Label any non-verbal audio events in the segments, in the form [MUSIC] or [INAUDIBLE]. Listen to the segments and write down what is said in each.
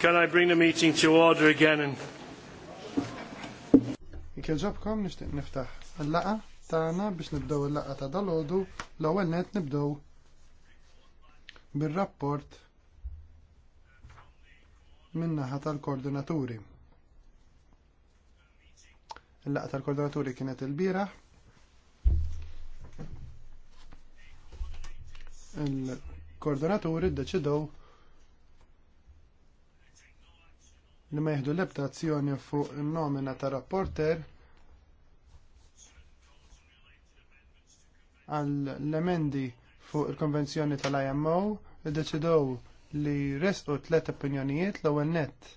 Can I bring the meeting to order again? And... Ikel ġobkom nishtiq niftaħ il-laqa tagħna biex nibdew il-laqa ta' dalodu l-ewwel net nibdew bil rapport minna ħat tal-koordinaturi. Il-laqa tal-koordinaturi kienet il bira il-koordinaturi d ddeċidew li ma jieħdu l-ebda azzjoni fuq nomina ta' rapporter għall emendi fuq il-konvenzjoni tal-IMO id-deċidow li resqu tlet opinjonijiet l ewwel nett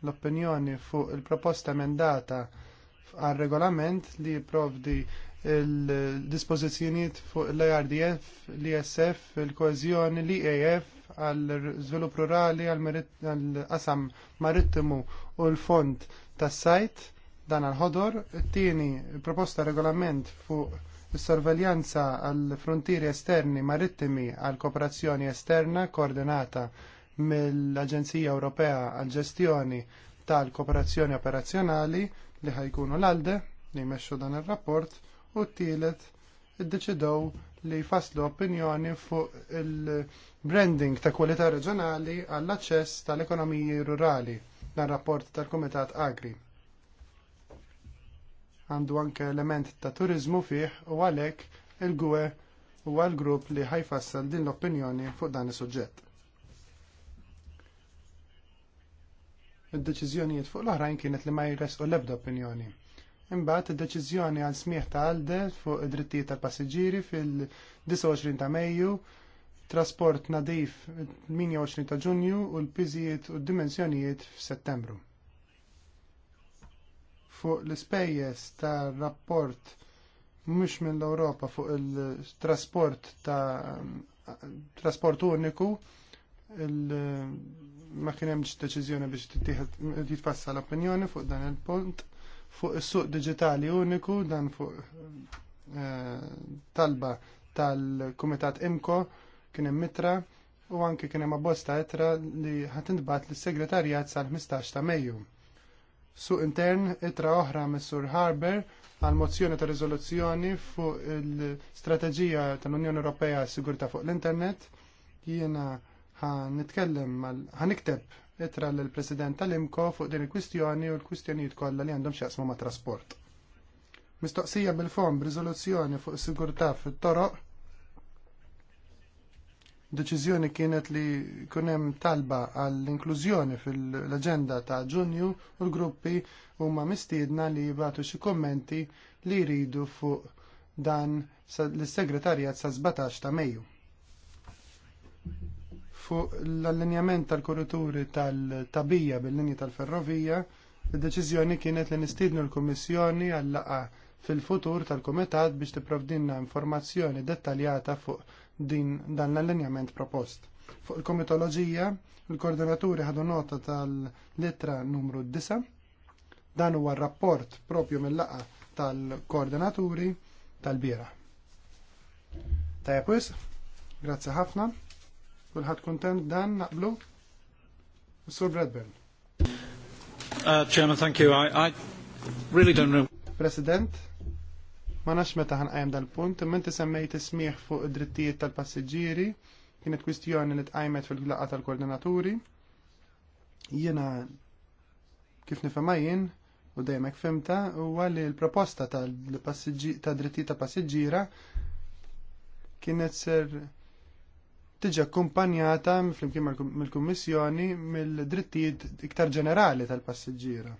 l-opinjoni fuq il-proposta emendata għal regolament li jipprovdi il-dispozizjoniet fuq l-IRDF, l-ISF, il-kohezjoni, l-IAF, għal-żvilupp rurali, għal-qasam marittimu u l-fond tas-sajt dan għal-ħodor. Tieni proposta regolament fuq is-sorveljanza għal-frontieri esterni marittimi għal-kooperazzjoni esterna koordinata mill-Aġenzija Ewropea għal-ġestjoni tal-kooperazzjoni operazzjonali li ħajkunu l-ALDE li jmexxu dan ir-rapport u t-tielet iddeċidew li jfasslu opinjoni fuq il-branding ta' kwalità reġjonali għall-aċċess tal-ekonomiji rurali dan rapport tal-Kumitat Agri. Għandu anke element ta' turizmu fih u għalhekk il-gwe huwa l-grupp li ħajfassal din l-opinjoni fuq dan is-suġġett. Id-deċiżjonijiet fuq l-oħrajn kienet li ma jresqu l-ebda opinjoni. Imbagħad id-deċiżjoni għal smieħ ta' għalde fuq id-drittijiet tal-passiġġieri fil-29 ta' Mejju, trasport nadif 28 ta' Ġunju u l-piżijiet u d-dimensjonijiet f'Settembru. Fuq l-ispejjeż tar rapport mhux mill-Ewropa fuq il-trasport ta' trasport uniku ma kien hemmx deċiżjoni biex titfassal l-opinjoni fuq dan il-punt fuq is-suq diġitali uniku dan fuq eh, talba tal-Kumitat Imko kien hemm mitra u anke kien hemm abbosta etra li ħatintbat lis-Segretarjat sal-15 ta' Mejju. Suq intern itra oħra mis-Sur Harber għal mozzjoni ta' riżoluzzjoni fuq il-strateġija tal-Unjoni Ewropea sigurta fuq l-Internet jiena nitkellem ħa ħanikteb itra l-President tal-Imko fuq din il-kwistjoni u l-kwistjonijiet kollha li għandhom x'jaqsmu ma' trasport. Mistoqsija bil-fond b'riżoluzzjoni fuq sigurtà fit-toroq. Deċiżjoni kienet li kun hemm talba għall-inklużjoni fil-aġenda ta' Ġunju u l-gruppi huma mistiedna li jibatu xi kummenti li jridu fuq dan l-segretarjat sa' 17 ta' Mejju fuq l-allinjament tal-korrituri tal-tabija bil-linji tal-ferrovija, id-deċiżjoni kienet li nistidnu l-Kummissjoni għall laqgħa fil-futur tal-Kumitat biex tiprovdinna informazzjoni dettaljata fuq din dan l-allinjament propost. Fuq il-komitoloġija, il-koordinaturi ħadu nota tal litra numru 9, dan huwa rapport propju mill-laqa tal-koordinaturi tal-bira. Tajab wis, grazzi ħafna. Kulħadd kuntent dan naqblu? Sur Bradburn. Uh, Chairman, thank you. I, I really don't know. President, ma nafx meta ħanqajem dal-punt, imma semmejt ismieħ fuq id-drittijiet tal-passiġġieri, kienet kwistjoni li tqajmet fil-laqa tal-koordinaturi. Jiena kif nifhemha jien u dejjem hekk fimta huwa li l-proposta tal-drittijiet ta' passiġġiera kienet ser tiġi akkumpanjata flimkien mill-Kummissjoni mill-drittijiet iktar ġenerali tal-passiġġiera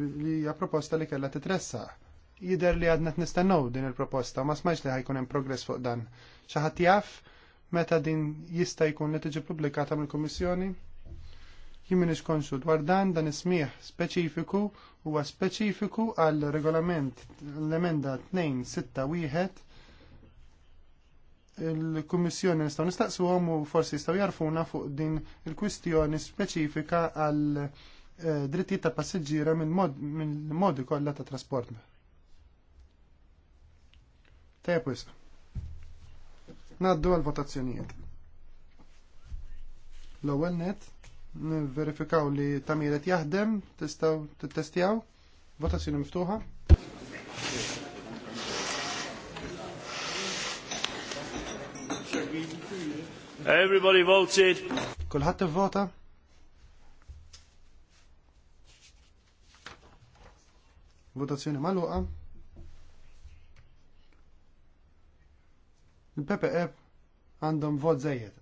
li hija proposta li kellha titressaq. Jider li għadna t-nistennow din il-proposta, ma smajx li ħajkun hemm progress fuq dan. ħadd jaff meta din jista' jkun li tiġi pubblikata mill-Kummissjoni? Jien minix konxu dwar dan dan ismih speċifiku huwa speċifiku għal regolament l-emenda 261 il-Kummissjoni nistgħu nistaqsuhom u forsi jistgħu jarfuna fuq din il-kwistjoni speċifika għal eh, drittijiet ta' passiġġiera minn modi kollha ta' trasport. Tajab wisq. Naddu għal votazzjonijiet. L-ewwel net nivverifikaw li tamiret jaħdem, tistgħu tittestjaw, votazzjoni miftuħa. Everybody voted. Kulħadd ivvota? Votazzjoni magħluqa. Il-PPE għandhom vot żejjed.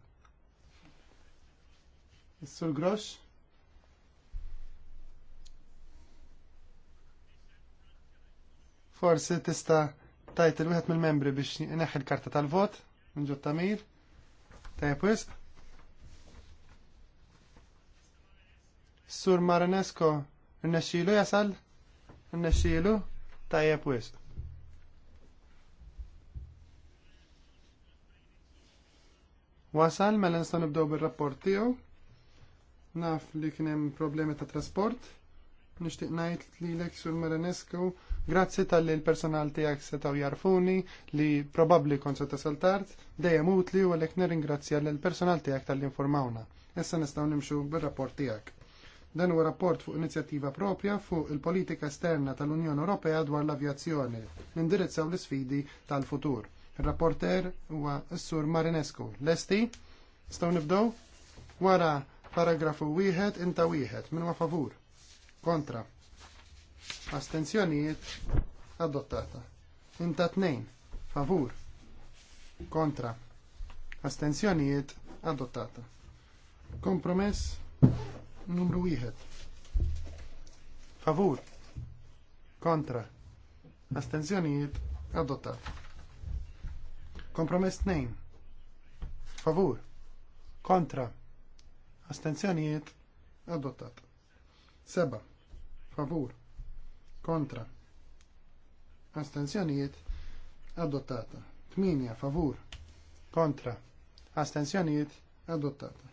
Is-Sur Grosh? Forsi tista' tajt il-wieħed mill-membri biex ineħħi l-karta tal-vot minn tamir. Tajpwis? Sur Maranesco, n-nexilu jasal? N-nexilu? Tajpwis? Wasal, mela nistgħu nibdew bir-rapport tiegħu. Naf li kien hemm problemi ta' trasport nixtieq ngħid lilek sur Maranescu, grazzi tal-li l-personal tiegħek setaw jarfuni li probabbli kont se saltart, tard, dejjem utli u għalhekk nirringrazzja l-personal tiegħek tal-li informawna. Issa nistgħu nimxu bir-rapport tiegħek. Dan huwa rapport fuq inizjattiva propja fuq il-politika esterna tal-Unjoni Ewropea dwar l-avjazzjoni, nindirizzaw l-isfidi tal-futur. Il-rapporter huwa s-sur Marinescu. Lesti? Staw nibdow? Wara paragrafu wieħed inta wieħed. Min huwa favur? kontra astenzjonijiet adottata inta tnejn favur kontra astenzjonijiet adottata kompromess numru wieħed favur kontra astenzjonijiet adottata kompromess tnejn favur kontra astenzjonijiet adottat seba' favur, kontra, Astenzjonijiet adottata. 8 favur, kontra, astenzjonijiet, adottata.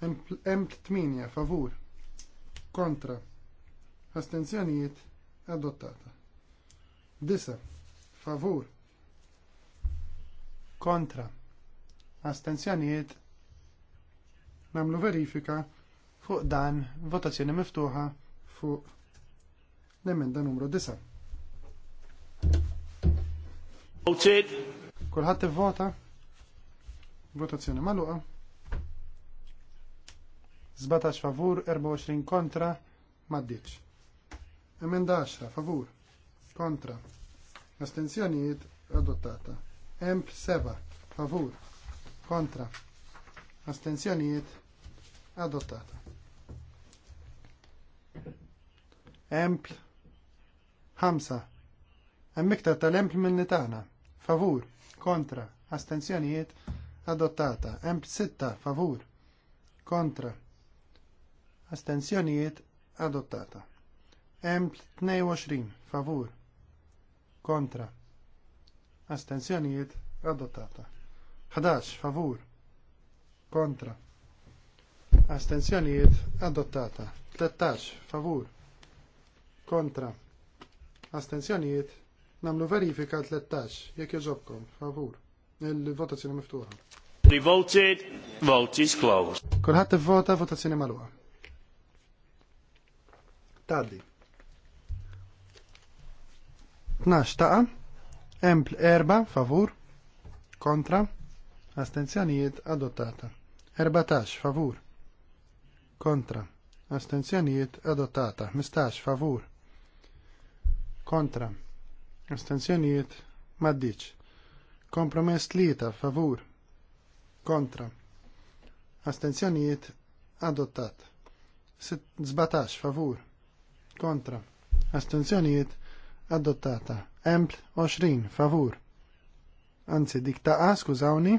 Em 8 favur, kontra, astenzjonijiet adottata. Disa. favur, kontra, astenzjonijiet. namlu verifika fuq dan votazzjoni miftuħa fuq l-emenda numru 9. Voted. Kulħadd ivvota. Votazzjoni magħluqa. 17 favur, 24 kontra, maddiċ. Emenda 10 favur, kontra. Astenzjonijiet adottata. Emp 7 favur, kontra. Astenzjonijiet adottata. Empl. Hamsa. Hemm tal-empl minni taħna. Favur. Kontra. Astenzjonijiet. Adottata. Empl sitta. Favur. Kontra. Astenzjonijiet. Adottata. Empl 22. Favur. Kontra. Astenzjonijiet. Adottata. 11. Favur. Kontra. Astenzjonijiet. Adottata. 13. Favur kontra, astenzjonijiet, namlu verifika 13, jekk joġobkom, favur, il-votazzjoni miftuħa. Revolted vote is closed. Kulħadd ivvota votazzjoni magħluqa. Taddi. 12 taqa, empl erba' favur, kontra, astenzjonijiet adottata. 14 favur, kontra, astenzjonijiet adottata. 15 favur, kontra, astenzjonijiet maddiċ. Kompromess tlieta favur, kontra, astenzjonijiet adottat. 17 favur, kontra, astenzjonijiet adottata. Empl 20 favur. Anzi, dik skużawni.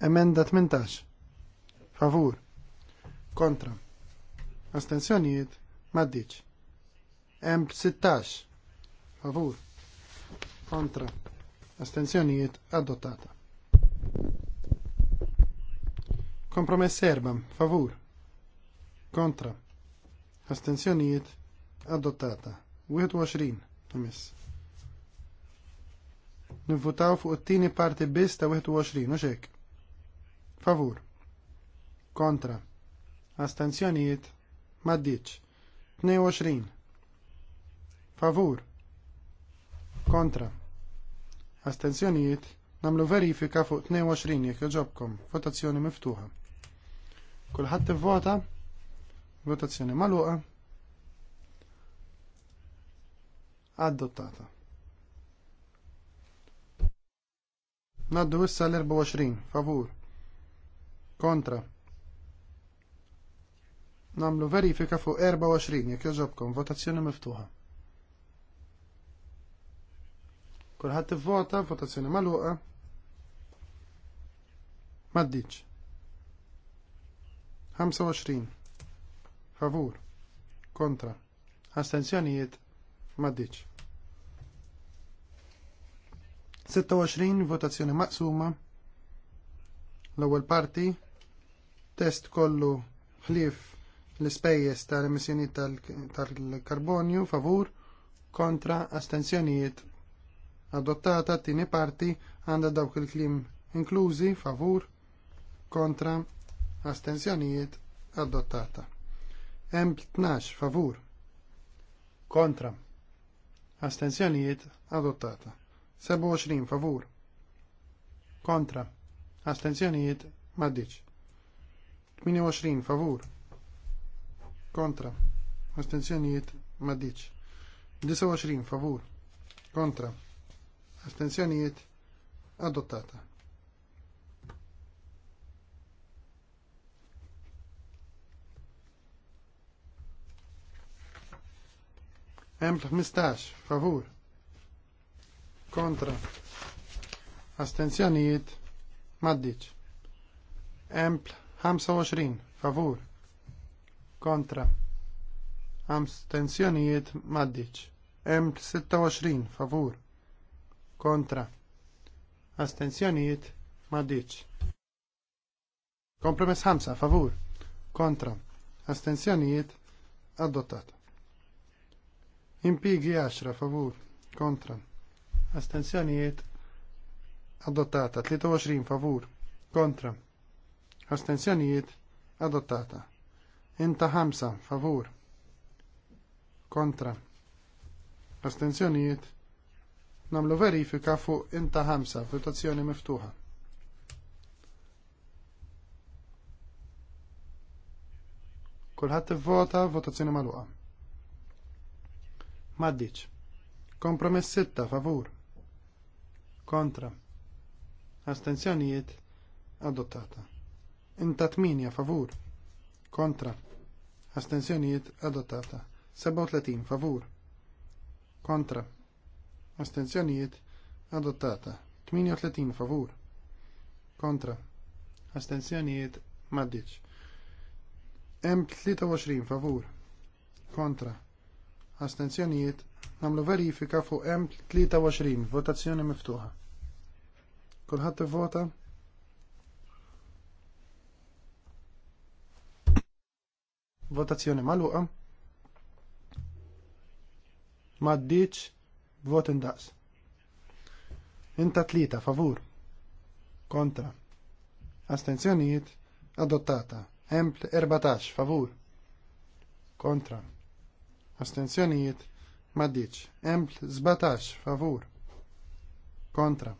Emenda 18. Favur. Kontra. Astenzjonijiet maddiċ m 16. Favur. Kontra. Astenzjonijiet adottata. Kompromess erba. Favur. Kontra. Astenzjonijiet adottata. 21. Amiss. Nivvutaw fuq it-tieni parti biss ta' 21, u Favur. Kontra. Astenzjonijiet maddiċ. 22. Favur. Kontra. Astenzjonijiet. Namlu verifika fuq 22 jekk jogħġobkom. Votazzjoni miftuħa. Kulħadd ivvota. Votazzjoni magħluqa. Adottata. Naddu issa l-24. Favur. Kontra. Namlu verifika fuq 24 jekk jogħġobkom Votazzjoni miftuħa. Kulħadd ivvota, votazzjoni magħluqa. Maddiċ. 25. Favur. Kontra. Astenzjonijiet. Maddiċ. 26 votazzjoni maqsuma. L-ewwel parti test kollu ħlief l-ispejjeż tal-emissjonijiet tal-karbonju favur kontra astenzjonijiet adottata t-tieni parti għandha dawk il-klim inklużi favur kontra astensjonijiet adottata. Hemm 12 favur kontra astensjonijiet adottata. 27 favur kontra astensjonijiet maddiċ. 28 favur kontra astensjonijiet maddiċ. 29 favur kontra astenzjonijiet adottata. Hemm 15 favur kontra astenzjonijiet maddiċ. Empl 25 favur kontra astenzjonijiet maddiċ. Empl 26 favur kontra, astenzjonijiet maddiċ. Kompromess ħamsa, favur, kontra, astenzjonijiet adottat. Impigi 10 favur, kontra, astenzjonijiet adottata, 23 favur, kontra, astenzjonijiet adottata. Inta ħamsa, favur, kontra, astenzjonijiet Namlu verifika fuq inta ħamsa, votazzjoni miftuħa. Kulħadd ivvota, votazzjoni magħluqa. Maddiċ. Kompromess sitta favur. Kontra. Astenzjonijiet adottata. Inta tminja favur. Kontra. Astenzjonijiet adottata. 37 favur. Kontra astenzjonijiet adottata 38 favur kontra astenzjonijiet maddiċ M23 favur kontra astenzjonijiet namlu verifika fuq M23 votazzjoni miftuħa kulħadd ivvota votazzjoni maluqa. maddiċ Vot indaqs. Inta tlita, favur. Kontra. Astenzjonijiet, adottata. Empl 14, favur. Kontra. Astenzjonijiet, maddiċ. Empl 17, favur. Kontra.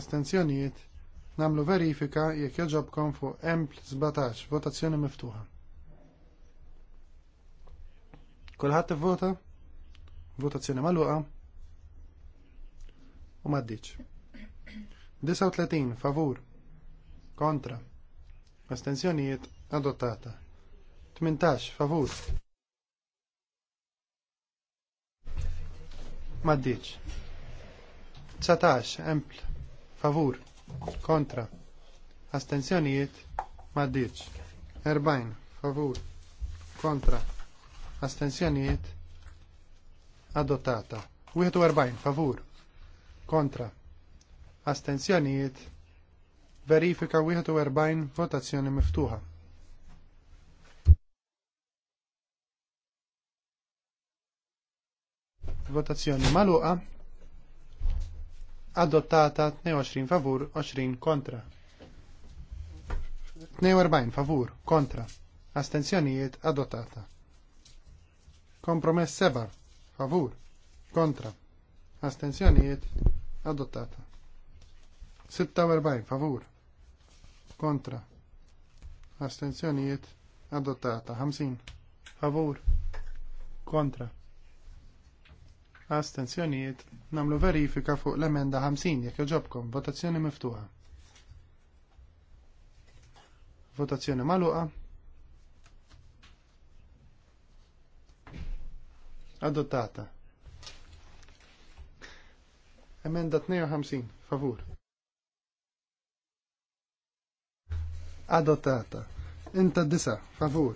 Astenzjonijiet, namlu verifika jekk joġobkom fuq Empl 17, votazzjoni miftuħa. Kulħadd ivvota? vota Votazzjoni maluqa. U maddiċ. 39 favur. Kontra. Astenzjonijiet adottata. 18 favur. Maddiċ. 19 empl. Favur. Kontra. Astenzjonijiet maddiċ. 40 favur. Kontra. Astenzjonijiet adottata. 41 favur kontra astenzjonijiet verifika 41 votazzjoni miftuħa. Votazzjoni maluqa adottata 22 favur 20 kontra. 42 favur kontra astenzjonijiet adottata. Kompromess 7 favur, kontra, Astenzjonijiet? adottata. 46 favur, kontra, Astenzjonijiet adottata. 50 favur, kontra, Astenzjonijiet namlu verifika fuq l-emenda 50 jekk joġobkom, votazzjoni miftuħa. Votazzjoni maluqa. adottata. Emenda 52, favur. Adottata. Inta disa, favur.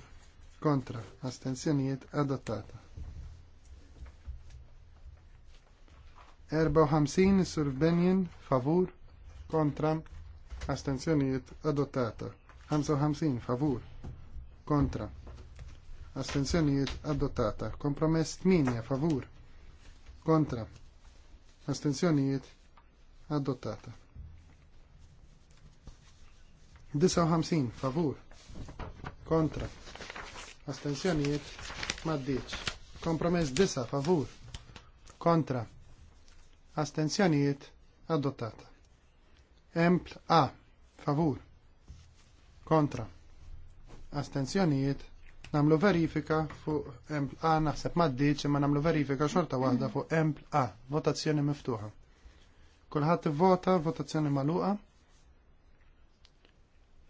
Kontra, astensjonijiet, adottata. Erba sur Benjen, favur. Kontra, astensjonijiet, adottata. Hamsin, favur. Kontra, astenzjonijiet adottata. Kompromess 8 favur kontra astenzjonijiet adottata. 59 favur kontra astenzjonijiet maddiċ. Kompromess disa. favur kontra astenzjonijiet adottata. Empl A favur kontra astenzjonijiet namlu verifika fuq empl A, naħseb maddiċ, imma namlu verifika xorta waħda fuq empl A, votazzjoni miftuħa. Kulħadd vota, votazzjoni maluqa.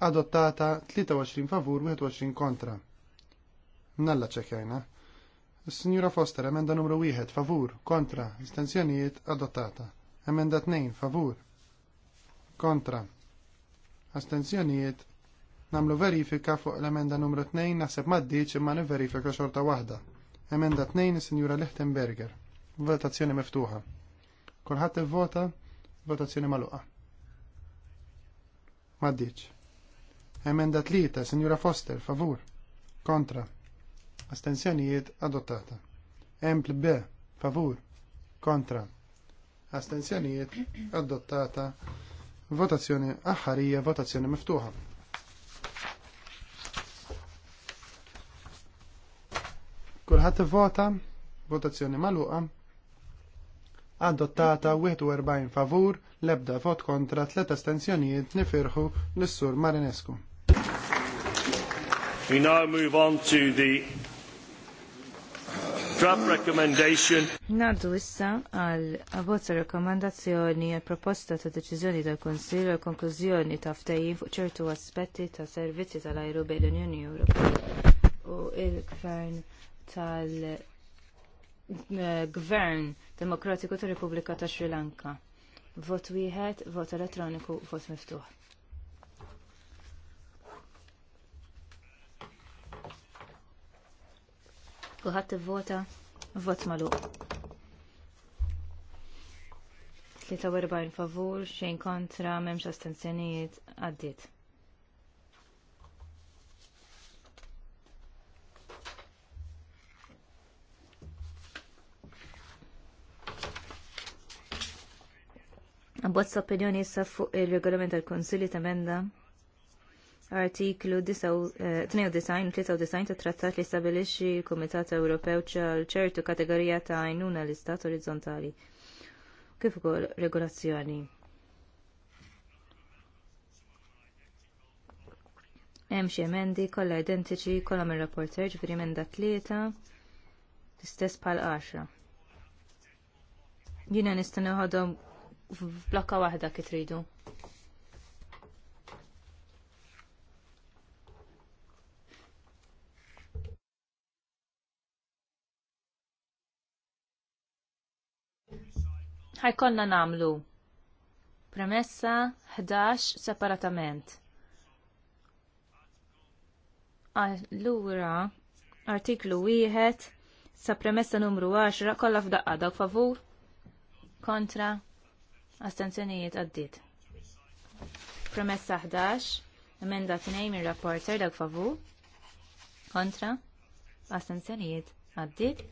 Adottata 23 favur, 21 kontra. Nalla ċekajna. Signora Foster, emenda numru 1, favur, kontra, istenzjonijiet, adottata. Emenda 2, favur, kontra, astenzjonijiet, Namlu verifika fuq l-emenda numru 2 naħseb maddiċ imma niverifika xorta waħda. Emenda 2 is-Sinjura Lichtenberger. Votazzjoni miftuħa. Kulħadd ivvota, votazzjoni magħluqa. Maddiċ. Emenda 3, Sinjura Foster, favur. Kontra. Astenzjonijiet adottata. Empl B, favur. Kontra. Astenzjonijiet adottata. Votazzjoni aħħarija, votazzjoni miftuħa. Kulħadd vota, votazzjoni magħluqa. Adottata 41 favur, l-ebda vot kontra tliet astensjonijiet nifirħu l sur Marinescu. We now move on to the draft recommendation. Nardu issa għal avvozza rekomandazzjoni għal proposta ta' deċiżjoni tal konsil għal konklużjoni ta' ftejjin fuq ċertu aspetti ta' servizzi tal-ajru bejn l-Unjoni Ewropea u il-Gvern tal-Gvern Demokratiku tar Repubblika ta' Sri Lanka. Vot wieħed, vot elettroniku, vot miftuħ. Kuħat vota vot magħluq. 43 favur, xejn kontra, m'hemmx astenzjonijiet, għaddiet. Abbozz opinjoni issa fuq il-regolament tal-Konsilli ta' Menda artiklu 92-93 eh, ta' trattat li stabilixi il-Komitat Ewropew ċal ċertu kategorija ta' għajnuna l-istat orizzontali. Kif ukoll regolazzjoni? Hemm xi emendi kollha identiċi kollha mir-rapporter ġifieri emenda tlieta l-istess bħal 10. Jiena nista' nieħodhom f'blokka waħda kif tridu. ħajkonna namlu premessa 11 separatament. Allura, artiklu 1 sa premessa numru 10 kollha f'daqqa dawk favur kontra astenzjonijiet għaddit. Premessa 11, emenda 2 minn rapporter dak favur, kontra, astenzjonijiet għaddit,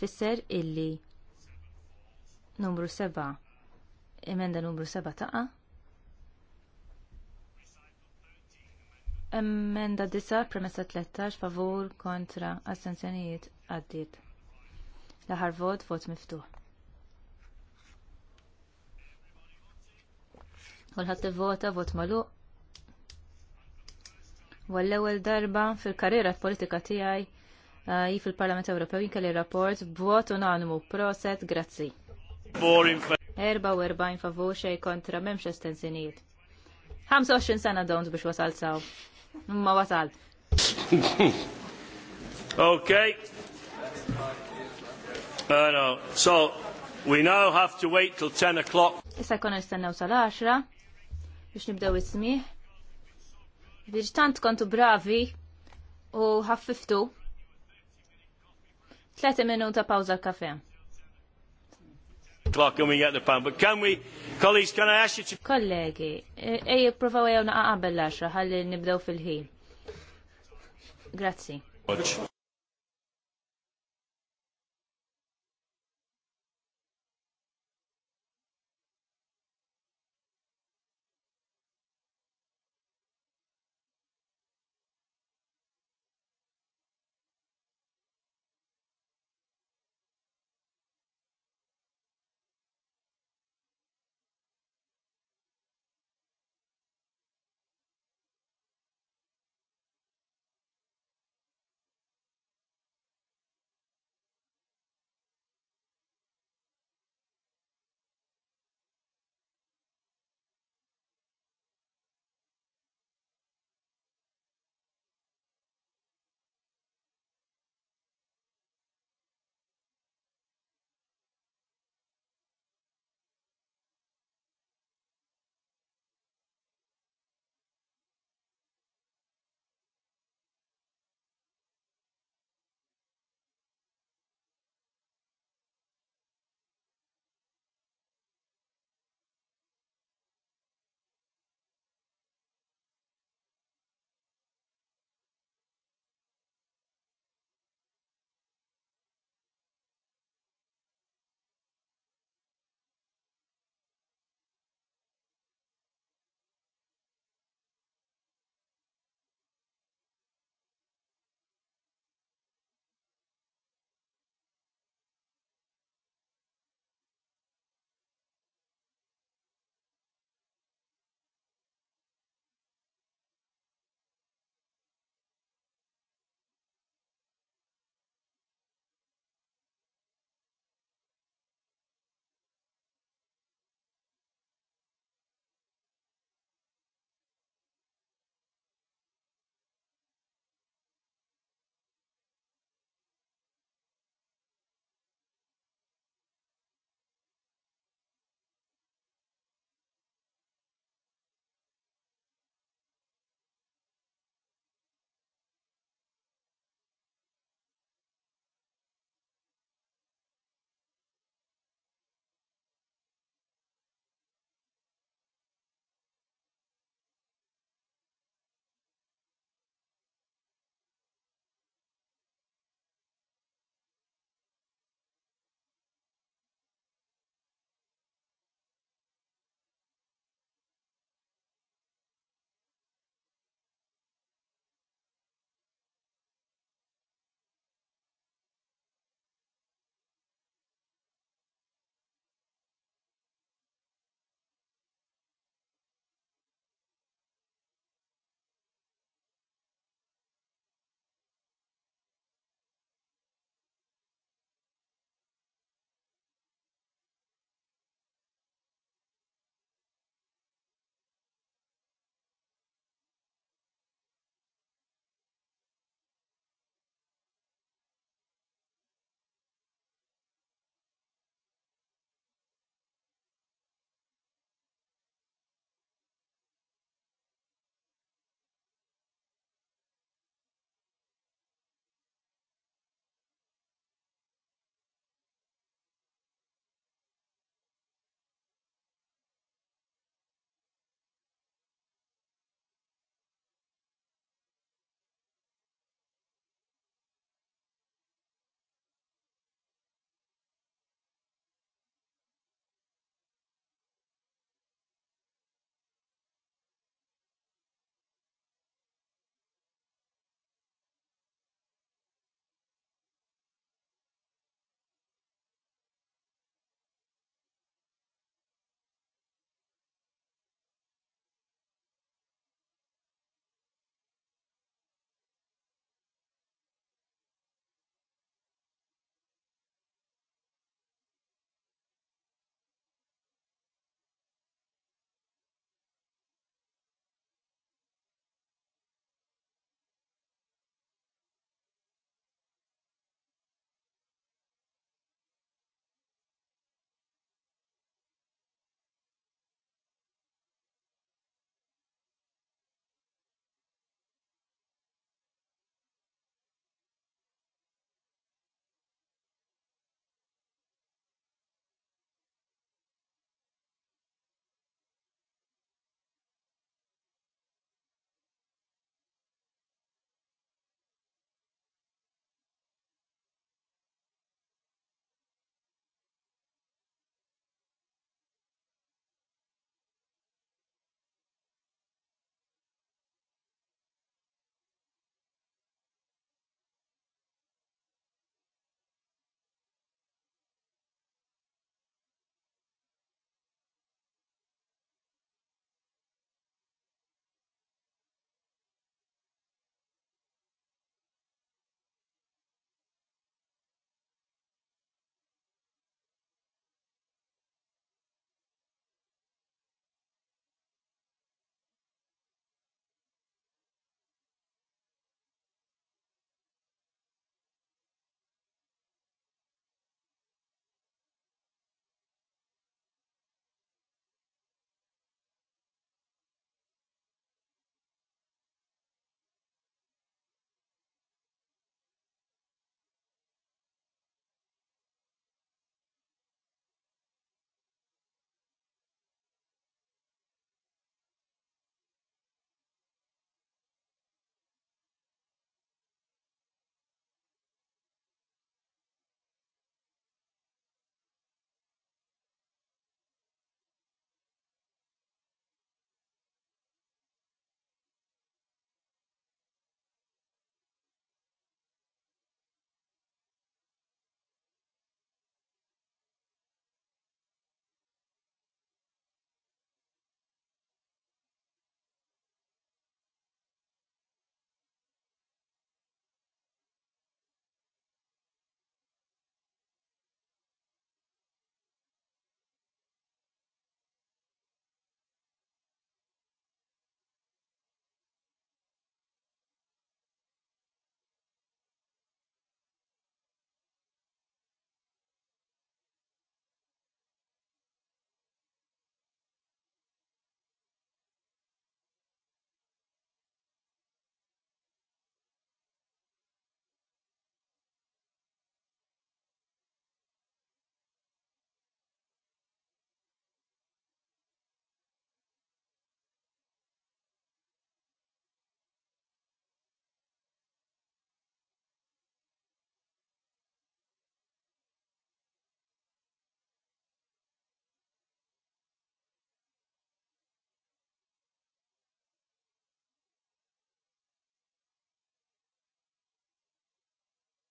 fisser illi numru 7, emenda numru 7 taqa, Emenda 9, premessa 13, favur, kontra, astenzjonijiet għaddit. Laħar vot, vot miftuħ. Kulħadd vota vot malu. wall ewel darba fil-karriera politika tijaj eh, hi fil-Parlament Ewropew jinka li rapport vot unanimu proset grazzi. 44 favur xej kontra memx estensinijiet. 25 sena don't biex wasal saw. Ma wasal. [LAUGHS] ok. Uh, no. So, we now have to wait till 10 o'clock. Issa jkun nistennew sal-10 biex nibdew ismiħ. Biex tant kontu bravi u ħaffiftu. 3 minuta pawza kafe. Clock and we get the pan, but can we, colleagues, can I ask you to... Kollegi, e, ej provaw jew naqqa qabel l-10 ħalli nibdew fil-ħin. Grazzi.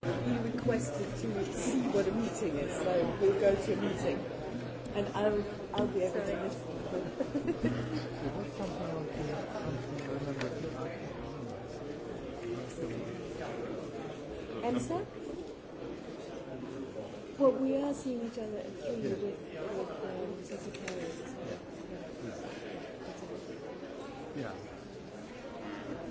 He requested to see what a meeting is, so we'll go to a meeting. And I'll, I'll be able to listen. [LAUGHS] so, Well, we are seeing each other at three with, with um, Secretary. Yeah. yeah.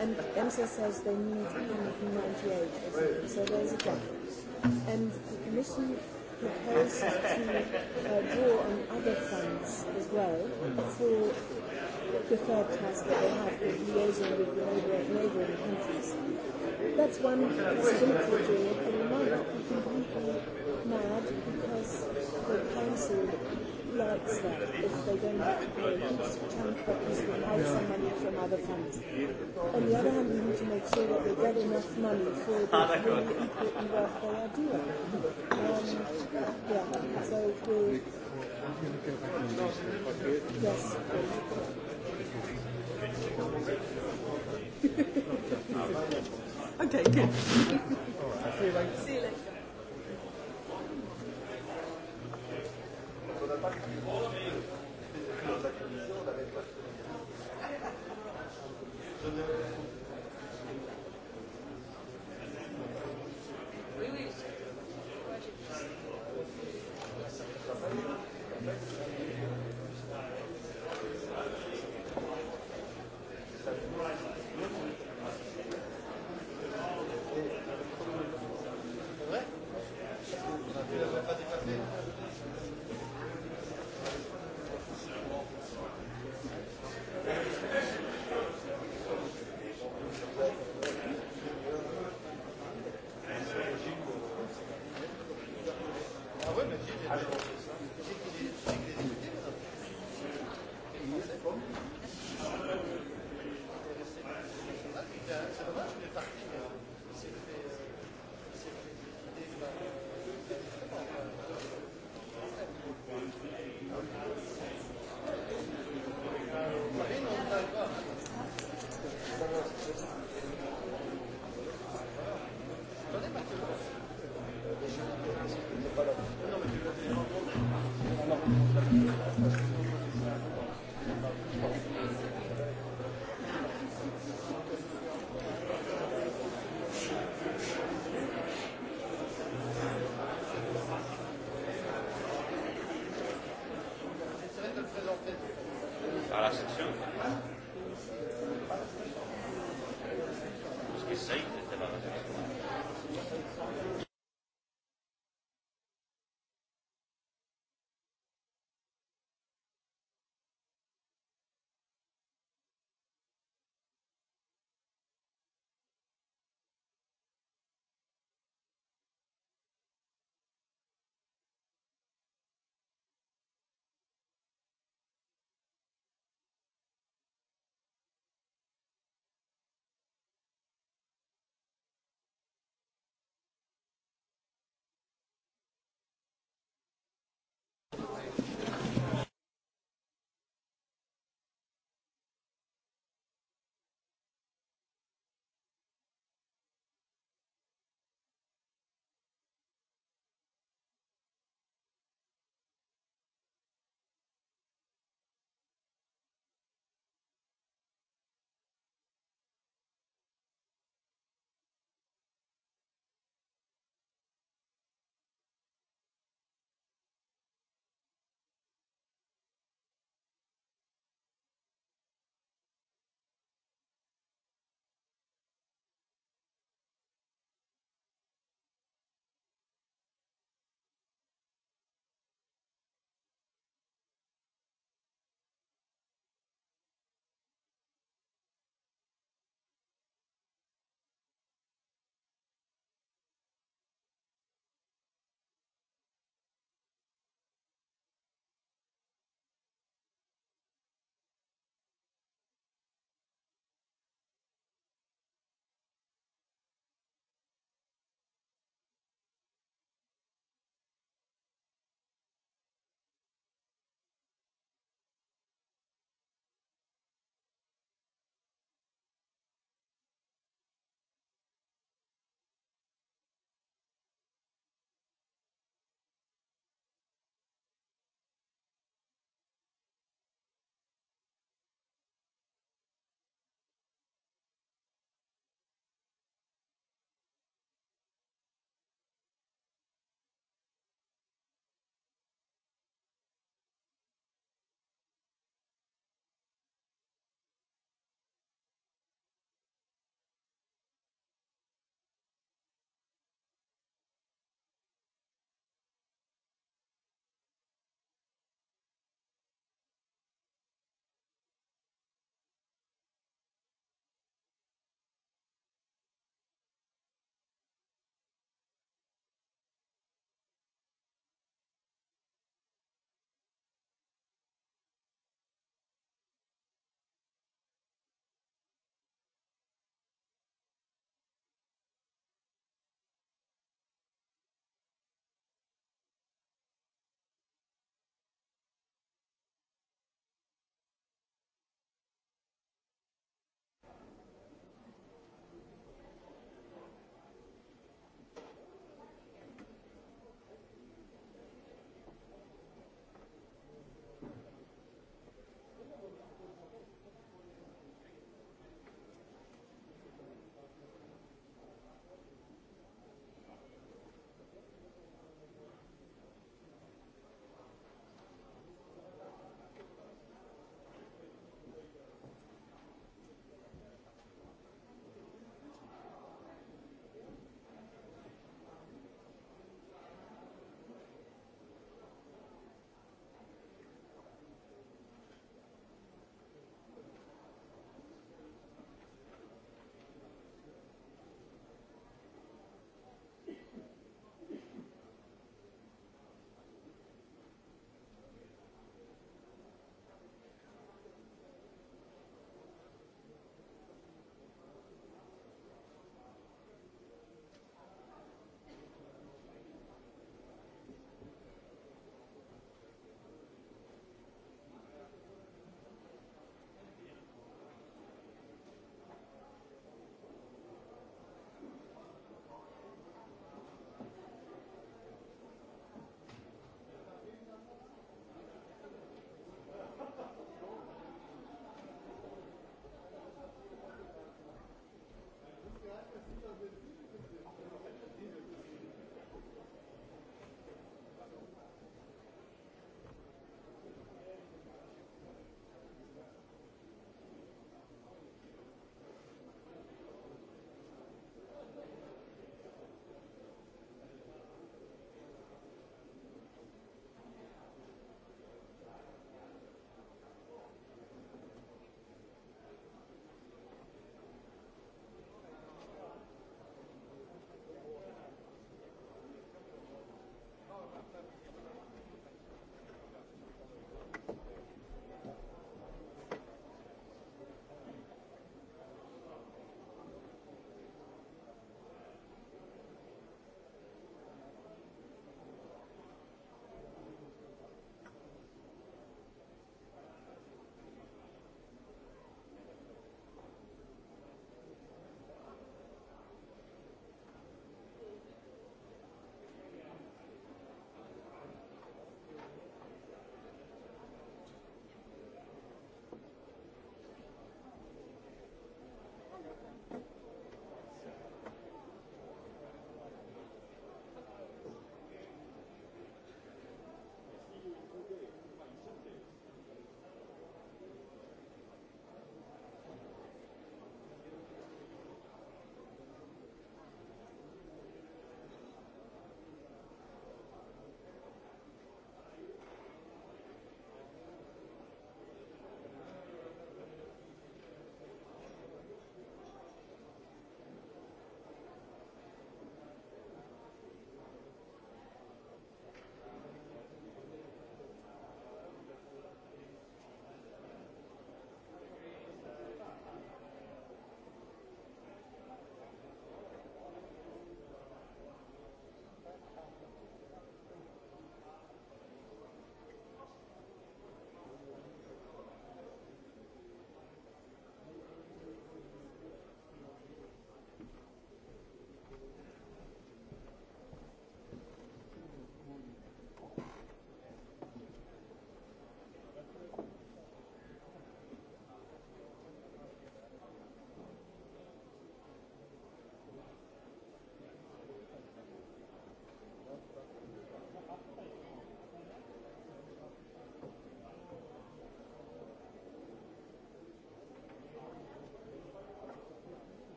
and EMSA says they need 198 or something, so there's a gap. And the Commission proposed to uh, draw on other funds as well for the third task that they have with liaison with the neighbouring, countries. That's one possibility of doing it, and it might be completely mad because the council Yeah, that. If they don't get paid, can companies can hide yeah. some money from other funds. On the other hand, we need to make sure that they get enough money for the ah, really important work they are doing. Um, yeah, so we'll... Yes. [LAUGHS] okay, good. [LAUGHS] See you later. Thank you.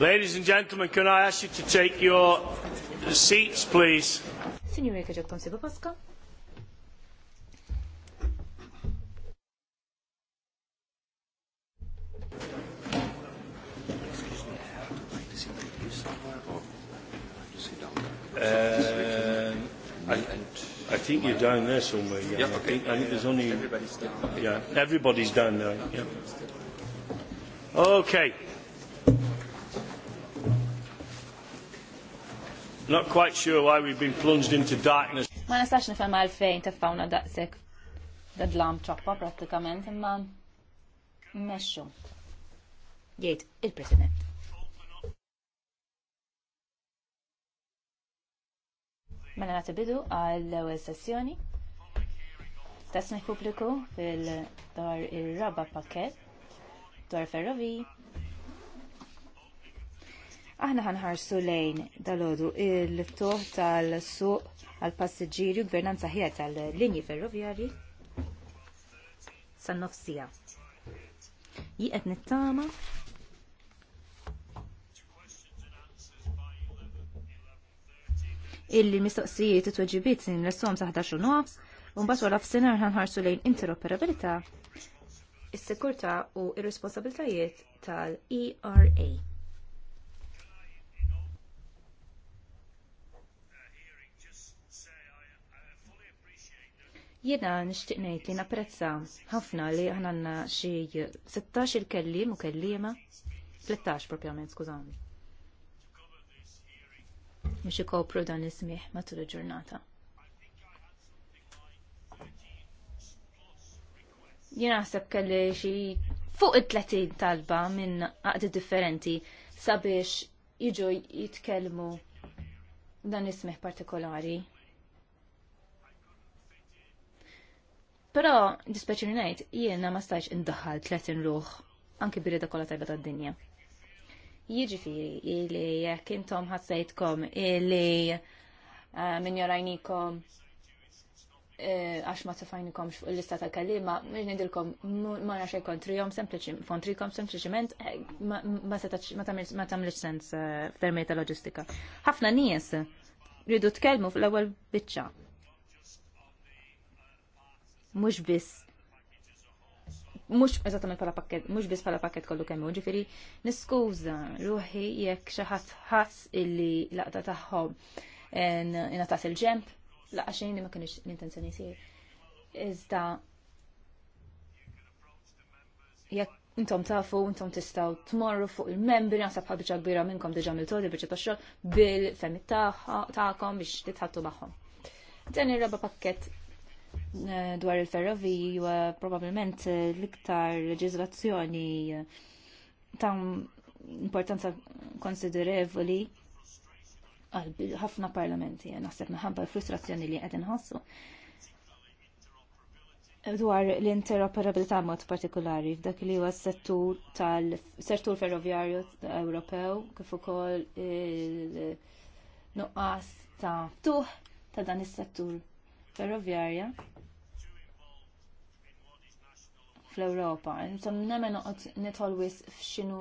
Ladies and gentlemen, can I ask you to take your seats, please? Signore, che giocco se pasca. Uh, I think you're down there somewhere. Yeah, yeah okay. I think, I think there's only everybody's down. Yeah, everybody's down there. Yeah. Okay. Okay. Not quite sure why we've been plunged into darkness. Ma nistax nifhem għalfejn tefawna daqshekk dadlam ċoppa prattikament imma mmexxu. Jgħid il-President. Mela nagħti bidu għall-ewwel sessjoni tasni pubbliku fil-dar ir-raba' pakket dwar ferrovi Aħna ħanħarsu lejn dalodu il-ftuħ tal-suq għal-passiġġieri u gvernanza ħija tal-linji ferroviari san-nofsija. Jiqed nittama illi mistoqsijiet it-tweġibiet nressom sa 11 nofs u mbagħad wara f'sinar ħanħarsu lejn interoperabilità, is-sikurtà u r responsabiltajiet tal-ERA. Jiena nixtieq ngħid li napprezza ħafna li aħna għandna xi 16 il-kellim u kelliema 13 propjament skużani. Biex ikopru dan is ismieħ matul il-ġurnata. Jien naħseb kelli xi fuq it-30 talba minn għaqdi differenti sabiex jiġu jitkellmu dan is ismeħ partikolari Però, dispeċi ngħid, jiena ma stajx indaħħal tletin ruħ anki birida kollha tajba d dinja Jiġifieri li jekk intom ħassejtkom ili eh, minn jorajnikom eh, għax ma tafajnikomx fuq l-lista ta' kalima, nidilkom ma naxħe kontrijom, sempliċi ment, eh, ma tamlix sens f'termini ta' loġistika. ħafna nies rridu tkellmu fl-ewwel biċċa mhux biss mux eżattament pala pakket, mux bis pala pakket kollu kemmu, ġifiri niskuza ruħi jekk xaħat ħass illi laqda taħħom inatas il-ġemp, laqqa xejn li ma kienix l-intenzjoni jisir. Iżda jekk intom tafu, intom tistaw tmorru fuq il-membri, għasab ħabġa kbira minnkom diġa mil todi biex taxxol bil-femmit taħkom biex titħattu maħħom. il raba pakket Eh, dwar il-ferroviji u probabbilment eh, l-iktar leġiżlazzjoni eh, ta' importanza konsiderevoli għal ħafna parlamenti, naħseb minħabba l-frustrazzjoni li qed ħassu dwar l-interoperabilità mod partikolari f'dak li huwa s-settur tal-settur ferroviarju Ewropew kif ukoll il-nuqqas ta' tuħ ta' dan is-settur ferroviarja fl-Ewropa. Intom nemmen noqgħod nidħol wis f'xinu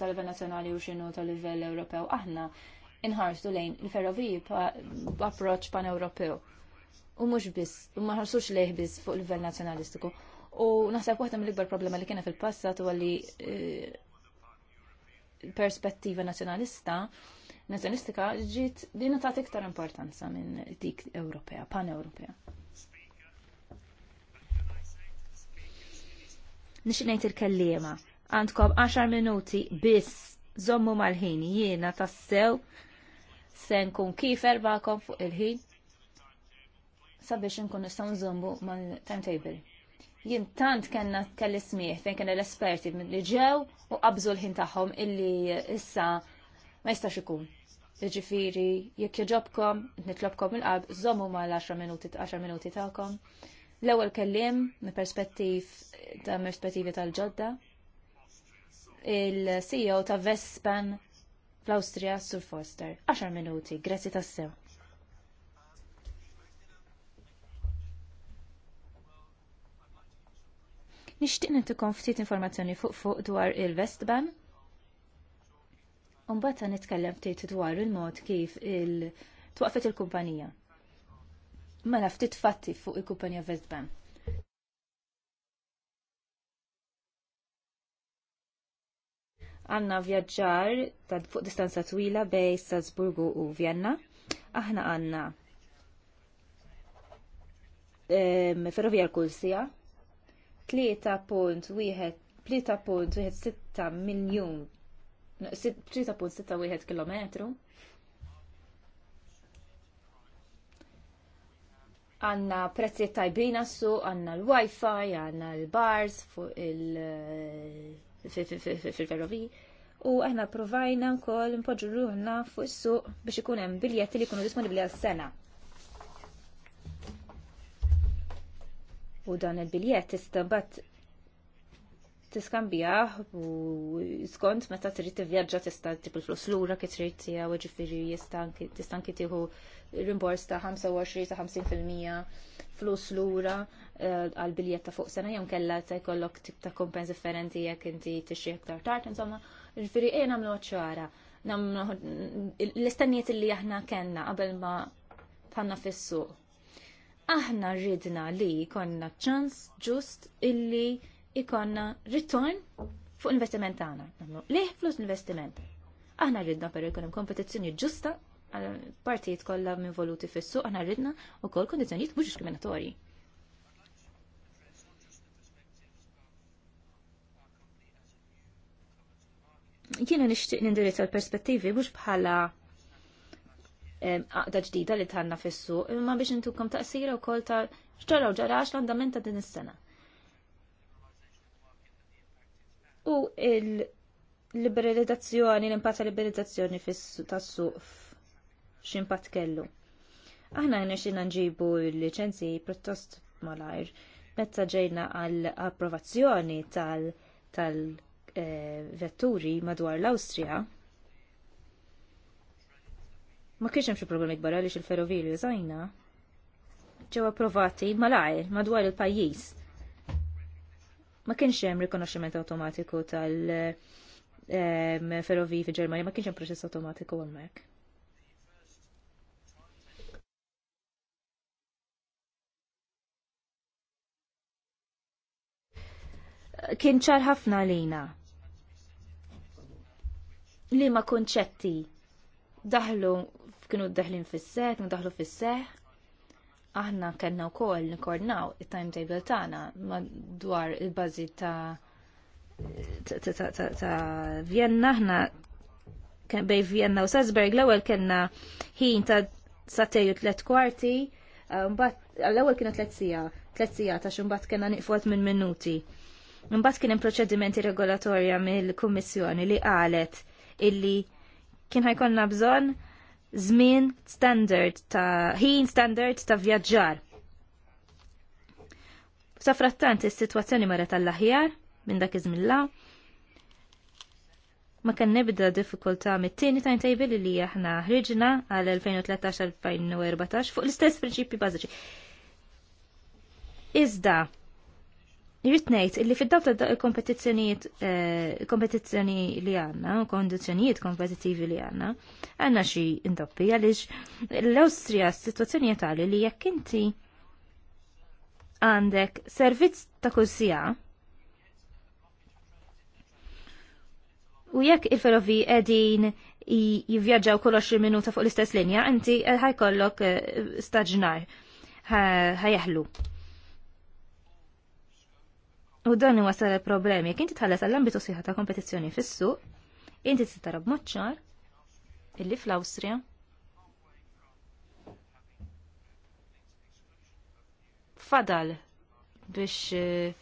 tal-livell nazzjonali u x'inhu tal-livell Ewropew. Aħna inħarsu lejn il-ferroviji b'approċċ pan-Ewropew. U mhux biss, u ma ħarsux lejh biss fuq livell nazzjonalistiku. U naħseb waħda mill-ikbar problema li kiena fil-passat huwa li eh, perspettiva nazzjonalista nazjonistika ġiet din ta' iktar importanza minn dik Ewropea, pan-Ewropea. Nixinajt il-kellima, għandkom 10 minuti biss zommu mal-ħin jiena tassew se nkun kif erbakom fuq il-ħin sabiex nkun nistgħu nżommu mal-timetable. Jien tant kellna kelli smieħ fejn kien l-esperti li ġew u qabżu l-ħin tagħhom illi issa ma jistax ikun. Ġifiri, jekk joġobkom, nitlobkom il-qalb, zomu ma l-10 minuti, 10 minuti ta'kom. L-ewel kellim, perspettiv ta' perspettivi tal-ġodda, il-CEO ta' Vespan fl-Austria, Sur Foster. 10 minuti, grazzi sew Nishtiq nintikom ftit informazzjoni fuq fuq dwar il-Vestban Umbat ta' nitkellem ftit dwar il-mod kif il twaqfet il-kumpanija. Mela ftit fatti fuq il-kumpanija Vestbank. Għanna vjaġġar ta' fuq distanza twila bej Salzburgu u Vienna. Aħna għanna ferrovija l-Kulsija 3.1 3.16 miljon wieħed km. Għanna prezzijiet tajbina su, għanna l-wifi, għanna l-bars fuq eh, il-ferrovi. U għanna provajna kol impoġu ruħna fuq suq biex ikun hemm biljetti li jkunu disponibli għal-sena. U dan il-biljett istabat tiskambjah u skont meta trid tivvjaġġa tista' tip il-flus lura kif trid tiegħu ġifieri tista' anki tieħu rimbors ta' 25 ta' 50% flus lura eh, għal biljetta fuq sena jew kellha ta' jkollok tip ta' kompens differenti jekk inti tixri aktar tard insomma jiġifieri qiegħ eh, nagħmlu ċara l-istennijiet li aħna kellna qabel ma tħanna fis-suq aħna rridna li konna ċans ġust illi ikonna ritorn fuq investiment tagħna. Leħ flus investiment. Aħna rridna per jkun hemm kompetizzjoni ġusta għal partijiet kollha involuti fis-suq, aħna rridna kol kondizjoniet mhux diskriminatorji. jiena nixtieq nindirizza l-perspettivi mhux bħala għaqda ġdida li tħanna fissu, imma biex intukom taqsira u kol ta' xġaraw ġarax l-andament ta' din is-sena. u il-liberalizzazzjoni, l-impatt ta' liberalizzazzjoni tas-suq x'impatt kellu. Aħna nexxina nġibu l-liċenzji pjuttost malajr meta ġejna għall approvazzjoni tal-vetturi eh, madwar l austria Ma kienx hemm xi problemi kbar għaliex il-ferroviri użajna ġew approvati malajr madwar il-pajjiż ma kienx hemm rikonoxximent awtomatiku tal-ferroviji fi Ġermanja, ma kienx hemm proċess awtomatiku hemmhekk. kien ċar ħafna lina Li ma konċetti daħlu kienu daħlin fis-seħ, kienu daħlu fis-seħ aħna kellna wkoll nikkoordinaw it-timetable tagħna madwar il-bażi ta' ta' Vienna aħna bej Vienna u Salzburg l-ewwel kellna ħin ta' satejju tliet kwarti, uh, mbagħad l-ewwel kienu tliet sija, tliet sija ta' x'imbagħad kellna nieqfod minn minuti. Mbagħad kien hemm proċedimenti regolatorja mill-Kummissjoni li qalet illi kien ħajkonna bżonn żmien standard ta' ħin standard ta' vjaġġar. Safrattant is-sitwazzjoni mara tal-aħjar minn dak iż-żmilla. Ma kan nibda diffikulta mit-tieni timetable li aħna ħriġna għal 2013-2014 fuq l-istess prinċipji bażiċi. Iżda, Irrit ngħid illi fid-daw ta' kompetizzjonijiet eh, kompetizzjoni li għandna, kondizzjonijiet kompetittivi li għandna, għandna xi indoppi għaliex l-Awstrija s tali li jekk inti għandek servizz ta' kursija u jekk il-ferrovi edin jivjaġġaw kull minuta fuq l-istess linja, inti eh, ħajkollok eh, staġnar ħajjaħlu. U dan sar il-problemi, jek inti tħallas għall-ambitu sħiħa ta' kompetizzjoni fis-suq, inti titara b'moċċar illi fl-Awstrija fadal biex eh,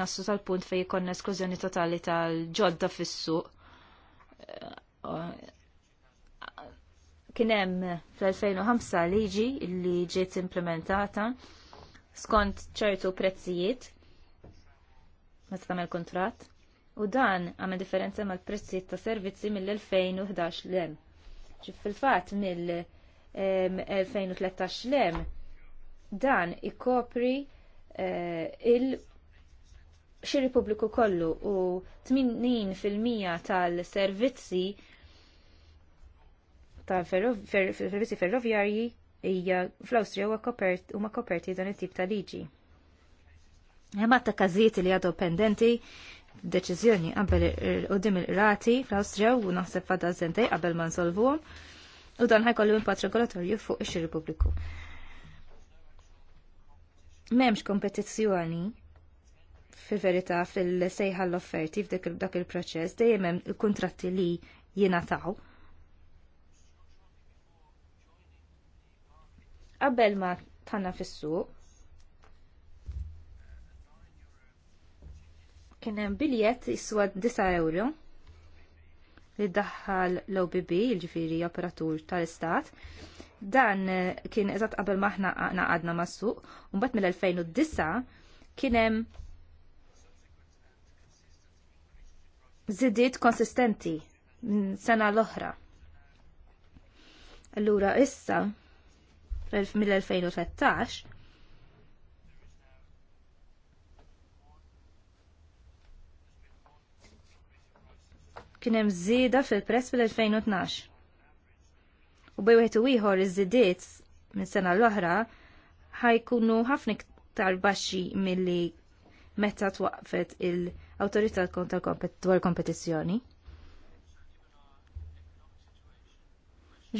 nassu tal-punt fej jkollna esklużjoni totali tal-ġodda fis-suq. Eh, kien hemm fl-2005 liġi li ġiet implementata skont ċertu prezzijiet meta tagħmel kontrat. u dan għamil differenza mal prezzijiet ta' servizzi mill-2011 lem. Ġif fil-fatt mill-2013 lem dan ikopri eh, il xiri pubbliku kollu u 80% tal-servizzi tal-servizzi ferrovjarji hija fl-Awstrija huma koperti dan it-tip ta' liġi. Hemm ta' każijiet li għadu pendenti deċiżjoni qabel qudiem il rati fl austria u naħseb fadda żentej qabel ma nsolvuhom u dan ħajkollu impatt regolatorju fuq ix-xiri pubbliku. M'hemmx kompetizzjoni fil-verità fil-sejħa l-offerti f'dak il-proċess dejjem hemm il-kuntratti li jingħataw. Qabel ma tħanna fis-suq, kien hemm biljett jiswa 9 euro li ddaħħal l-OBB, il-ġifiri operatur tal-istat. Dan kien eżatt qabel maħna naqadna mas-suq, u mbagħad mill-2009 kien hemm zidiet konsistenti sena l-oħra. Allura issa mill-2013 kien hemm żieda fil press fil-2012. U bej wieħed u ieħor iż-żidiet minn sena l-oħra ħajkunu ħafna iktar baxxi milli meta twaqfet il-awtorità dwar kompetizzjoni.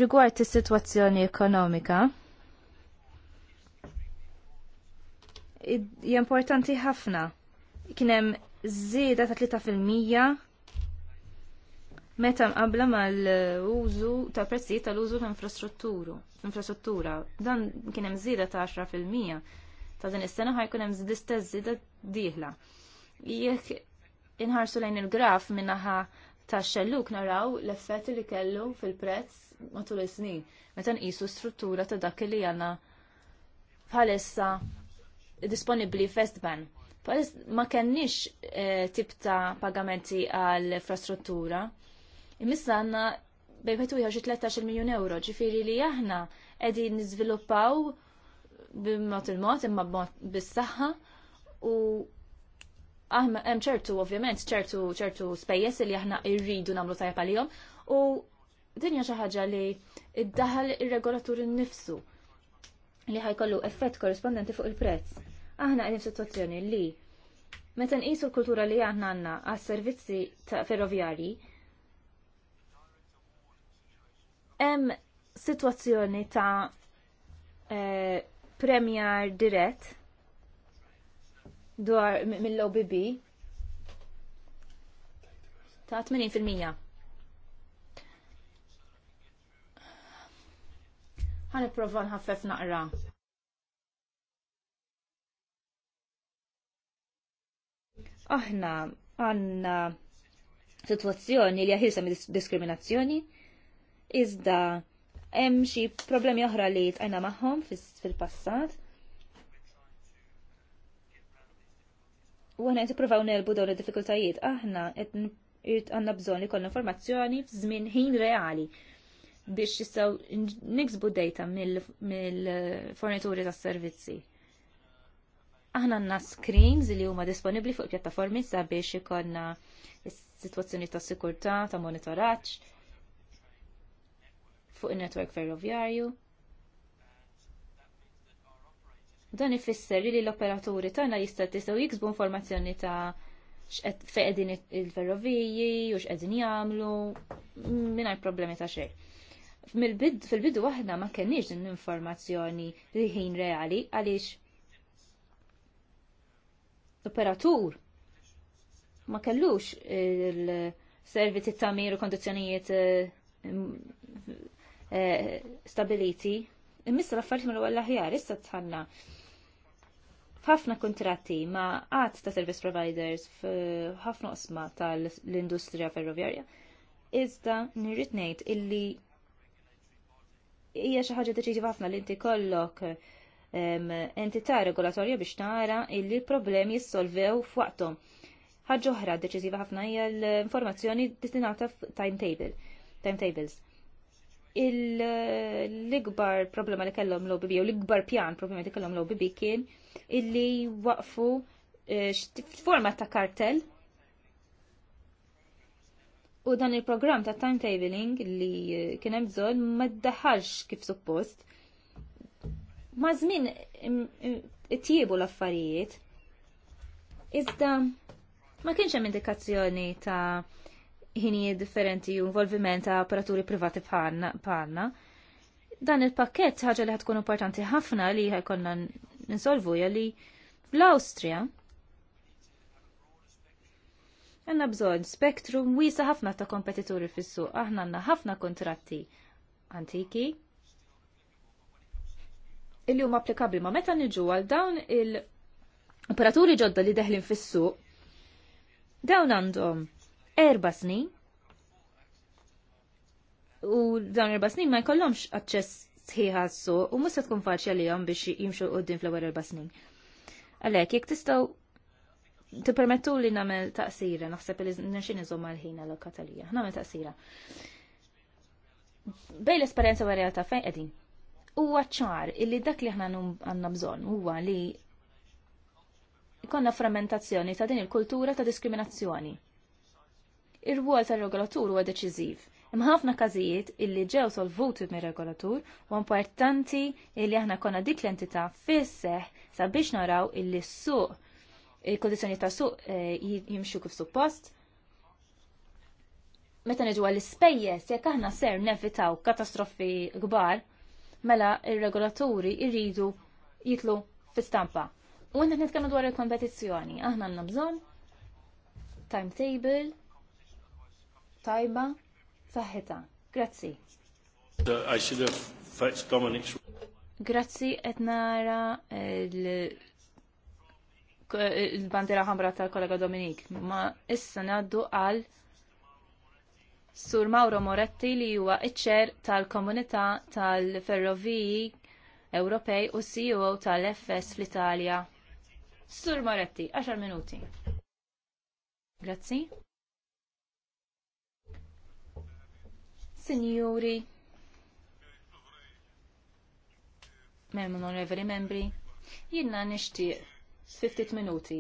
Rigward is-sitwazzjoni ekonomika, importanti ħafna. Kien hemm żieda ta' 3% meta mqabbla mal-użu ta' prezzijiet tal-użu ta' infrastruttura. Dan kien hemm żieda ta' 10% ta' din is-sena ħajkun hemm istess żieda dieħla. Jekk inħarsu lejn il-graf minnaħa ta' xelluk naraw l-effett li kellu fil-prezz matul is-snin meta nqisu struttura ta' dak li għandna bħalissa disponibbli festban. ma kenniex eh, tip ta' pagamenti għall infrastruttura Imissa għanna bejbetu jħoġi 13 miljon euro, ġifiri li aħna edi nizviluppaw b'mod il-mod, imma b'mod bis-saħħa u aħna hemm ċertu ovvjament ċertu ċertu spejjes li aħna rridu nagħmlu tajjeb għalihom u dinja xi ħaġa li iddaħal ir-regolatur innifsu li ħajkollu effett korrispondenti fuq il-prezz. Aħna qegħdin f'sitwazzjoni li meta nqisu l-kultura li aħna għandna għas-servizzi ferroviarji hemm sitwazzjoni ta' eh, premjar dirett dwar mill-OBB ta' 80%. Ħan ipprova nħaffef naqra. Aħna għanna situazzjoni li jaħilsa mid diskriminazzjoni iżda hemm xi problemi oħra li tqajna magħhom fil-passat. U għana nippruvaw nelbu dawn il-difikultajiet, aħna għanna bżon li kollna informazzjoni f'żmien ħin reali biex jistaw niksbu data mill-fornituri tas servizzi Aħna għanna screens li huma disponibli fuq pjattaformi sabiex ikonna s-situazzjoni ta' sikurta, ta' monitoraċ, fuq in-netwerk ferroviarju. Dan ifisser li l-operaturi tagħna jista' tistgħu jiksbu informazzjoni ta' x'qegħdin il-ferroviji u x'qegħdin jagħmlu mingħajr problemi ta' xejn. Fil-bidu aħna ma kenniex din l-informazzjoni li ħin reali għaliex l operatur ma kellux il-servizzi ta' u kondizzjonijiet eh, Eh, stabiliti, immissa l-affarijiet l-għalla aħjar issa tħanna ħafna kontratti ma' għad ta' service providers f'ħafna qosma tal-industrija ferroviarja. Iżda nirrid ngħid illi hija xi ħaġa deċiżiva ħafna li inti kollok entità regolatorja biex tara illi problemi jissolvew f'waqthom. Ħaġa oħra deċiżiva ħafna hija l-informazzjoni destinata f'timetable. Timetables l-ikbar problema li kellhom l bibi u l-ikbar pjan problema li kellhom l bibi kien illi waqfu eh, forma ta' kartell u dan il-programm ta' timetabling li eh, kien hemm bżonn ma ddaħħalx kif suppost. Ma' żmien tjiebu l-affarijiet. Iżda ma kienx hemm indikazzjoni ta' ħinijiet differenti u involviment ta' operaturi privati bħalna. Dan il-pakket ħaġa li ħatkun importanti ħafna li ħajkonna ninsolvu li fl-Austria għanna bżon spektrum wisa ħafna ta' kompetituri fis-suq. Aħna għanna ħafna kontratti antiki illi huma applikabli ma' meta niġu għal dawn il-operaturi ġodda li deħlin fis-suq dawn għandhom erba snin u dawn erba snin ma jkollhomx aċċess għas-su u mhux se tkun faċli għalihom biex jimxu din fl-ewwel erba' snin. Għalhekk jekk tistgħu permettu li nagħmel taqsira, naħseb li nixin iżomm l ħin l-okatalija, namel taqsira. Bej l esperienza u realtà fejn qegħdin. Huwa ċar illi dak li aħna għandna bżonn huwa li konna frammentazzjoni ta' din il-kultura ta' diskriminazzjoni ir-rwol tal-regolatur huwa deċiżiv. Imma ħafna każijiet illi ġew solvuti mir-regolatur u importanti illi aħna konna dik l-entità fisseħ sabiex naraw illi s-suq il-kondizjoni ta' suq eh, jimxu kif suppost. Meta niġu għall-ispejjeż jekk aħna ser nevitaw katastrofi kbar, mela il regolaturi irridu jitlu fil stampa. U għandek nitkellmu dwar il-kompetizzjoni, aħna għandna bżonn timetable tajba saħħita. Grazzi. Grazzi qed nara il-bandera eh, eh, ħambra tal-kollega Dominik. Ma issa ngħaddu għal Sur Mauro Moretti li huwa iċ tal-Komunità tal-Ferroviji Ewropej u CEO tal-FS fl-Italja. Sur Moretti, 10 minuti. Grazzi. sinjuri Mem onorevoli membri, jinnna nishtiq 50 minuti.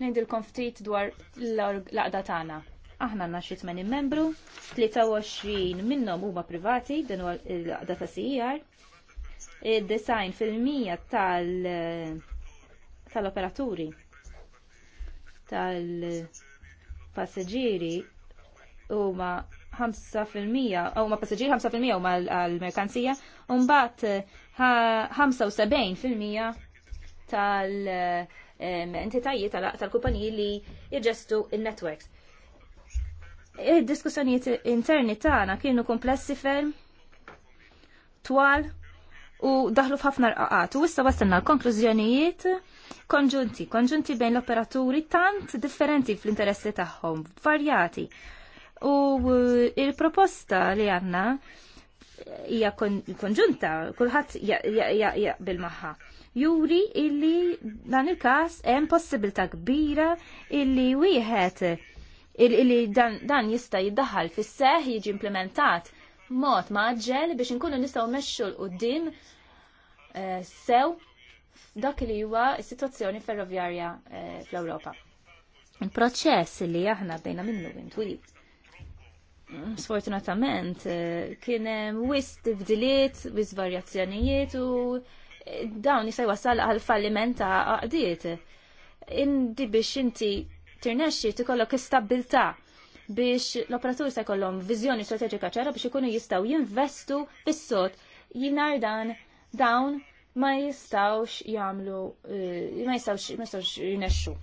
Nejdilkom ftit dwar l-laqda tagħna. Aħna għandna xi tmenin membru, 23 minnhom huma privati din huwa l-laqda ta' CER. Id-design fil-mija tal- tal-operaturi tal-passeġiri huma 5% u ma passaġir 5% u ma l-merkanzija u mbagħad 75% tal-entitajiet tal-kumpaniji li jġestu il-networks. Id-diskussjonijiet interni tagħna kienu komplessi ferm, twal u daħlu f'ħafna rqaqat. U issa wasalna l-konklużjonijiet konġunti, konġunti bejn l-operaturi tant differenti fl-interessi tagħhom, varjati u eh, il-proposta li għanna hija konġunta, kulħadd bil maħħa. Juri illi dan il-każ hemm possibilità kbira illi wieħed illi dan jista' jiddaħħal fis-seħ jiġi implementat mod maġġel biex inkunu nistgħu mexxu l qudiem eh, sew dak li huwa s-sitwazzjoni ferroviarja eh, fl-Ewropa. Il-proċess li aħna bdejna minnu intwil sfortunatament eh, kien hemm wis tibdiliet, wis varjazzjonijiet u eh, dawn jista' jwassal għal falliment ta' għaqdiet. Indi biex inti tirnexxi tikollok istabilità biex l-operatur se jkollhom viżjoni strateġika ċara biex ikunu jistgħu jinvestu fis-sod jinar dan dawn ma jistgħux jagħmlu eh, ma jistgħux ma jistgħux jinexxu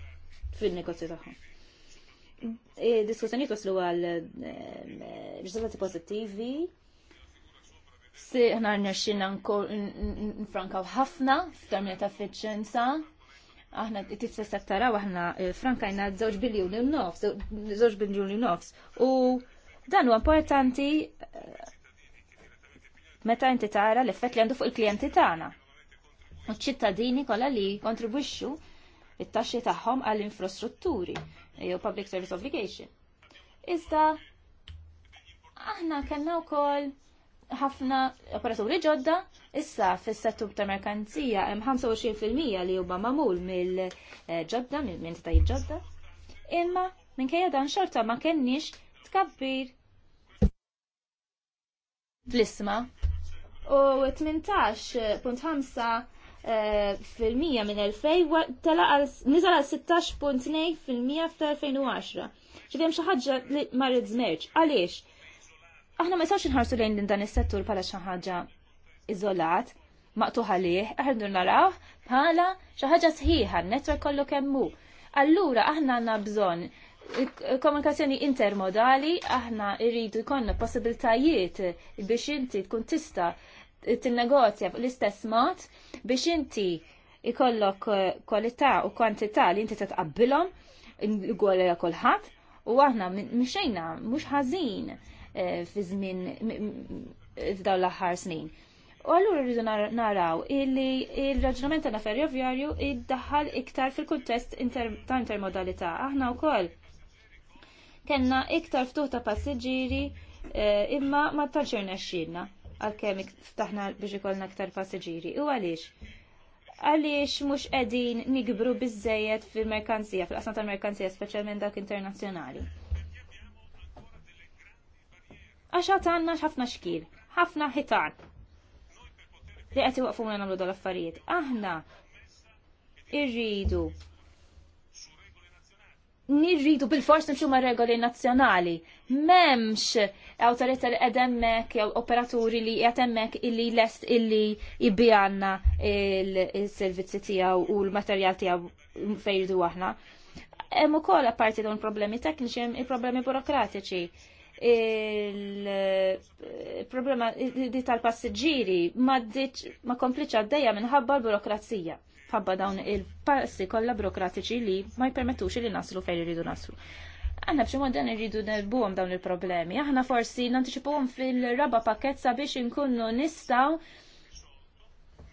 fin-negozju tagħhom diskussjoni waslu għal eh, riżultati pozittivi. Si ħna rnexxina nfrankaw ħafna f'termini ta' efficienza. Aħna tista' se taraw aħna frankajna żewġ biljuni nofs, żewġ biljuni nofs. U dan huwa importanti meta inti tara l-effett li għandu fuq il-klijenti tagħna. U ċ-ċittadini kollha li kontribwixxu it-taxxi tagħhom għall-infrastrutturi jew public service obligation. Iżda aħna kellna wkoll ħafna operaturi ġodda, issa fis-settur ta' merkanzija hemm 25% li huma magħmul mill-ġodda, eh, minn tajjeb ġodda. Imma minkejja dan xorta ma kenniex tkabbir fl-isma. U 18.5 Eh, fil-mija minn 2000 tela nizal għal 16.2 fil-mija fil-2010. ċivjem xaħġa li marrid zmerġ. Għaliex? Aħna ma jistax nħarsu lejn din dan is-settur pala xaħġa izolat, maqtuħ għalih, aħna naraw bħala xaħġa sħiħa, n netwer kollu kemmu. Allura aħna għandna bżonn komunikazzjoni intermodali aħna irridu jkollna possibiltajiet biex inti tkun tista' t-negozja l-istess mod biex inti ikollok eh, kwalità u kwantità li inti titqabbilhom għolja kulħadd u aħna mxejna mhux ħażin eh, fi żmien f'daw l-aħħar snin. U allura rridu naraw illi il-raġunament tagħna id-daħal iktar fil-kuntest ta' intermodalità. Aħna wkoll kellna iktar ftuħ ta' passiġġieri eh, imma ma tantx irnexxielna għalkemm ftaħna biex ikollna ktar passiġġieri U għaliex? Għaliex mhux qegħdin nikbru biżejjed fil-merkanzija, fil-qasam tal-merkanzija, specialment dak internazzjonali. Għax għad għandna ħafna xkil, ħafna ħitan. Li qed waqfu mna nagħmlu dal-affarijiet. Aħna irridu nirridu bil-fors nimxu ma' regoli nazzjonali. Memx awtorita li edemmek jew operaturi li jatemmek illi lest illi jibbijanna il-servizzi tijaw u l-materjal tijaw fejdu aħna. Hemm ukoll apparti dawn problemi tekniċi i problemi burokratiċi il-problema di tal-passiġġieri ma ma kompliċa għaddejja minħabba l-burokrazija ħabba dawn il-passi kollha burokratiċi li ma jpermettuċi li naslu fejn iridu naslu. Għanna bċi mod dan irridu nerbuħom dawn il-problemi. Aħna forsi nantiċipuħom fil-raba pakket sabiex nkunnu nistaw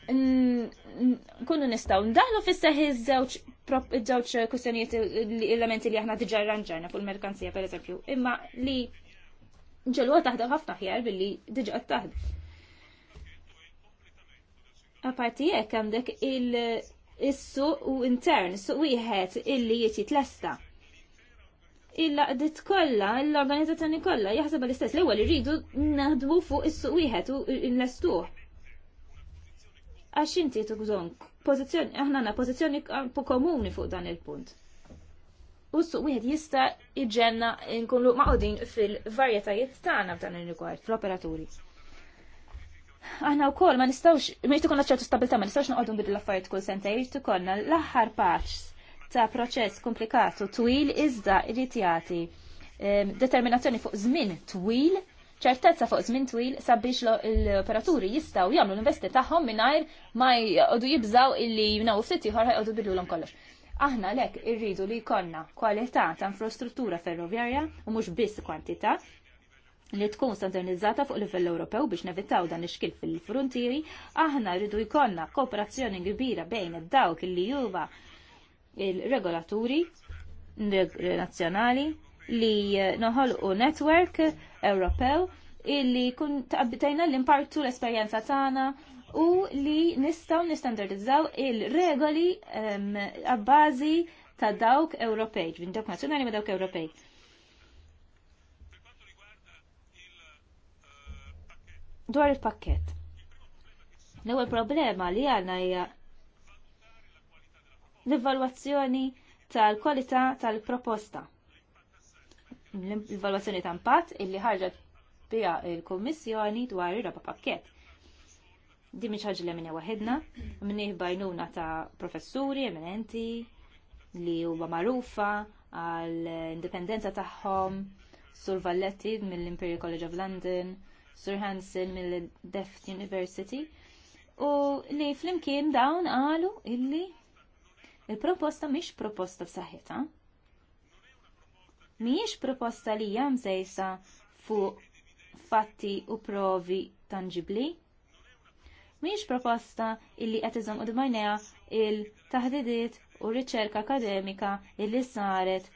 nkunnu nistaw ndaħlu fis-seħi żewġ żewġ kustenijiet l-elementi li aħna diġa ranġarna fuq il-merkanzija per eżempju, imma li ġelwa taħdem ħafna ħjar billi diġa taħdem. parti jekk għandek il-suq u intern, suq wieħed illi jiġi tlesta il-laqdit kollha, l-organizzazzjoni kollha jaħseb l-istess l-ewwel irridu naħdmu fuq is-suq wieħed u nlestuh. Għax inti tużon pożizzjoni aħna għandna pożizzjoni komuni fuq dan il-punt. U s-suq wieħed jista' iġenna nkunu maqodin fil-varjetajiet tagħna f'dan ir-rigward fl-operaturi. Aħna wkoll ma nistgħux, ma jrid ikollna ċertu stabilità, ma nistgħux noqogħdu nbidlu l-affarijiet kull sentejn, jrid ikollna l-aħħar paċ ta' proċess komplikatu twil iżda irrid jagħti ehm, determinazzjoni fuq żmien twil ċertezza fuq żmien twil sabiex l-operaturi jistgħu jagħmlu l-investi tagħhom mingħajr ma jqogħdu jibżgħu illi jnawu ftit ieħor ħajqogħdu bidulhom kollox. Aħna lek irridu li jkollna kwalità ta' infrastruttura ferroviarja u mhux biss kwantità li tkun standardizzata fuq livell Ewropew biex nevitaw dan ix-xkil fil-frontieri, aħna rridu jkollna kooperazzjoni kbira bejn id-dawk li juba il-regolaturi nazzjonali li u network Ewropew illi kun taqbitajna l-impartu l-esperjenza tagħna u li nistaw nistandardizzaw il-regoli għabbazi ta' dawk Ewropej, minn dawk nazzjonali ma' dawk Ewropej. Dwar il-pakket. L-ewwel problema li għandna hija l-evalwazzjoni tal-kwalità tal-proposta. L-evalwazzjoni ta' impatt illi ħarġet biha il-Kummissjoni dwar ir-raba pakkett. Di mhix ħaġa li minna waħedna, minnih bajnuna ta' professuri eminenti li huwa magħrufa għall indipendenza tagħhom, Sur Valletti mill-Imperial College of London, Sur Hansen mill-Deft University, u li flimkien dawn għalu illi Il-proposta mhix proposta b'saħħitha. Mhijiex proposta li jam zejsa fuq fatti u provi tangibli. Mhijiex proposta illi qed d qudmajnejha il-taħdidiet u riċerka akademika illi saret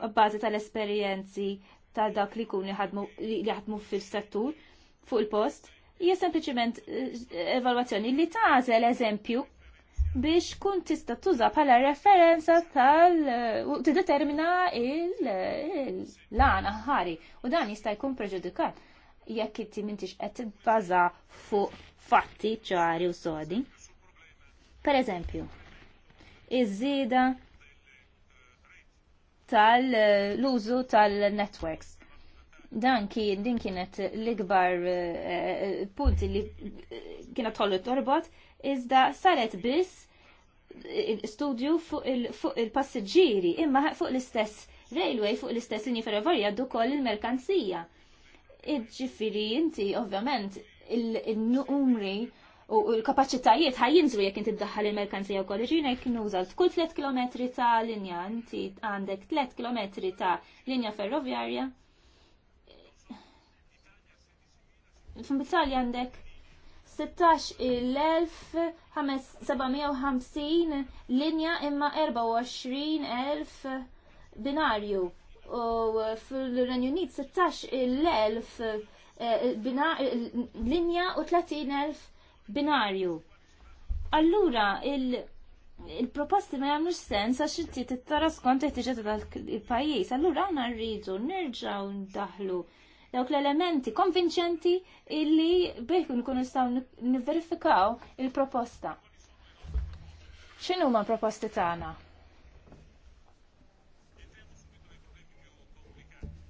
b'bażi tal-esperjenzi ta' dak li kun li jaħdmu fil-settur fuq il-post, hija sempliċiment eh, evalwazzjoni li tażel eżempju biex kun tista tuża bħala referenza tal u tiddetermina il-lana ħari u dan jista' jkun preġudikat jekk inti m'intix qed tibbaża fuq fatti ċari u sodi. Per eżempju, iż-żieda tal-użu tal-networks dan kien din kienet l-ikbar eh, eh, punti li kienet t torbot iżda saret biss eh, studju fuq il-passiġġieri imma fuq l-istess railway fuq l-istess linji ferroviarja du koll il-merkanzija. Iġġifiri inti ovvjament il-numri u l-kapacitajiet jinżru jekk inti tdaħħal il-merkanzija wkoll iġina jekk nużal kull 3 km ta' linja inti għandek 3 km ta' linja ferroviarja. F'Italja għandek 16,750 linja imma 24,000 binarju u fil-Renju Unit 16,000 eh, linja u 30,000 binarju. Allura, il- proposti ma jagħmlux sens għax inti tittara skont qed tiġi il pajjiż Allura aħna rridu nerġgħu ndaħlu dawk l-elementi konvinċenti illi bih nkunu nistgħu niverifikaw il-proposta. ċinu ma proposti tagħna?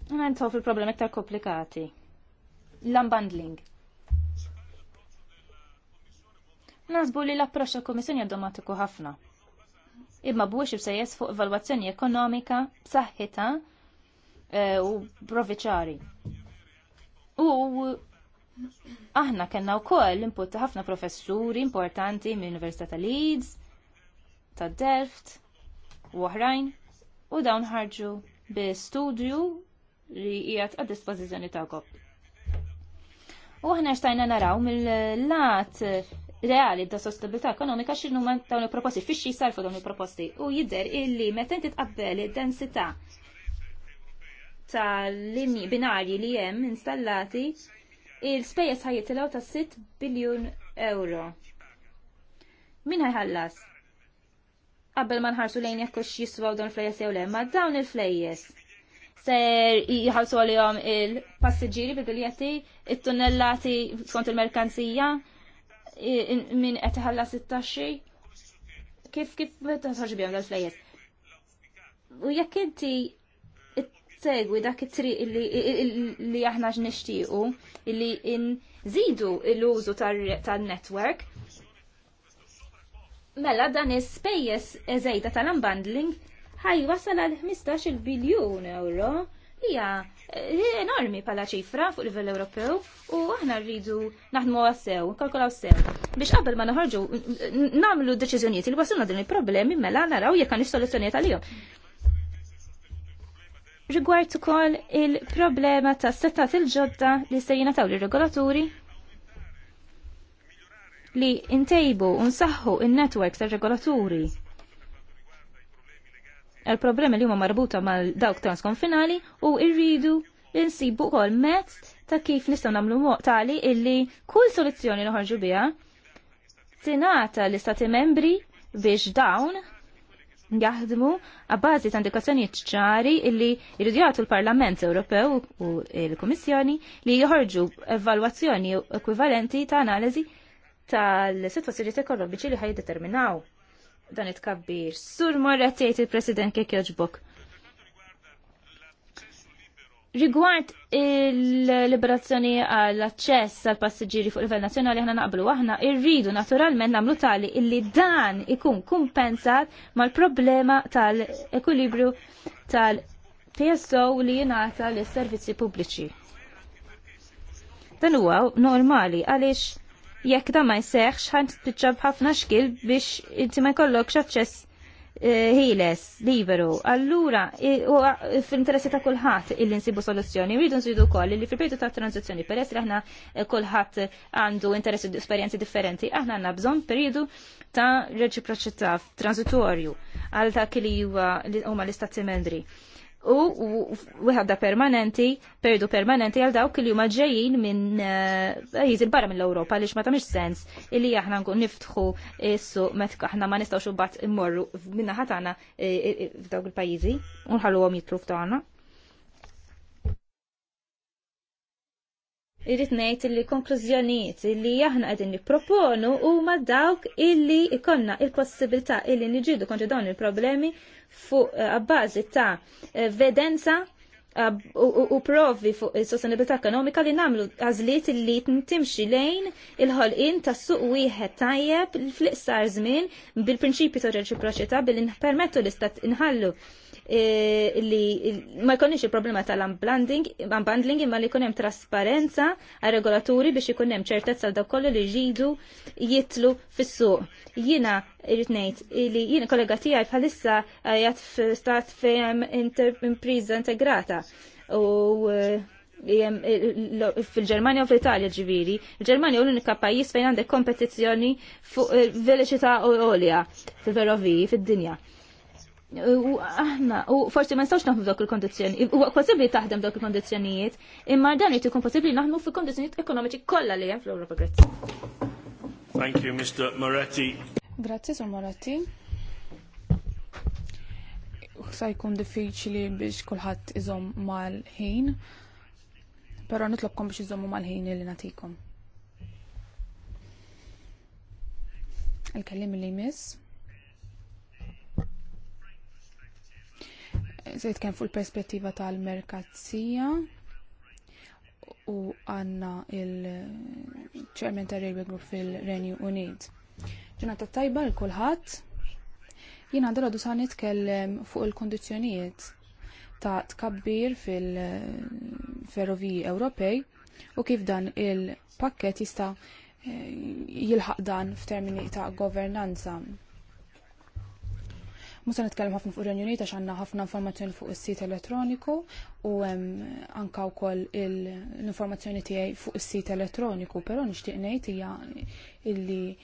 tħof il problemi ktar komplikati. L-unbundling. Nasbu li l-approċċ tal-Kummissjoni automatiku ħafna. Imma b'wiex ibsejjes fuq evalwazzjoni ekonomika b'saħħitha eh, u proviċari. U aħna kena u koll input ta' ħafna professuri importanti minn Università ta' Leeds, ta' Delft, u oħrajn, u dawn ħarġu bi studju li jgħat għad dispożizzjoni tagħkom. U aħna xtajna naraw mill-lat reali da sostabilità ekonomika ma' dawn il-proposti fix jisarfu dawn il-proposti u jidher illi meta inti tqabbel id-densità tal-linji binarji li hemm installati il-spejjeż ħajitilgħu ta' 6 biljun euro. Min ħajħallas? Qabel ma nħarsu lejn jekk hux jiswaw dawn il-flejjes jew le, ma dawn il-flejjes ser jħalsu għalihom il-passiġġieri bil-biljetti, it-tunnellati skont il-merkanzija, min qed iħallas it-taxxi. Kif kif taħħaġ bihom dal-flejjes? U jekk inti Segwi dak it-triq li aħna nixtiequ li nżidu l-użu tan-network. Mela dan is-spejjeż eżejda tal-unbundling ħaj wasal għal 15 biljun euro. Hija eh, enormi pala ċifra fuq livell Ewropew u aħna rridu naħdmu sew, kalkulaw sew. Biex qabel ma noħorġu nagħmlu deċiżjonijiet li wasilna din il-problemi mela naraw jekk għandix soluzzjonijiet għalihom rigward ukoll il-problema ta' setat il-ġodda li se jingħataw lir-regolaturi li ntejbu u nsaħħu in network tar-regolaturi għal problemi li huma marbuta mal dawk transkonfinali u irridu insibu ukoll mezz ta' kif nistgħu nagħmlu tali illi kull soluzzjoni noħorġu ħarġu biha tingħata l-istati membri biex dawn jaħdmu għabbażi ta' indikazzjonijiet ċari illi jridu jagħtu l-Parlament Ewropew u l-Kummissjoni li joħorġu evalwazzjoni ekwivalenti ta' analiżi tal-sitwazzjonijiet ekonomiċi li ħajdeterminaw dan it-kabbir. Sur Moretti jgħid il-President Kekjoġbok. Rigward il-liberazzjoni għall-aċċess għal passiġġieri fuq livell nazzjonali aħna naqblu aħna irridu naturalment nagħmlu tali illi dan ikun kumpensat mal-problema tal-ekwilibrju tal-PSO li jingħata lis servizzi pubbliċi. Dan huwa normali għaliex jekk da ma jseħħx ħadd tiċċab ħafna xkil biex inti ma jkollokx aċċess Eh, ħiles, liberu. Allura, fil-interessi ta' kullħat illi nsibu soluzzjoni, rridu nsidu koll li fil-periodu ta' tranzizjoni, peress li aħna eh, kullħat għandu interessi u esperienzi differenti, aħna għanna bżon periodu ta' reċiproċità transitorju għal ta' kili huma l-istati Mendri u wieħda permanenti, perdu permanenti għal dawk li huma ġejjin minn eh, pajjiżi barra mill-Ewropa għaliex ma tamix sens illi aħna nkun niftħu issu metka aħna ma nistgħux imbagħad immorru minna ħatana eh, eh, f'dawk il-pajjiżi u nħalluhom jitruf f'dawna. irrit ngħid li konklużjonijiet li aħna qegħdin nipproponu huma dawk illi ikonna il-possibilità illi niġidu kontra dawn il-problemi fuq eh, abbażi ta' vedenza u provi fuq is-sostenibilità ekonomika li nagħmlu għażliet li timxi lejn il-ħolqien ta' suq wieħed tajjeb fl-iqsar żmien bil-prinċipju ta' reċiproċità billi npermettu l-istat inħallu E, li ma jkunniex il-problema tal-unbundling imma li jkun hemm trasparenza għal regolaturi biex ikun hemm ċertezza dawk kollu li jġidu jitlu fis-suq. Jiena irrid ngħid li jiena kollega tiegħi bħalissa jgħat f'stat fejn impriża integrata u e, e, fil-Germania u fl-Italja ġiviri. Il-Germania u l-unika pajis fejn għandek kompetizjoni fuq veloċità u olja fil-ferroviji fil dinja U aħna, u forsi ma nistawx naħdmu dawk il-kondizjoni, u possibli taħdem dawk il-kondizjonijiet, imma dan jt ikun possibli naħdmu fi kondizjonijiet ekonomiċi kollha li hemm fl-Ewropa Grazzi. Thank you, Mr. Moretti. Grazzi, Sir Moretti. Sa jkun diffiċli biex kulħadd iżom mal-ħin, però nitlobkom biex iżommu mal-ħin li natikom. Il-kellim li jmiss. se jitkellem fuq il-perspettiva tal-merkazzija u għanna il-ċermen ta' Railway Group fil-Renju Unit. Ġenata tajba l-kulħadd. Jina għadu sa' nitkellem fuq il kondizjoniet ta' tkabbir fil-ferroviji Ewropej u kif dan il-pakket jista' eh, jilħaq dan f'termini ta' governanza. Musa nitkellem ħafna fuq ir-Renju Unit għax għandna ħafna informazzjoni fuq is-sit elettroniku u anka wkoll l-informazzjoni tiegħi fuq is-sit elettroniku, però nixtieq ngħid hija illi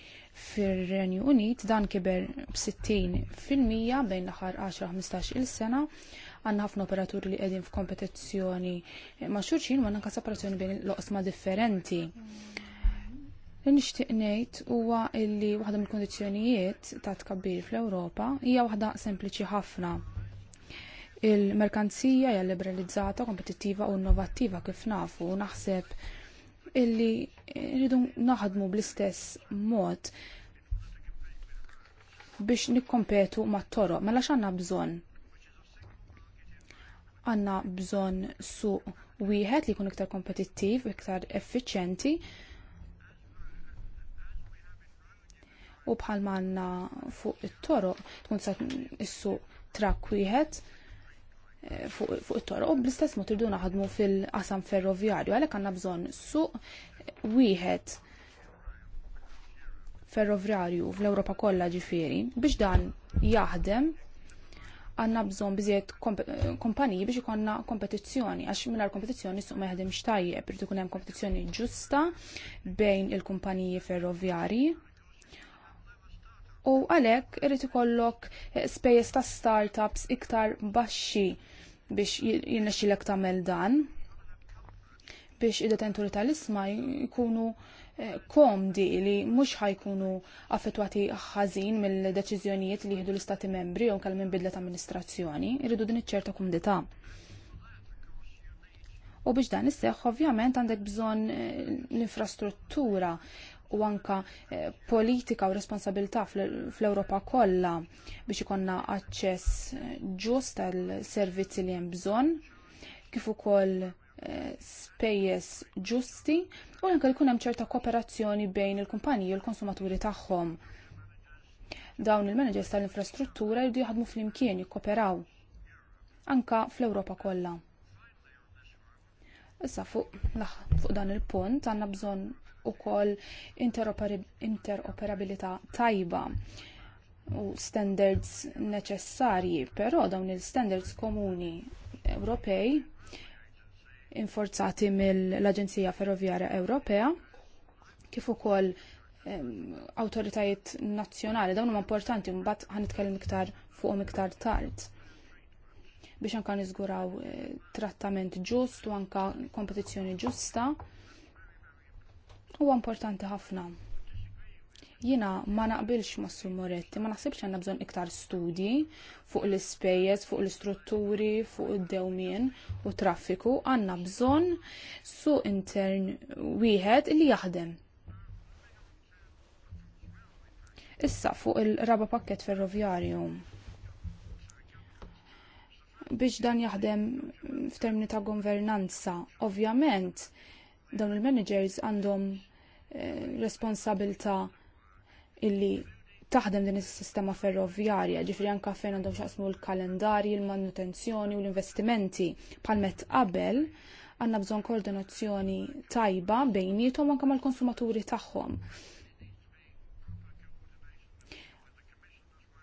fir-Renju Unit dan kiber b'60 fil-mija bejn l-aħħar 10-15 il-sena għanna ħafna operaturi li qegħdin f'kompetizzjoni ma' xulxin u għandna separazzjoni bejn l-oqsma differenti. Nixtieq ngħid huwa illi waħda mill-kondizzjonijiet ta' tkabbir fl-Ewropa hija waħda sempliċi ħafna. Il-merkanzija hija liberalizzata, kompetittiva u innovattiva kif nafu u naħseb illi rridu naħdmu bl-istess mod biex nikkompetu ma' toro. Mela x'għandna bżonn? Għandna bżonn suq wieħed li jkun iktar kompetittiv, iktar effiċjenti u bħal manna fuq it-toroq tkun sa issu trakk wieħed eh, fuq it-toroq u bl-istess mod irdu naħdmu fil-qasam ferroviarju għalhekk għandna bżonn suq wieħed ferroviarju fl-Ewropa kollha ġifieri biex dan jaħdem għanna bżon biżiet kompaniji biex ikonna kompetizzjoni, għax minna kompetizzjoni suq ma jħedem xtajje, irridu hemm kompetizzjoni ġusta bejn il-kumpaniji ferroviari u għalhekk irid ikollok spejjeż ta' startups iktar baxxi biex jinnexxilek tagħmel dan biex id-detenturi tal-isma jkunu eh, komdi li mhux ħajkunu affettwati ħażin mill-deċiżjonijiet li jieħdu l-istati membri jew kemm minn bidla ta' amministrazzjoni, irridu din iċċerta ċerta U biex dan isseħħ ovvjament għandek bżonn eh, l-infrastruttura u anka eh, politika u responsabilità fl-Ewropa kollha biex ikonna aċċess eh, ġust għal servizzi li hemm bżonn, kif ukoll eh, spejjeż ġusti u anke jkun hemm ċerta kooperazzjoni bejn il-kumpaniji u l-konsumaturi tagħhom. Dawn il-managers tal-infrastruttura jridu jaħdmu flimkien jikkoperaw anka fl-Ewropa kollha. Issa fuq fuq dan il-punt għandna bżonn ukoll interoperabilità tajba u standards neċessarji, però dawn il-standards komuni Ewropej inforzati mill-Aġenzija Ferrovjarja Ewropea kif ukoll awtoritajiet nazzjonali dawn huma importanti mbagħad ħanitkellem iktar fuqhom iktar tard biex anka niżguraw eh, trattament ġust u anka kompetizzjoni ġusta huwa importanti ħafna. Jiena ma naqbilx ma' Sur Moretti, ma naħsibx għandna bżonn iktar studji fuq l-ispejjeż, fuq l-istrutturi, fuq id-dewmien u traffiku, għandna bżonn su intern wieħed li jaħdem. Issa fuq il-raba pakket ferroviarju biex dan jaħdem f'termini ta' governanza. Ovvjament, dawn il-managers għandhom eh, responsabilta illi taħdem din is-sistema ferroviarja, ġifri anka fejn għandhom xaqsmu l-kalendarji, l-manutenzjoni u l-investimenti palmet qabel għanna bżon koordinazzjoni tajba bejnietom anka mal-konsumaturi tagħhom.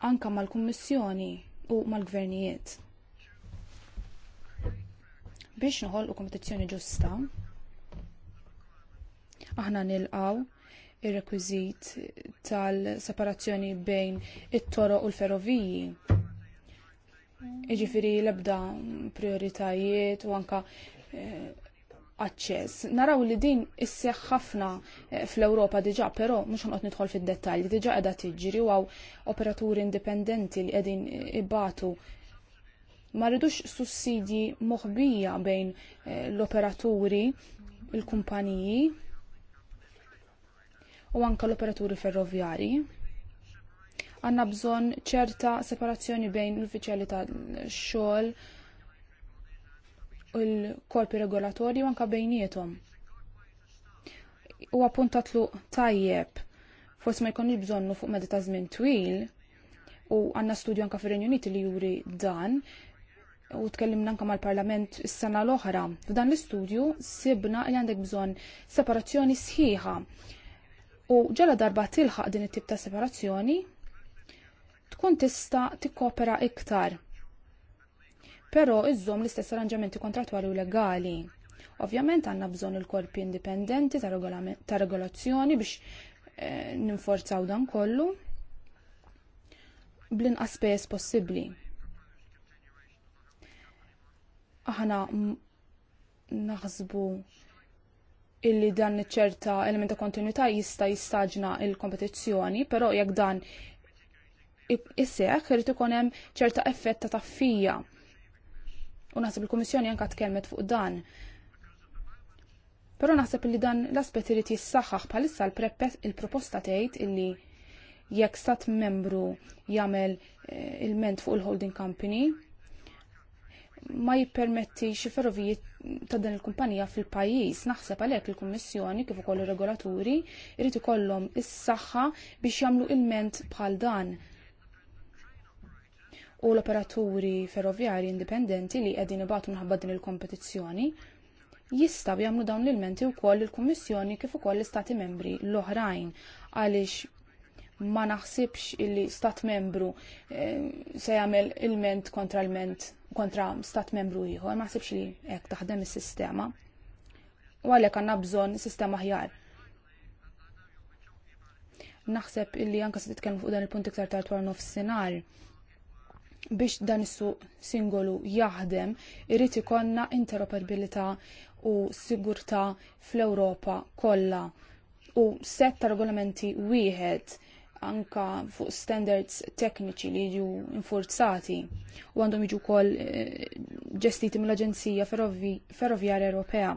Anka mal-Kummissjoni u mal-Gvernijiet. Biex u kompetizzjoni ġusta, Aħna nilqaw ir-rekwiżit tal-separazzjoni bejn it-toro u l-ferroviji. Iġifiri l-ebda prioritajiet u anka eh, aċċess. Naraw li din isseħ ħafna eh, fl-Ewropa diġa, però mhux għanqot nidħol fid-dettalji, diġa qiegħda tiġri u operaturi indipendenti li qegħdin ibatu ma rridux sussidji moħbija bejn eh, l-operaturi, il-kumpaniji, u anka l-operaturi ferroviari. Għanna bżon ċerta separazzjoni bejn l-uffiċjali tal-xogħol u l-korpi regolatori u anka bejnietom. U appuntatlu tajjeb, forsi ma jkunx bżonnu fuq medita ta' żmien twil, u għanna studju anka fir Uniti li juri dan, u tkellimna anka mal-Parlament s-sena l-oħra. F'dan l-istudju sibna li għandek bżonn separazzjoni sħiħa u ġala darba tilħaq din it-tip ta' separazzjoni, tkun tista' tikkopera iktar. Però iżżomm l-istess arranġamenti kontratwali u legali. Ovvjament għandna bżonn il-korpi indipendenti ta' regolazzjoni biex eh, ninforzaw dan kollu bl-inqas spejjeż possibbli. Aħna naħsbu illi dan ċerta element ta' kontinuità jista' jistaġna il-kompetizzjoni, però jekk dan isseħ irid ikun hemm ċerta effetta ta' taffija. U naħseb il-Kummissjoni anke tkellmet fuq dan. Però naħseb li dan l-aspett irid l bħalissa il-proposta tgħid illi jekk stat membru jagħmel eh, il-ment fuq il-holding company, ma jippermetti xi ferroviji ta' dan il-kumpanija fil-pajjiż. Naħseb għalhekk il-Kummissjoni kif ukoll ir-regolaturi jrid ikollhom is-saħħa biex jagħmlu ilment bħal dan. U l-operaturi ferroviari indipendenti li qegħdin ibatu minħabba din il-kompetizzjoni jistgħu jagħmlu dawn l-ilmenti wkoll il-Kummissjoni kif ukoll l-Istati Membri l-oħrajn għaliex ma naħsibx illi stat membru eh, se jagħmel il-ment kontra l-ment kontra stat membru ieħor, ma naħsibx li hekk taħdem is-sistema. U għalhekk għandna bżonn sistema ħjar. Naħseb illi anke se titkellmu fuq dan il-punt iktar tard wara nofsinhar biex dan is-suq singolu jaħdem, irrid ikollna interoperabilità u sigurtà fl-Ewropa kollha u set ta' regolamenti wieħed anka fuq standards tekniċi li jiġu infurzati u għandhom jiġu kol eh, ġestiti mill-Aġenzija Ferrovjarja Ewropea.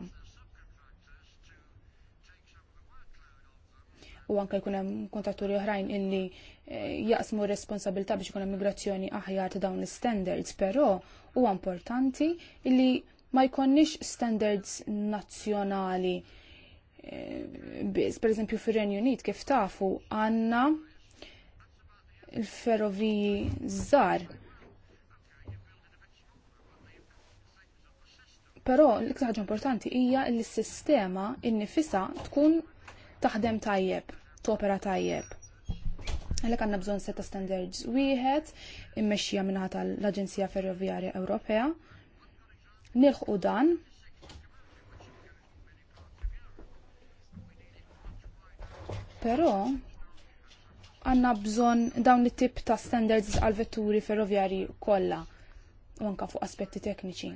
U anka jkun hemm kontratturi oħrajn illi eh, jaqsmu r-responsabilità biex ikun immigrazzjoni migrazzjoni aħjar ta' dawn l-standards, però huwa importanti illi ma jkonniex standards nazzjonali. Eh, per eżempju, fir-Renju Unit kif tafu għandna il-ferroviji żgħar. Però l-iktar ħaġa importanti hija li s-sistema innifisa tkun taħdem tajjeb, topera tajjeb. Għalhekk għandna bżonn seta' standards wieħed immexxija minħa tal-Aġenzija Ferroviarja Ewropea. Nilħqu dan Però għanna bżon dawn it-tip ta' standards għal vetturi ferroviari kollha u anka fuq aspetti tekniċi.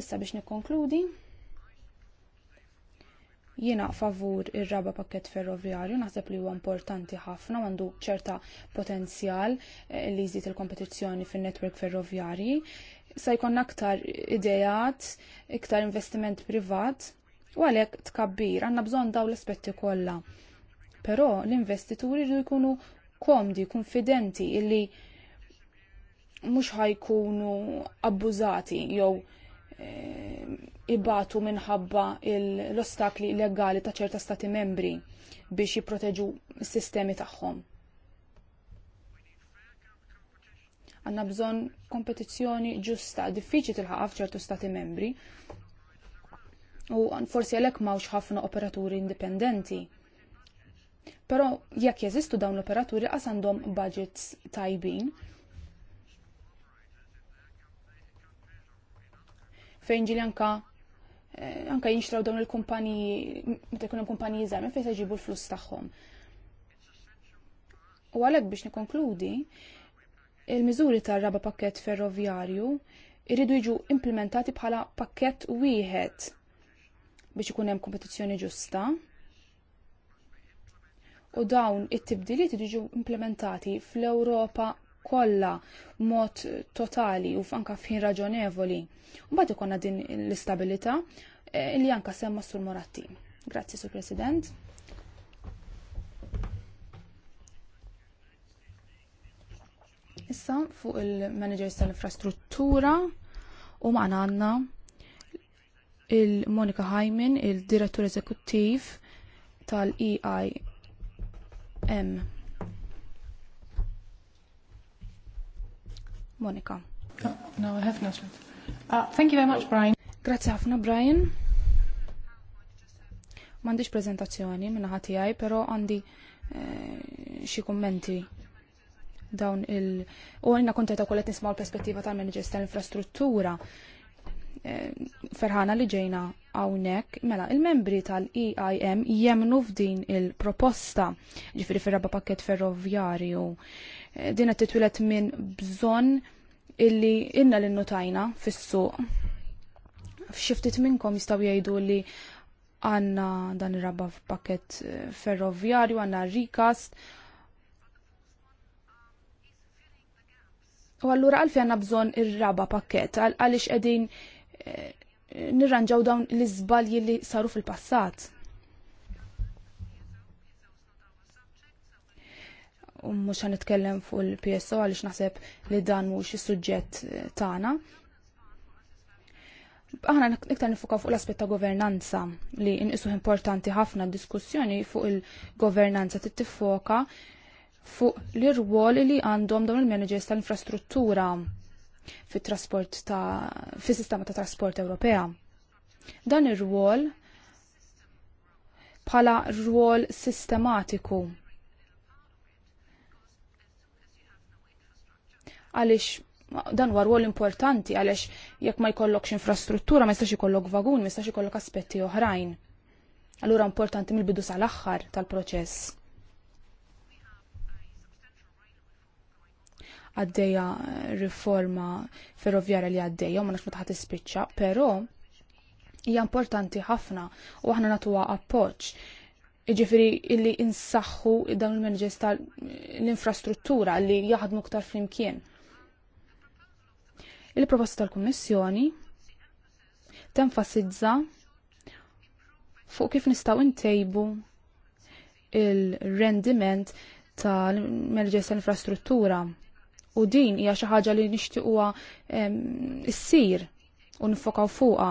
Issa biex nikkonkludi, jiena favur ir-raba pakket ferroviarju naħseb li huwa importanti ħafna għandu ċerta potenzjal eh, li jżid il-kompetizzjoni fin-netwerk ferroviarji. Sa jkun aktar idejat, iktar investiment privat, u għalhekk tkabbir, għandna bżonn dawn l-aspetti kollha però l-investituri jridu jkunu komdi, konfidenti illi mhux ħajkunu abbużati jew eh, ibatu minħabba l-ostakli legali ta' ċerta stati membri biex jipproteġu s-sistemi tagħhom. Għanna bżon kompetizzjoni ġusta, diffiċi tilħaq ċertu stati membri. U forsi għalhekk mawx ħafna operaturi indipendenti Però jekk jeżistu dawn l-operaturi qas għandhom budgets tajbin. Fejn ġili anka eh, anka jinxtraw dawn il-kumpaniji, meta jkun hemm kumpaniji żgħar fejn se jġibu l-flus tagħhom. U għalhekk biex nikkonkludi, il-miżuri tar-raba pakkett ferrovjarju irridu jiġu implementati bħala pakkett wieħed biex ikun hemm kompetizzjoni ġusta u dawn it-tibdiliet jiġu implementati fl-Ewropa kollha mod totali u anka f'ħin raġonevoli. Mbagħad ikonna din l-istabilità eh, li anka semma sur Moratti. Grazzi sur President. Issa fuq il-managers tal-infrastruttura u maħna għanna il-Monika Hajmin, il-direttur eżekuttiv tal-EI M. Monica. Oh, no, I have nothing. Uh, thank you very much, Brian. Grazie ħafna, Brian. Mandiġ prezentazzjoni minna ħati għaj, pero għandi eh, xie kommenti dawn il- u għanna kontet kollet nisma l-perspettiva tal manager tal-infrastruttura Eh, ferħana li ġejna għawnek, mela il-membri tal-EIM jemnu f'din il-proposta ġifiri ferraba raba pakket ferrovjarju. Eh, din qed titwilet minn bżonn illi inna l notajna fis-suq. F'xiftit minnkom jistgħu jgħidu li għanna dan ir-raba pakket eh, ferrovjarju, għanna rikast, U għallura għalfi għanna bżon il raba pakket, għalix għedin nirranġaw dawn l-iżbalji li saru fil-passat. U mhux għan itkellem fuq il-PSO għaliex naħseb li dan mhux is-suġġett eh, tagħna. Aħna iktar nifukaw fuq l aspet ta' governanza li inqisu importanti ħafna diskussjoni fuq il-governanza tittifoka fuq l-irwol li għandhom dawn il-managers tal-infrastruttura fit-trasport ta' fis-sistema ta' trasport Ewropea. Dan ir-rwol bħala rwol sistematiku għalix dan huwa rwol importanti għalix jekk ma jkollokx infrastruttura ma jistax ikollok vagun, ma jistax ikollok aspetti oħrajn. Allura importanti mill-bidu sal-aħħar tal-proċess. għaddeja riforma ferrovjarja li għaddeja, ma nafx ma taħt ispiċċa, però hija importanti ħafna u aħna natuwa appoġġ. Iġifiri illi insaħħu dawn il-managers tal-infrastruttura li jaħdmu ktar flimkien. Il-proposta tal-Kummissjoni tenfasizza fuq kif nistgħu ntejbu il-rendiment tal-managers tal-infrastruttura u din hija xi ħaġa li nixtiequha issir u nifokaw fuqha.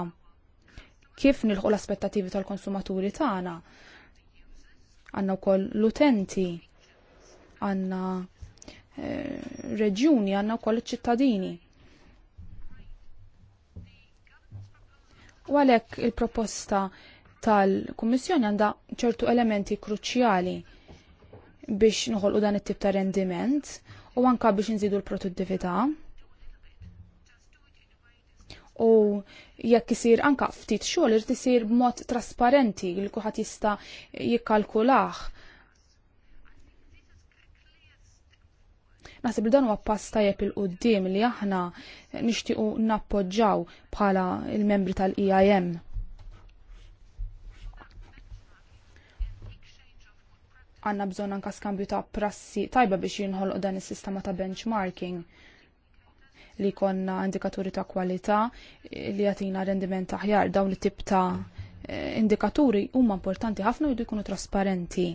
Kif nilħu l-aspettativi tal-konsumaturi tagħna? Għandna wkoll l-utenti, għandna eh, reġjuni, għandna wkoll iċ-ċittadini. U għalhekk il-proposta tal-Kummissjoni għandha ċertu elementi kruċjali biex noħolqu dan it-tip ta' rendiment u anka biex nżidu l-produttività. U jekk isir anka ftit xogħol irid isir b'mod trasparenti li kulħadd jista' jikkalkulah. Naħseb li dan huwa pass tajjeb il qudiem li aħna nixtiequ nappoġġaw bħala il-membri tal-EIM. għanna bżon anka skambju ta' prassi tajba biex jinħolq dan is-sistema ta' benchmarking li konna indikaturi ta' kwalità li jatina rendiment aħjar dawn it-tip ta' eh, indikaturi huma importanti ħafna jdu jkunu trasparenti.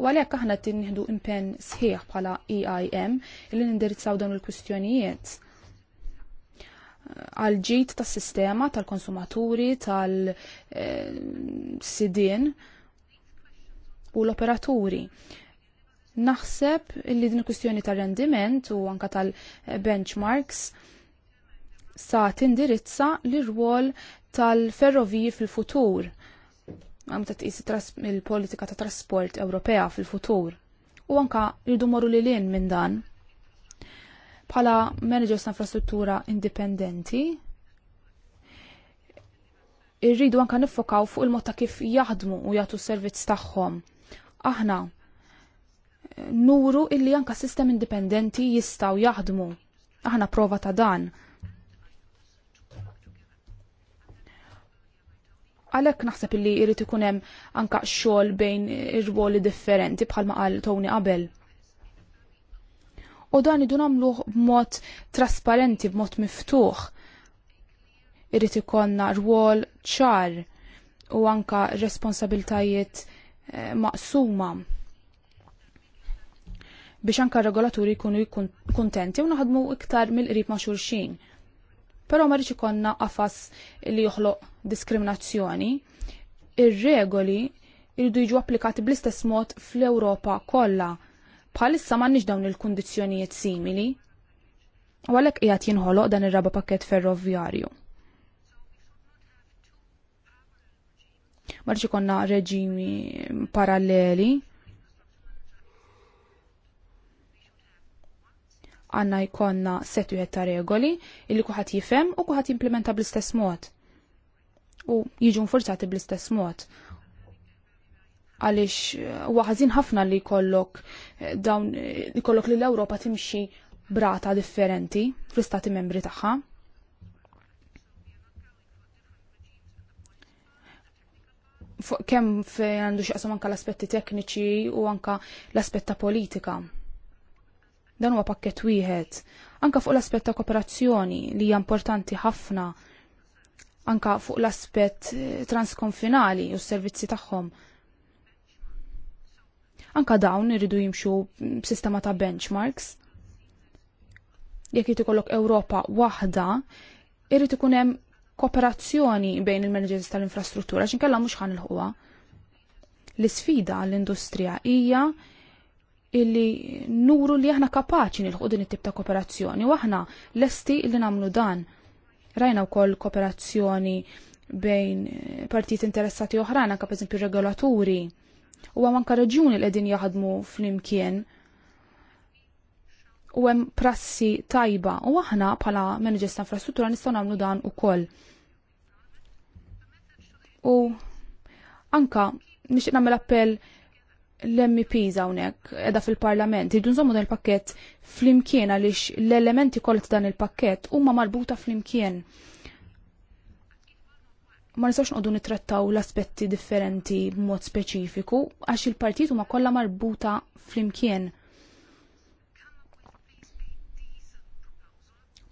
U għalhekk aħna tinħdu impenn sħiħ bħala EIM li nindirizzaw dawn il-kwistjonijiet eh, għal ġid tas-sistema tal-konsumaturi tal-sidin. tal konsumaturi eh, tal sidien u l-operaturi. Naħseb li din kwistjoni tal-rendiment u anka tal-benchmarks sa tindirizza l-rwol tal-ferroviji fil-futur ta tqis il-politika ta' trasport Ewropea fil-futur. U anka rridu morru li lin minn dan. Pala managers ta' infrastruttura indipendenti, irridu anka niffokaw fuq il-mod ta' kif jaħdmu u jagħtu s-servizz tagħhom aħna nuru illi anka sistem indipendenti jistaw jaħdmu. Aħna prova ta' dan. Għalek naħseb illi irrit ikunem anka xol bejn irwoli differenti bħalma qal Tony qabel. U dan idu għamlu b'mod trasparenti, b'mod miftuħ. Irrit ikonna rwol ċar u anka responsabiltajiet Eh, maqsuma biex anka regolaturi jkunu kontenti u naħdmu iktar mill-qrib ma' xulxin. Però ma rridx ikonna qafas li joħloq diskriminazzjoni. Ir-regoli jridu jiġu applikati bl-istess mod fl-Ewropa kollha. Bħalissa m'għandniex dawn il-kundizzjonijiet simili. U għalhekk qiegħed jinħoloq dan ir-raba pakkett ferroviarju. Marċi konna reġimi paralleli. Għanna jkonna setu wieħed ta' regoli illi kuħat jifhem u kuħat jimplementa bl-istess mod. U jiġu nforzati bl-istess mod. Għaliex eh, waħazin ħafna li kollok eh, dawn li eh, kollok li l-Ewropa timxi brata differenti fl-istati membri tagħha. kemm għandu xaqsam anka l-aspetti tekniċi u anka l-aspetta politika. Dan huwa pakket wieħed. Anka fuq l-aspett ta' kooperazzjoni li hija importanti ħafna anka fuq l-aspett eh, transkonfinali u s-servizzi tagħhom. Anka dawn iridu jimxu b'sistema ta' benchmarks. Jekk ikollok Ewropa waħda, irid ikun hemm kooperazzjoni bejn il-managers tal-infrastruttura xinkella mhux ħan l ħuwa L-isfida għall-industrija hija illi nuru li aħna kapaċi nilħu din it-tip ta' kooperazzjoni u aħna lesti li nagħmlu dan. Rajna wkoll kooperazzjoni bejn partijiet interessati oħrajn anke pereżempju regolaturi u għam anka raġuni li qegħdin jaħdmu flimkien u hemm prassi tajba u aħna bħala managers ta' infrastruttura nistgħu nagħmlu dan ukoll u anka nixtieq nagħmel appell l-MPs hawnhekk qiegħda fil-Parlament idu nżommu dan il-pakkett flimkien għaliex l-elementi kollha ta' dan il-pakkett huma marbuta flimkien. Ma nistax nqogħdu nittrattaw l-aspetti differenti b'mod speċifiku għax il-partit huma kollha marbuta flimkien.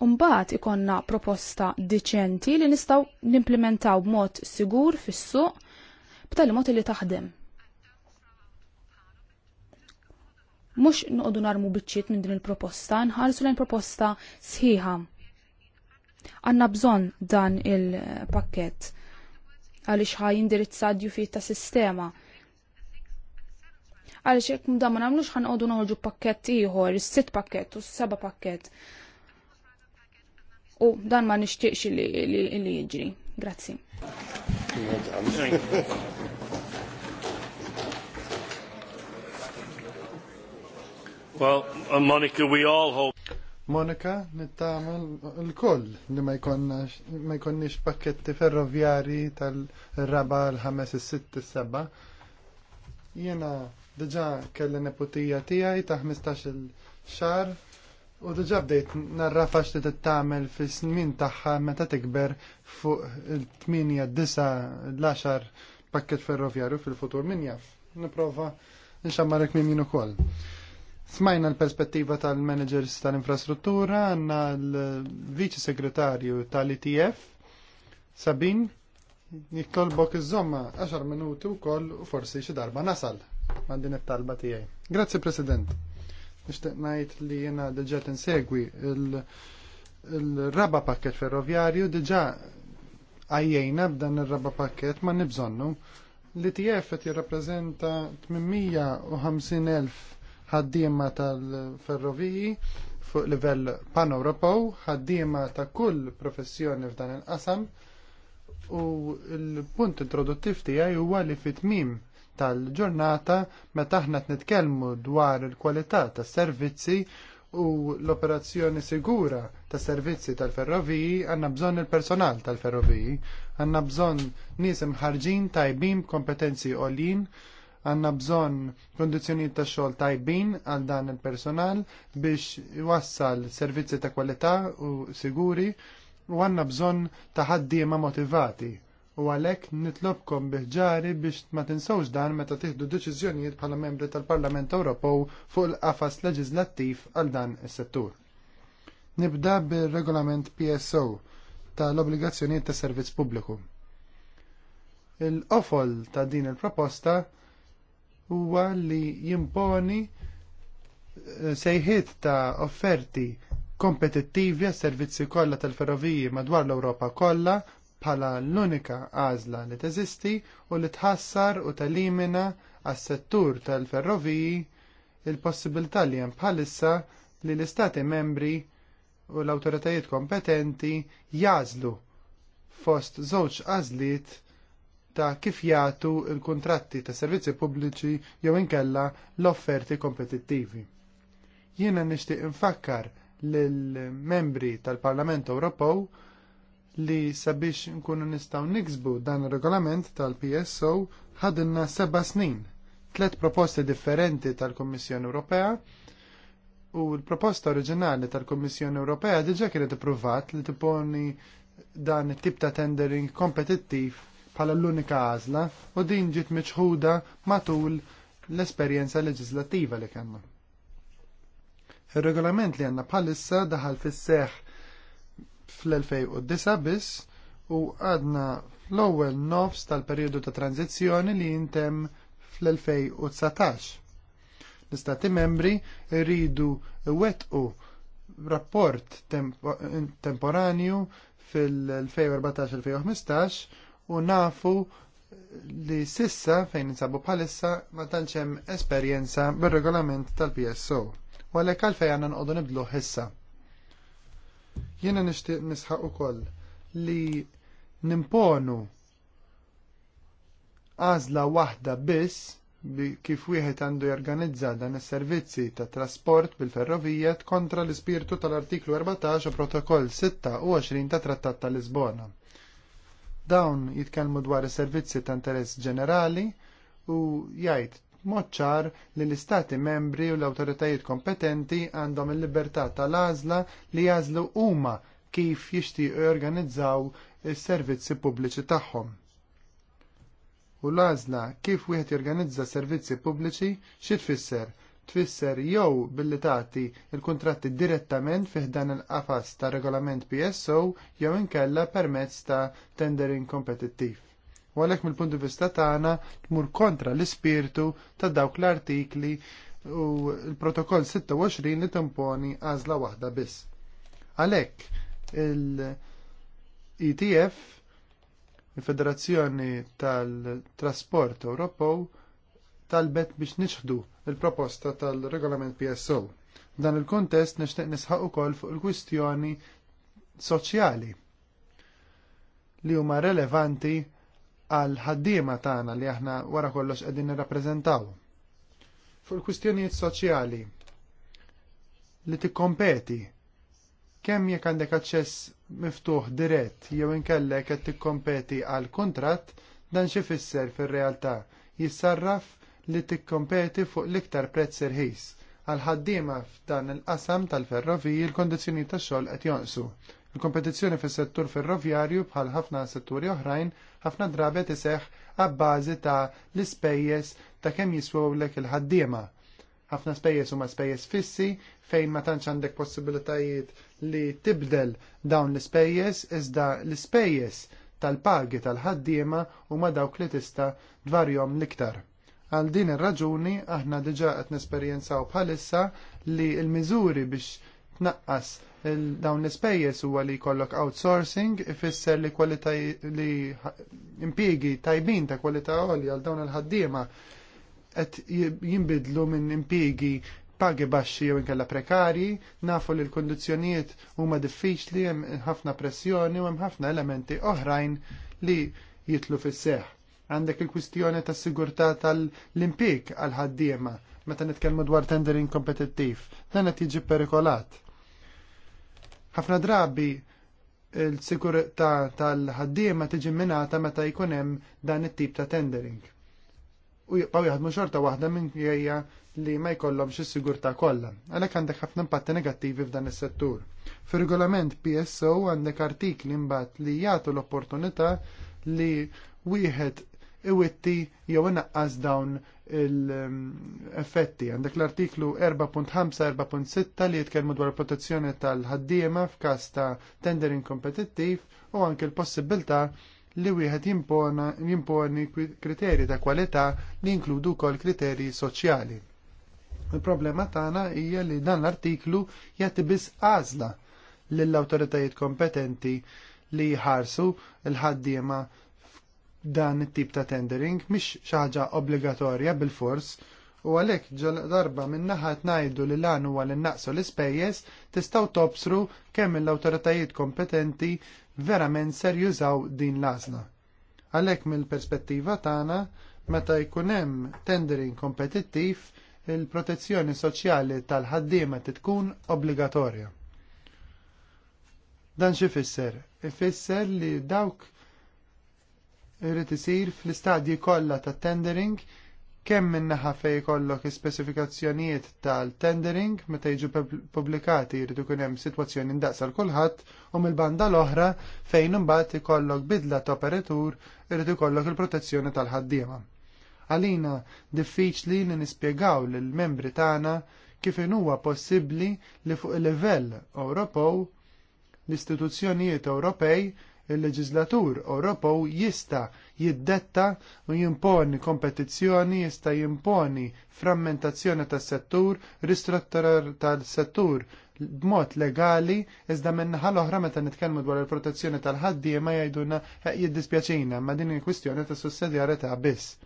Umbat ikonna proposta diċenti li nistaw nimplementaw b'mod sigur fis-suq btal mod li taħdem. Mux nuqdu narmu biċċiet minn din il-proposta, nħarsu lejn proposta sħiħa. Għanna bżon dan il-pakket għalix ħaj indirizza djufiet ta' sistema. Għalix jek mda ma namlux ħanqodu noħorġu pakket iħor, s sitt pakket u s-seba pakket u dan ma nixtieqx li jiġri. Grazzi. Well, uh, Monica, we all hope. Monika, nittamal l-koll li ma jkonnix pakketti ferroviari tal-raba l-ħames s sitt s seba Jena diġa kelli neputija tijaj ta' 15 xar U diġa bdejt narrafa xti t-tamel fi snin taħħa meta tikber fuq il-8, 9, 10 pakket ferroviarju fil-futur minn jaff. Niprofa nxammarek minn minn ukoll. Smajna l-perspettiva tal-managers tal-infrastruttura, għanna l vice segretarju tal-ITF, Sabin, jiktolbok iż-żomma 10 minuti u koll u forsi xi darba nasal. Għandin it-talba tiegħi. Grazzi President. Nixtieq ngħid li jiena diġà tinsegwi il-raba pakket ferroviarju diġà għajjena b'dan ir-raba pakket ma nibżonnu. li TF qed jirrappreżenta 850,000 ħaddiema tal-ferroviji fuq livell pan europow ħaddiema ta' kull professjoni f'dan il-qasam u l-punt introduttiv tiegħi huwa li fit mim tal-ġurnata meta aħna qed nitkellmu dwar il-kwalità tas-servizzi u l-operazzjoni sigura tas servizzi tal-ferroviji għandna bżonn il-personal tal-ferroviji, għandna bżonn nies imħarġin tajbin kompetenzi għolin, għandna bżonn kondizjoni ta' xogħol tajbin għal dan il-personal biex wassal servizzi ta' kwalità u siguri u għandna bżonn ta' ħaddiema motivati u għalhekk nitlobkom biħġari biex ma tinsawx dan meta tiħdu deċiżjonijiet bħala membri tal-Parlament Ewropew fuq il-qafas leġislattiv għal dan is-settur. Nibda bir-regolament PSO tal-obbligazzjonijiet tas servizz pubbliku. Il-qofol ta' din il-proposta huwa li jimponi eh, sejħiet ta' offerti kompetittivi għas servizzi kollha tal-ferroviji madwar l-Ewropa kollha bħala l-unika għażla li teżisti u li tħassar u telimina għas settur tal-ferroviji il-possibilità li hemm bħalissa li l-istati membri u l-awtoritajiet kompetenti jażlu fost żewġ għażliet ta' kif jagħtu l-kuntratti ta' servizzi pubbliċi jew inkella l-offerti kompetittivi. Jiena nixtieq infakkar lill membri tal-Parlament Ewropew li sabiex nkunu nistgħu niksbu dan ir-regolament tal-PSO ħadinna seba' snin. Tlet proposti differenti tal-Kummissjoni Ewropea u l-proposta oriġinali tal-Kummissjoni Ewropea diġà kienet ippruvat li tiponi dan it-tip ta' tendering kompetittiv bħala l-unika għażla u din ġiet miċħuda matul l-esperjenza leġislattiva li kellna. Ir-regolament li għandna bħalissa daħal fis seħħ fl-2009 biss u għadna l-ewwel nofs tal-perjodu ta' tranzizzjoni li jintem fl-2019. L-istati membri rridu wettqu rapport temporanju fil-2014-2015 u nafu li sissa fejn insabu bħalissa ma tantx hemm esperjenza bir-regolament tal-PSO. Walek għalfejn għandna nqogħdu nibdlu ħissa. Jiena nixtieq nisħaq ukoll li nimponu għażla waħda biss kif wieħed għandu jorganizza dan is-servizzi ta' trasport bil-ferrovija kontra l-ispirtu tal-artiklu 14 u protokoll 26 ta' Trattat ta' Lisbona. Dawn jitkellmu dwar is-servizzi ta' interess ġenerali u jgħid moċċar li l-istati membri u l-autoritajiet kompetenti għandhom il-libertà tal-għażla li jażlu huma kif jixtiequ jorganizzaw is-servizzi pubbliċi tagħhom. U l-għażla kif wieħed jorganizza servizzi pubbliċi xi tfisser? Tfisser jew billi tagħti l-kuntratti direttament fih dan il-qafas ta' regolament PSO jew inkella permezz ta' tendering kompetittiv. U għalhekk mill-punt di vista tagħna tmur kontra l-ispirtu ta' dawk l-artikli u l-protokoll 26 li tamponi għażla waħda biss. Għalhekk il-ETF, il-Federazzjoni tal-Trasport Ewropew, talbet biex niċħdu il-proposta tal-regolament PSO. Dan il-kontest nixtieq nisħaq ukoll fuq il-kwistjoni soċjali li huma relevanti għal ħaddiema tagħna li aħna wara kollox qegħdin nirrappreżentaw. Fuq il-kwistjonijiet soċjali li tikkompeti kemm jekk għandek aċċess miftuħ dirett jew inkellek qed tikkompeti għal kuntratt dan xi fisser fir-realtà jissarraf li tikkompeti fuq l-iktar prezz irħis. Għal ħaddiema f'dan il-qasam tal-ferroviji l kondizzjonijiet tax-xogħol qed jonqsu. Il-kompetizzjoni fis-settur ferroviarju bħal ħafna setturi oħrajn ħafna drabet iseħħ għabbażi ta' l-ispejjeż ta' kemm jiswewlek il-ħaddiema. Ħafna spejjeż huma spejjeż fissi fejn ma tantx għandek possibilitajiet li tibdel dawn l-ispejjeż iżda l-ispejjeż tal-pagi tal-ħaddiema huma dawk li tista' dwarjom l-iktar. Għal din ir-raġuni aħna diġà qed nesperjenzaw bħalissa li l-miżuri biex tnaqqas dawn l-ispejjeż huwa li jkollok outsourcing ifisser li kwalità li impjiegi tajbin ta' kwalità għolja għal dawn il-ħaddiema qed jinbidlu minn impjiegi pagi baxxi jew inkella prekarji, nafu li l-kondizzjonijiet huma diffiċli, hemm ħafna pressjoni u hemm ħafna elementi oħrajn li jitlu fis-seħħ. Għandek il-kwistjoni tas sigurtà tal impieg għal ħaddiema meta nitkellmu dwar tendering kompetittiv. Dan qed jiġi perikolat Ħafna drabi il-sikurta tal-ħaddiema tiġi minata meta jkun hemm dan it-tip ta' tendering. U jibqgħu jaħdmu xorta waħda minn minkejja li ma jkollhomx is-sigurtà kollha. Għalhekk għandek ħafna impatti negattivi f'dan is-settur. Fir-regolament PSO għandek artikli mbagħad li jagħtu l-opportunità li wieħed iwitti jew inaqqas dawn l-effetti. Għandek l-artiklu 4.5-4.6 li jitkellmu dwar protezzjoni tal-ħaddiema f'każ ta' tendering kompetittiv u anke l-possibilità li wieħed jimponi kriterji ta' kwalità li jinkludu wkoll kriterji soċjali. Il-problema tagħna hija li dan l-artiklu jagħti biss għażla lill-awtoritajiet kompetenti li jħarsu l-ħaddiema dan it-tip ta' tendering mhix xi ħaġa obbligatorja bil-fors u għalhekk ġol darba min-naħa tnajdu li lan huwa li naqsu l-ispejjeż tistgħu tobsru kemm l-awtoritajiet kompetenti verament ser jużaw din l-għażla. Għalhekk mill-perspettiva tagħna meta jkun hemm tendering kompetittiv il-protezzjoni soċjali tal-ħaddiema tkun obbligatorja. Dan xi Ifisser li dawk irrid isir fl-istadji kollha tat-tendering kemm min-naħa fejn jkollok is-spesifikazzjonijiet tal-tendering meta jiġu pubblikati jrid ikun hemm sitwazzjoni ndaqsa l kulħadd u mill-banda l-oħra fejn imbagħad ikollok bidla ta' operatur irid ikollok il-protezzjoni tal-ħaddiema. Għalina diffiċli li nispjegaw lill membri tagħna kif huwa possibbli li fuq il-livell Ewropew l-istituzzjonijiet Ewropej il-leġislatur Ewropew jista' jiddetta u jimponi kompetizzjoni, jista' jimponi frammentazzjoni tas-settur, ristrutturar tal-settur b'mod legali, iżda min-naħa l-oħra meta nitkellmu dwar il-protezzjoni tal-ħaddiema jgħidulna eh, jiddispjaċina ma' din il-kwistjoni ta' sussedjarità biss.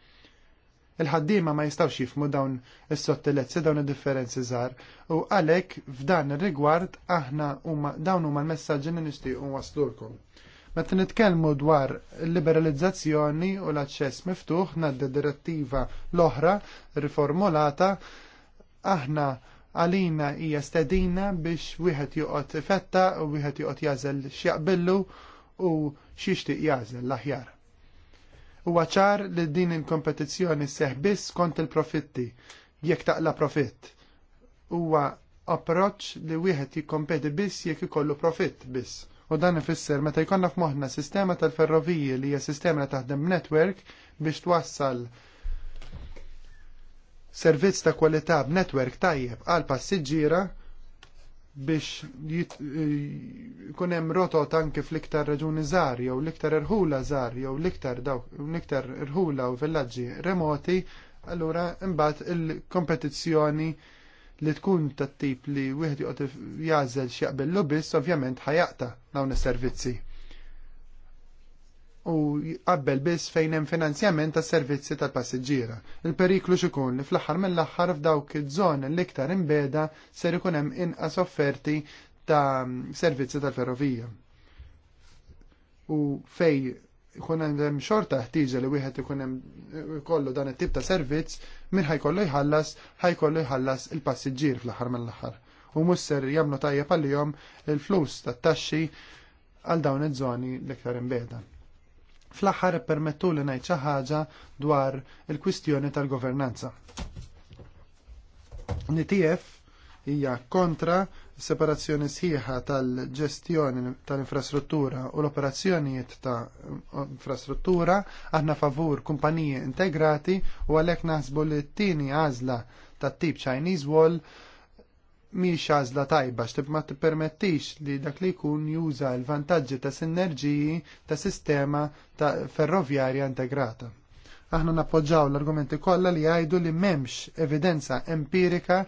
Il-ħaddiema ma jistawx jifmu dawn is-sottilezzi dawn id-differenzi żgħar u għalhekk f'dan ir-rigward aħna huma dawn huma l-messaġġi li nixtiequ waslulkom. Meta nitkellmu dwar liberalizzazzjoni u l-aċċess miftuħ nad direttiva l-oħra riformulata aħna għalina hija stedina biex wieħed joqgħod ifetta u wieħed joqgħod jażel x'jaqbillu u x'ixtieq jażel l-aħjar. Huwa ċar li din il-kompetizzjoni seħ biss kont il-profitti jekk taqla profitt. Huwa approċċ li wieħed jikkompeti biss jekk ikollu profitt biss. U dan ifisser meta jkollna f'moħħna sistema tal-ferroviji li hija sistema li taħdem netwerk biex twassal servizz ta' kwalità b'netwerk tajjeb għal passiġġiera biex eh, jkun hemm rotot anke fl-iktar raġuni żgħar jew l-iktar irħula żgħar jew l-iktar dawk l-iktar irħula u villaġġi remoti, allura imbagħad il-kompetizzjoni il kompetizzjoni li tkun tat-tip li wieħed joqgħod jażel xi jaqbel lobbies ovvjament ħajaqta dawn is-servizzi. U qabel biss fejn hemm finanzjament tas-servizzi tal-passiġġiera. Il-periklu x'ikun li fl-aħħar mill-aħħar f'dawk iż-żoni l-iktar imbeda ser ikun hemm inqas offerti ta' servizzi tal-ferrovija. U fej ikun hemm xorta ħtiġa li wieħed ikun hemm eh, kollu dan it-tip ta' servizz min ħajkollu jħallas ħajkollu jħallas il-passiġġier fl-aħħar mill-aħħar. U musser jagħmlu tajjeb għalihom il-flus tat-taxxi għal dawn iż-żoni l-iktar imbeda. Fl-aħħar permettu li ngħid xi ħaġa dwar il-kwistjoni tal-governanza. NTF hija kontra separazzjoni sħiħa tal-ġestjoni tal-infrastruttura u l-operazzjonijiet ta' infrastruttura, aħna favur kumpaniji integrati u għalhekk naħsbu li t-tieni għażla tat tip Chinese Wall miex għażla tajba x'tib ma tippermettix li dak li jkun juża l-vantaġġi ta' sinerġiji ta' sistema ta' ferrovjarja integrata. Aħna nappoġġaw l-argumenti kollha li jgħidu li m'hemmx evidenza empirika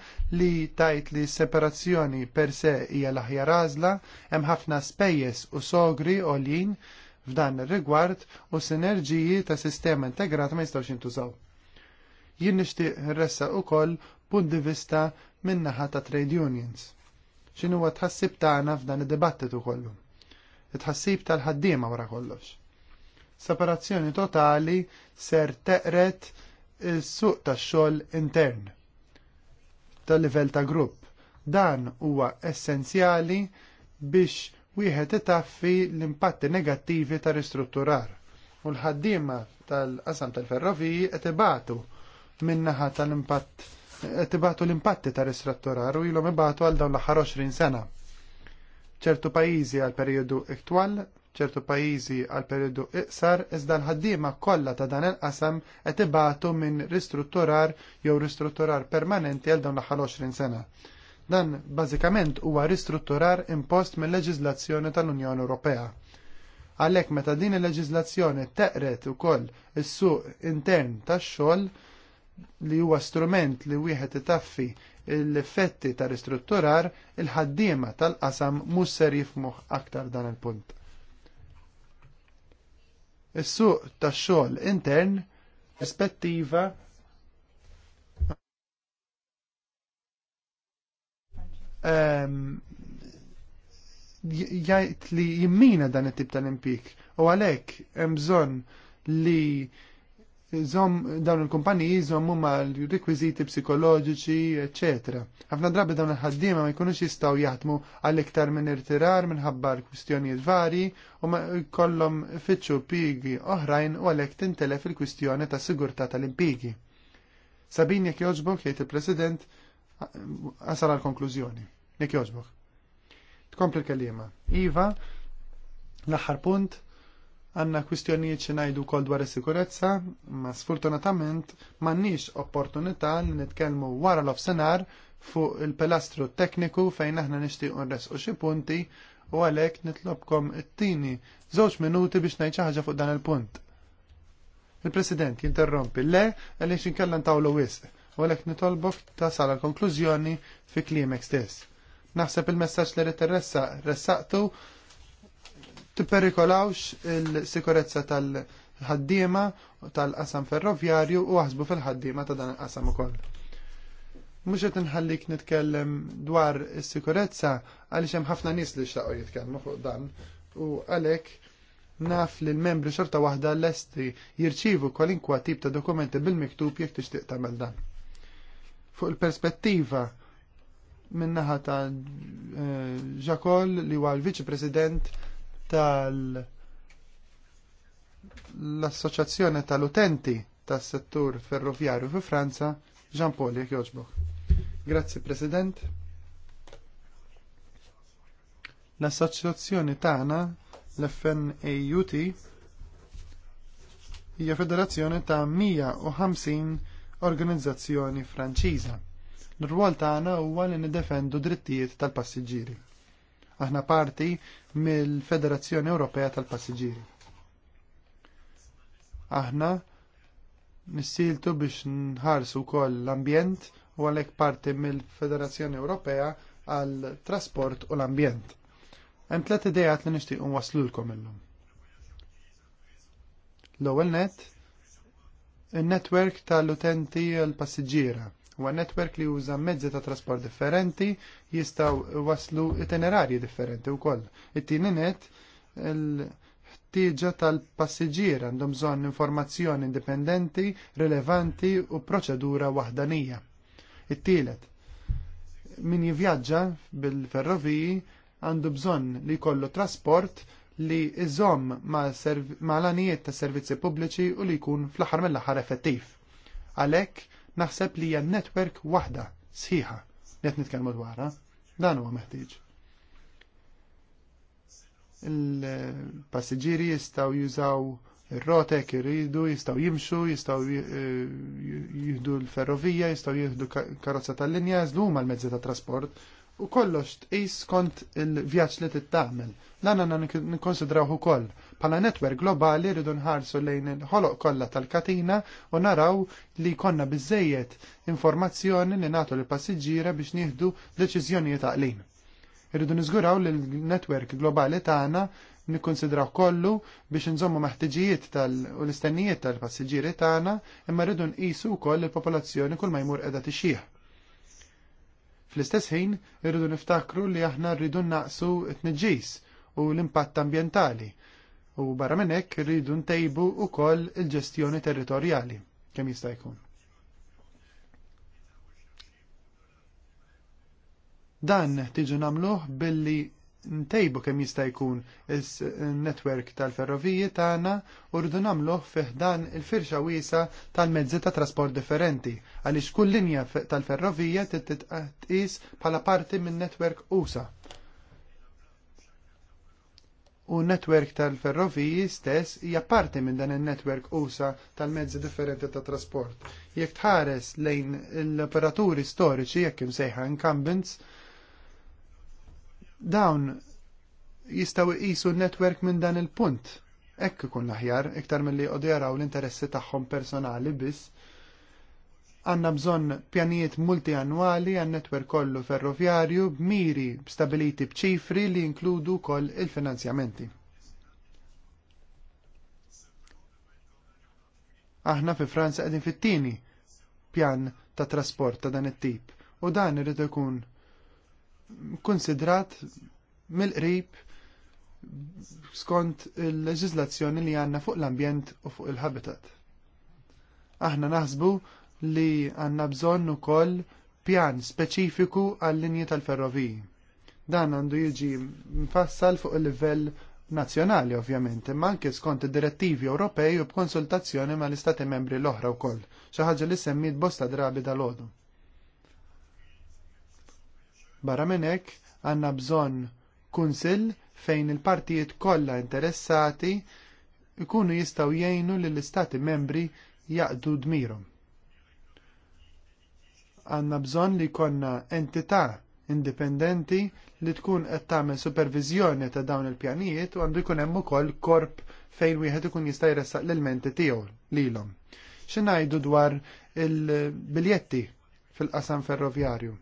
li tajt li separazzjoni per se hija l-aħjar għażla, hemm ħafna spejjeż u sogri għoljin f'dan ir-rigward u sinerġiji ta' sistema integrat ma jistgħux jintużaw. Jien nixtieq irressaq ukoll punt di vista min-naħa ta' trade unions. X'inhuwa tħassib tagħna f'dan id-dibattitu kollu? It-tħassib tal-ħaddiema wara kollox separazzjoni totali ser teqret is-suq tax-xogħol intern tal-livell ta' grupp. Dan huwa essenzjali biex wieħed itaffi l-impatti negattivi ta' ristrutturar. U l-ħaddiema tal-qasam tal-ferroviji qed ibatu min-naħa tal-impatt qed ibatu l-impatti ta' ristrutturar u ilhom ibatu għal dawn l-aħħar 20 sena. ċertu pajjiżi għal perjodu iktwal ċertu pajjiżi għal periodu iqsar iżda l-ħaddiema kollha ta' dan il-qasam qed ibatu minn ristrutturar jew ristrutturar permanenti għal dawn l-aħħar 20 sena. Dan bażikament huwa ristrutturar impost mill-leġiżlazzjoni tal-Unjoni Ewropea Għalhekk meta din il leġiżlazzjoni teqret ukoll is suq intern tax xogħol li huwa strument li wieħed itaffi l-effetti ta' ristrutturar il-ħaddiema tal-qasam mhux ser jifmuh aktar dan il-punt. Is-suq tax-xogħol intern perspettiva ehm, jgħid li jimmina dan it-tip tal-impik u għalhekk hemm bżonn li Zom, dawn il-kumpaniji zommu huma l-rekwiziti psikoloġiċi, ecc. Għafna drabi dawn il-ħaddima ma jkunux jistaw jaħdmu għall-iktar minn irtirar minħabba l-kwistjonijiet vari u ma kollom fitxu pigi oħrajn u għalek tintelef il-kwistjoni ta' sigurta tal-impigi. Sabin jek joġbok jgħid il-President għasal għal-konklużjoni. Jek joġbok. Tkompli l-kelima. Iva, l-aħħar punt, Għanna kwistjonijiet xi ngħidu wkoll dwar is-sikurezza, ma sfortunatament m'għandniex opportunità li nitkellmu wara l-offsenar fuq il-pilastru tekniku fejn aħna nixtiequ nresqu xi punti u għalhekk nitlobkom it-tieni żewġ minuti biex ngħid xi ħaġa fuq dan il-punt. Il-President jinterrompi le għaliex inkella ntawlu wisq u għalhekk nitolbok tasal għal konklużjoni fi klimek stess. Naħseb il-messaġġ li rrid ressaqtu Tipperikolawx il-sikurezza tal-ħaddiema tal-qasam ferroviarju u għasbu fil-ħaddiema ta' dan il-qasam ukoll. Mhux qed inħallik nitkellem dwar is-sikurezza għaliex hemm ħafna nies li xtaqgħu jitkellmu fuq dan u għalhekk naf li l-membri xorta waħda l-esti jirċivu kolinkwa tip ta' dokumenti bil-miktub jek tixtieq tagħmel dan. Fuq il-perspettiva minnaħa ta' Ġakol eh, li huwa l-Viċi President tal- l-Assoċjazzjoni tal-Utenti tas-Settur Ferroviarju fi Franza, Jean Paul Jekjoġbok. Grazzi President. L-Assoċjazzjoni tagħna l-FNAUT hija federazzjoni ta' 150 organizzazzjoni Franċiża. L-rwol tagħna huwa li niddefendu drittijiet tal-passiġġieri. Aħna parti mill-Federazzjoni Ewropea tal-Passiġġieri. Aħna nissiltu biex nħarsu wkoll l-ambjent u għalhekk parti mill-Federazzjoni Ewropea għal trasport u l-ambjent. Hemm tlet idejat li nixtieq nwaslulkom illum. L-ewwel net, in netwerk tal-utenti l-passiġġiera Huwa netwerk li juża mezzi ta' trasport differenti jistgħu waslu itinerarji differenti wkoll. It-tieni net il-ħtieġa tal-passiġġier għandhom bżonn informazzjoni indipendenti, rilevanti u proċedura waħdanija. It-tielet min jivvjaġġa bil-ferroviji għandu bżonn li jkollu trasport li iżomm ma' l-anijiet ta' servizzi pubbliċi u li jkun fl-aħħar mill-aħħar effettiv. Għalhekk naħseb li hija netwerk waħda sħiħa li qed nitkellmu dwarha. Dan huwa meħtieġ. Il-passiġġieri jistgħu jużaw il rotek iridu, jistgħu jimxu, jistgħu eh, jieħdu l-ferrovija, jistgħu jieħdu karozza tal-linja, żlu huma l-mezzi ta' trasport u kollox tqis kont il-vjaġġ li tittamel. Dan għandna nikkonsidraw ukoll. Bħala netwerk globali rridu nħarsu lejn il-ħoloq kollha tal-katina u naraw li konna biżejjed informazzjoni li nagħtu lil passiġġiera biex nieħdu deċiżjonijiet taqlin. Irridu niżguraw li l-netwerk globali tagħna nikkonsidraw kollu biex nżommu maħtiġijiet tal u l-istennijiet tal-passiġġieri tagħna imma rridu nqisu wkoll il-popolazzjoni kull ma jmur qiegħda tixjih Fl-istess ħin irridu niftakru li aħna rridu naqsu t-nġis u l-impatt ambjentali u barra minn hekk rridu ntejbu wkoll il-ġestjoni territorjali kemm jista' jkun. Dan tiġu namluħ billi ntejbu kemm jista' jkun il-netwerk tal-ferroviji tagħna u rridu nagħmluh fih dan il-firxa wiesa tal-mezzi ta' trasport differenti għaliex kull linja tal-ferrovija titqis bħala parti minn netwerk USA u netwerk tal-ferroviji stess hija parti minn dan in-netwerk usa tal-mezzi differenti ta' trasport. Jekk tħares lejn l-operaturi storiċi jekk imsejħa incumbents, Dawn jistaw iqisu n-netwerk minn dan il-punt. Ekk ikun l-aħjar, iktar mill-li odjaraw l-interessi tagħhom personali biss. Għanna bżonn pjanijiet multiannwali għan netwerk kollu ferroviarju b'miri stabiliti b'ċifri li jinkludu koll il-finanzjamenti. Aħna fi Franza qegħdin fit-tieni pjan ta' trasport ta' dan it-tip u dan irid ikun konsidrat mill-qrib skont il-leġizlazzjoni li għanna fuq l-ambjent u fuq il-habitat. Aħna naħsbu li għanna bżonn ukoll pjan speċifiku għall-linji tal-ferroviji. Dan għandu jiġi mfassal fuq il-livell nazzjonali ovvjament, imma anke skont id-direttivi Ewropej u b'konsultazzjoni mal istati membri l-oħra wkoll, xi ħaġa li semmiet bosta drabi dal-għodu. Barra minn hekk għandna bżonn kunsill fejn il-partijiet kollha interessati jkunu jistgħu jgħinu lill istati membri jaqdu dmirhom. Għandna bżonn li jkollna entità indipendenti li tkun qed tagħmel supervizjoni ta' dawn il-pjanijiet u għandu jkun hemm ukoll korp fejn wieħed ikun jista' jressaq l-elementi tiegħu lilhom. X'ingħidu dwar il-biljetti fil-qasam ferroviarju?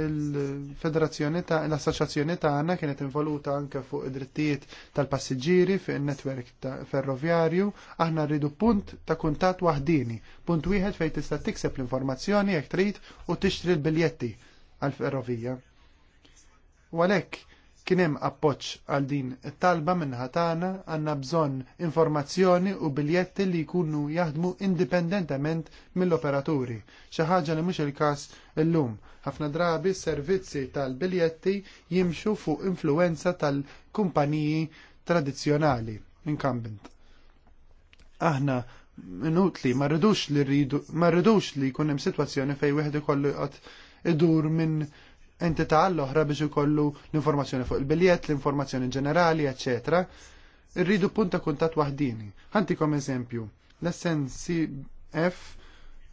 il-federazzjoni ta' l-assoċjazzjoni tagħna kienet involuta anke fuq id-drittijiet tal-passiġġieri fuq il netwerk ferroviarju, aħna rridu punt ta' kuntat waħdini, punt wieħed fejn tista' tikseb l-informazzjoni jekk trid u tixtri l-biljetti għall-ferrovija. U għalhekk Kien hemm appoġġ għal din it-talba minn tagħna għandna bżonn informazzjoni u biljetti li jkunu jaħdmu indipendentement mill-operaturi. Xi ħaġa li mhux il-każ illum. Ħafna drabi s-servizzi tal-biljetti jimxu fuq influenza tal-kumpaniji tradizzjonali incumbent. Aħna minut li ma rridux li rridu li jkun hemm sitwazzjoni fejn wieħed ikollu jqgħod idur minn entità l-oħra biex ikollu l-informazzjoni fuq il-biljett, l-informazzjoni ġenerali, ecc. Irridu punta kuntat waħdini. Ħantikom eżempju, l-SNCF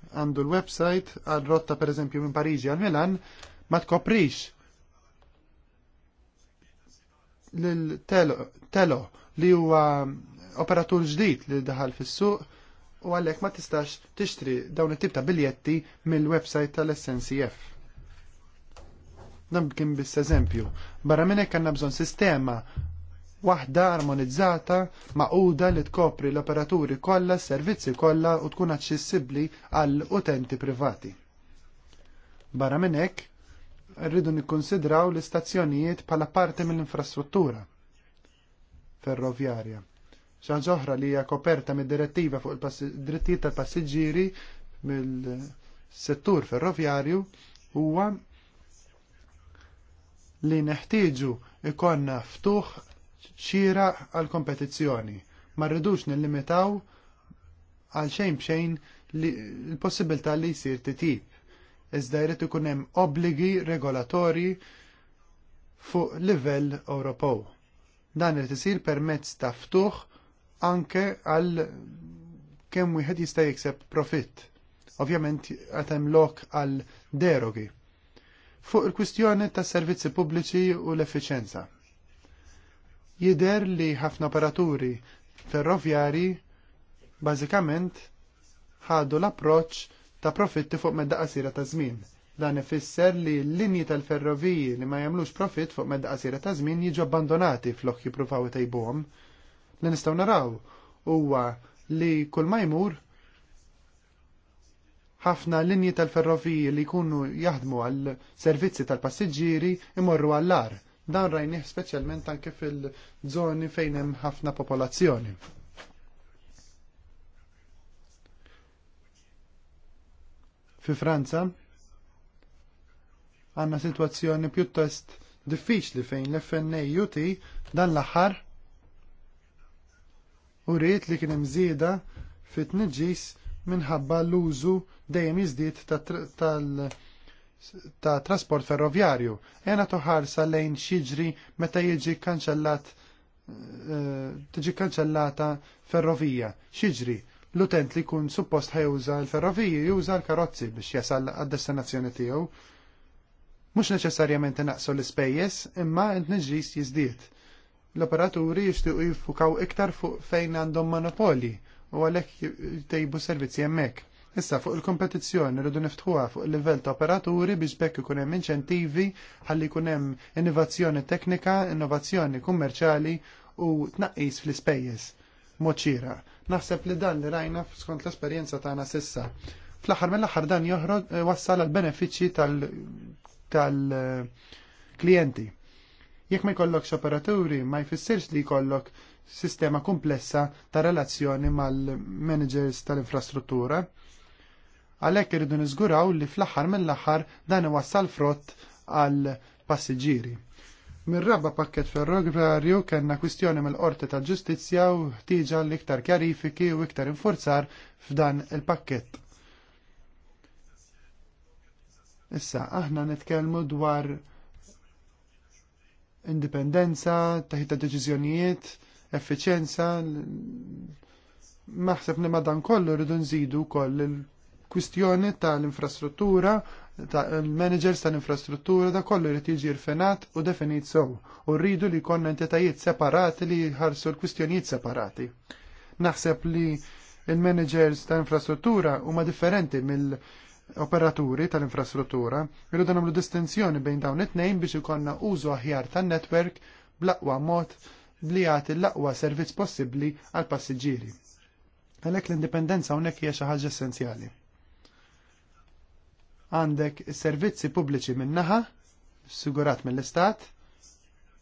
għandu l-website għal rotta per eżempju minn Pariġi għal Milan ma tkoprix l-telo li huwa operatur ġdid li daħal fis-suq u għalhekk ma tistax tixtri dawn it-tip ta' biljetti mill-website tal-SNCF. Dan kien biss eżempju. Barra minn hekk għandna bżonn sistema waħda armonizzata maquda li tkopri l-operaturi kollha, s-servizzi kollha u tkun aċċessibbli għall utenti privati. Barra minn hekk rridu nikkonsidraw l-istazzjonijiet bħala parti mill-infrastruttura ferroviarja. Xaġa oħra li hija koperta mid-direttiva fuq il-drittijiet tal-passiġġieri mill-settur ferroviarju huwa li neħtieġu ikonna ftuħ xira għal kompetizzjoni. Ma rridux nillimitaw għal xejn bxejn l-possibilità li jsir titjib. Iżda jrid ikun hemm obbligi regolatorji fuq livell Ewropew. Dan irid isir permezz ta' ftuħ anke għal kemm wieħed jista' jikseb profitt. Ovvjament għatem lok għal derogi fuq il-kwistjoni tas servizzi pubbliċi u l efficienza Jider li ħafna operaturi ferrovjari bażikament ħadu l-approċ ta' profitti fuq medda qasira ta' żmien. Dan ifisser li l-linji tal-ferroviji li ma jagħmlux profitt fuq medda qasira ta' żmien jiġu abbandonati flok jippruvaw itejbuhom. Li nistgħu naraw huwa li kull ma jmur ħafna linji tal-ferroviji li jkunu jaħdmu għal servizzi tal-passiġġieri imorru għall-ar. Dan rajnih speċjalment anke fil-żoni fejn hemm ħafna popolazzjoni. Fi Franza għandna sitwazzjoni pjuttost diffiċli fejn l fna UT dan l-aħħar u rrit li kien hemm żieda fit-tniġġis minħabba l-użu dejjem iżdied ta' trasport ferroviarju. Ena toħarsa lejn xiġri meta jiġi kanċellat eh, tiġi kanċellata ferrovija. Xiġri, l-utent li kun suppost ħajuża l-ferroviji juża l-karozzi biex jasal għad-destinazzjoni tiegħu. Mhux neċessarjament naqsu l-ispejjeż, imma n-nġis jiżdied. L-operaturi jixtiequ jiffukaw iktar fuq fejn għandhom monopoli u għalhekk tejbu servizzi hemmhekk. Issa fuq il-kompetizzjoni rridu niftħuha fuq il-livell ta' operaturi biex bekk ikun hemm inċentivi ħalli jkun hemm innovazzjoni teknika, innovazzjoni kummerċjali u tnaqqis fl-ispejjeż. Mod Naħseb li dan li rajna skont l-esperjenza tagħna sissa. Fl-aħħar mill-aħħar dan joħroġ eh, wassal għal benefiċċji tal-klijenti. Eh, Jekk ma jkollokx operaturi, ma jfissirx li jkollok sistema komplessa ta' relazzjoni mal-managers tal-infrastruttura. Għalhekk irridu niżguraw li fl-aħħar mill-aħħar dan iwassal frott għal passiġġieri. Mir-raba pakket ferroviarju kellna kwistjoni mill-Qorti tal Ġustizzja u ħtieġa l-iktar kjarifiki u iktar infurzar f'dan il-pakket. Issa, aħna nitkellmu dwar indipendenza, taħita deċiżjonijiet, effiċjenza. maħseb li madan kollu rridu nżidu koll il-kwistjoni tal-infrastruttura, il-managers tal-infrastruttura da kollu jrid jiġi rfenat u definit sew u rridu li jkollna entitajiet separati li jħarsu l-kwistjonijiet separati. Naħseb li il-managers tal-infrastruttura huma differenti mill- operaturi tal-infrastruttura irridu nagħmlu distinzjoni bejn dawn it nejn biex ikollna użu aħjar tan-netwerk blaqwa mod li jagħti l-aqwa servizz possibbli għal passiġġieri. Għalhekk l-indipendenza hawnhekk hija xi ħaġa essenzjali. Għandek servizzi pubbliċi min-naħa, sigurat mill-Istat,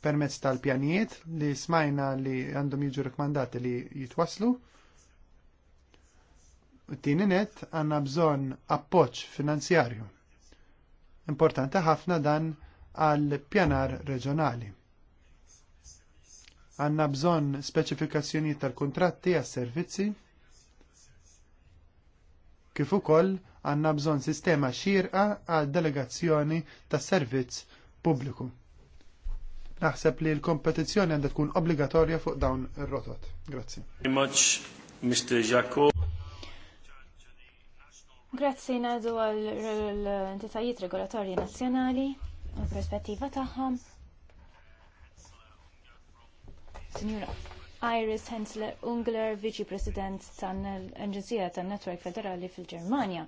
permezz tal-pjanijiet li smajna li għandhom jiġu rekomandati li jitwaslu. tieni net għandna bżonn appoġġ finanzjarju. Importanti ħafna dan għal pjanar reġjonali. Għanna bżonn speċifikazzjoni tal-kontratti għas-servizzi kif ukoll għandna bżonn sistema xirqa għal delegazzjoni tas servizz pubbliku. Naħseb li l-kompetizzjoni għandha tkun obbligatorja fuq dawn ir-rotot. Grazzi. Mr. Jacob. Grazzi għal għall entitajiet regolatorji nazzjonali u l-perspettiva Signora Iris Hensler Ungler, Viċi President tal-Aġenzija tan-Netwerk Federali fil-Ġermanja.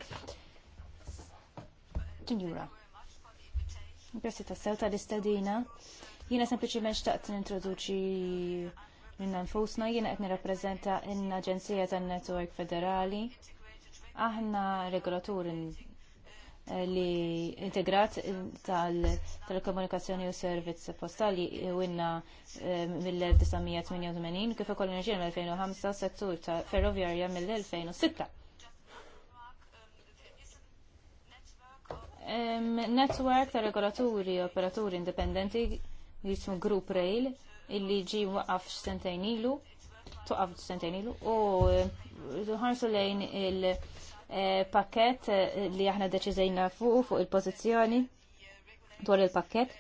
Signora, Grazie ta' sew tal-istadina. Jiena sempliċiment xtaqt nintroduċi minna nfusna, jiena qed nirrappreżenta in aġenzija tan-Netwerk Federali. Aħna regolaturi li integrat tal-telekomunikazzjoni u servizz postali winna eh, mill-1988 kif ukoll l enerġija mill-2005 settur ta' ferroviarja mill-2006. Network ta' regolaturi u e operaturi indipendenti li jismu Group Rail illi ġi waqaf x'sentejn ilu, toqaf x'sentejn ilu u ħarsu lejn il- Eh, pakket eh, li aħna deċiżejna fuq fuq il-pożizzjoni dwar il-pakket.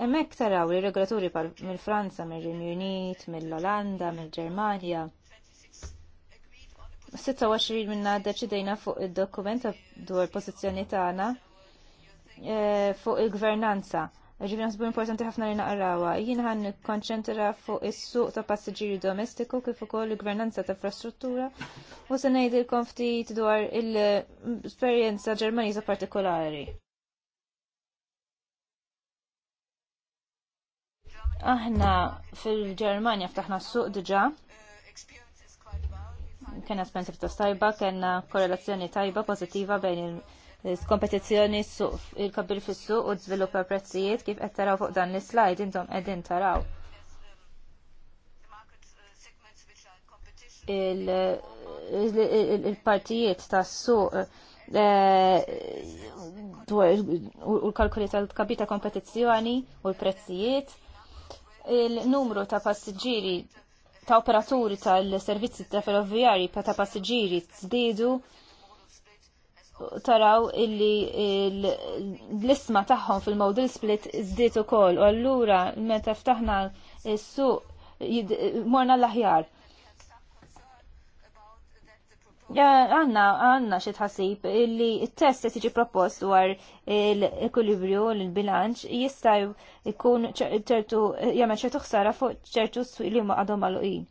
Hemmhekk taraw li regolaturi mill franza mill-Renju Unit, mill-Olanda, mill-Ġermanja. 26 minna deċidejna fuq id dokument dwar pożizzjoni tagħna eh, fuq il-gvernanza. Ġivin għasbu importanti ħafna li naqrawa. Jien ħan konċentra fuq is-suq ta' passiġġieri domestiku kif ukoll il-gvernanza ta' infrastruttura u se ngħidilkom ftit dwar l-esperjenza Ġermaniża partikolari. Aħna fil-Ġermanja ftaħna s-suq diġà kena expensive ta' stajba, kena korrelazzjoni tajba pozittiva bejn il- kompetizzjoni il kabbir fis-suq u zviluppa prezzijiet kif qed taraw fuq dan l-slide intom qegħdin taraw. Il-partijiet tas-suq eh, u l kalkuli tal-kabita kompetizzjoni u l-prezzijiet il-numru ta' passiġġieri ta' operaturi tal-servizzi ta' ferroviari ta' passiġġieri żdiedu taraw illi l-isma taħħon fil modul split u ukoll u allura meta ftaħna s-suq morna l-aħjar. Għanna, għanna xi tħassib illi il test se tiġi propost dwar l-ekwilibrju l-bilanċ jistaj jkun ċertu jagħmel ċertu ħsara fuq ċertu s-suq li ma għadhom għal għaluqin.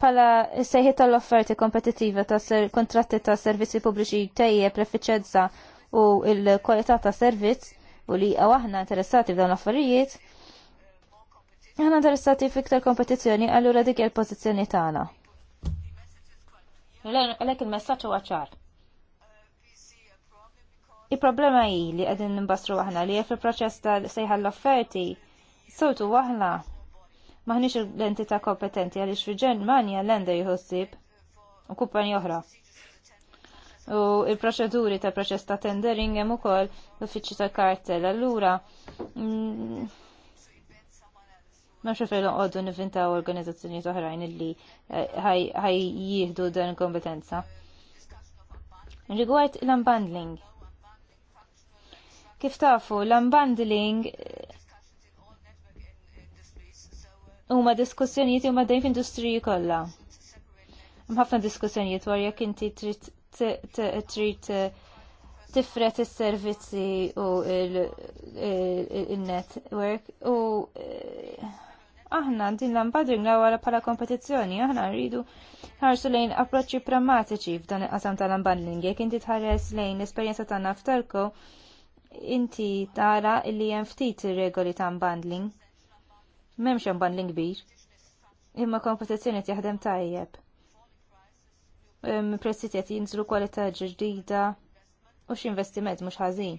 pala sejħet tal-offerti kompetittiva ta' kontratti ta' servizzi pubbliċi tejjeb l-effiċenza u l-kwalità ta' servizz u li għaw aħna interessati f'dawn l-affarijiet, aħna interessati f'iktar kompetizzjoni allura dik il-pożizzjoni tagħna. Mela, Għalek il-messaċ u ċar. Il-problema hi li qegħdin nimbastru aħna li il proċess tal-sejħa l-offerti, soltu aħna maħniex l-entità kompetenti għaliex fil-Ġermanja l-enda jħossib u kumpani oħra. U il-proċeduri ta' proċess ta' tendering hemm ukoll l-uffiċċju ta' kartel. Allura mm, ma xafel għoddu nivintaw organizzazzjoni oħrajn illi eh, ħaj jihdu dan kompetenza. Rigward l-unbundling. Kif tafu, l-unbundling huma diskussjonijiet huma dejn f'industriji kollha. Hemm ħafna diskussjonijiet dwar jekk inti trid tifret is-servizzi u il-network u eh, aħna din l-ambadring la għala pala kompetizzjoni, aħna rridu ħarsu lejn approċċi prammatiċi f'dan il-qasam tal ambadring Jek inti tħares lejn l-esperjenza tagħna f'Telco, inti tara li hemm ftit ir-regoli ta' unbundling Memx hemm ban l-kbir. Imma kompetizzjoni jaħdem tajjeb. Prezzi qed jinżlu kwalità ġdida u x'investiment mhux ħażin.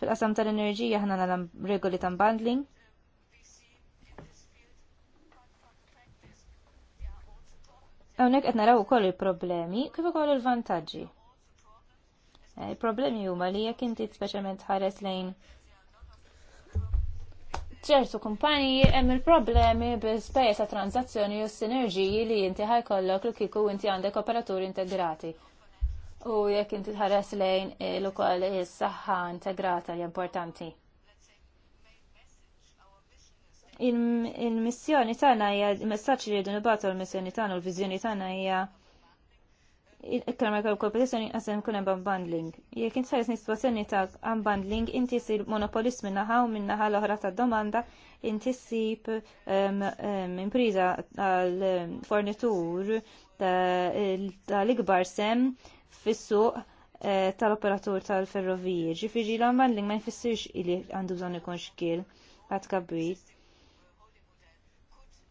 Fil-qasam tal-enerġija aħna nagħlam regoli ta' bundling. Hawnhekk qed naraw ukoll il-problemi kif ukoll il-vantaġġi. Eh, il-problemi huma li jekk inti speċjalment ħares lejn ċertu kumpaniji hemm il-problemi bil-spejjeż ta' tranzazzjoni u sinerġiji li inti ħajkollok li kiku inti għandek operaturi integrati. U jekk inti ħares lejn l-ukoll is-saħħa integrata li importanti. Il-missjoni tagħna hija il-messaġġ li jridu nibgħatu l-missjoni tagħna u l-viżjoni tagħna hija il ekonomika u kompetizjoni għasen kun hemm bundling. Jekk inti ħares situazzjoni ta' unbundling, inti sir monopolist minnaħa u minnaħa l-oħra ta' domanda, inti sib impriża għal fornitur tal-ikbar sem fissu eh, tal-operatur tal-ferroviji. Ġifiġi l-unbundling ma jfissirx li għandu bżonn ikun xkil għad kabbir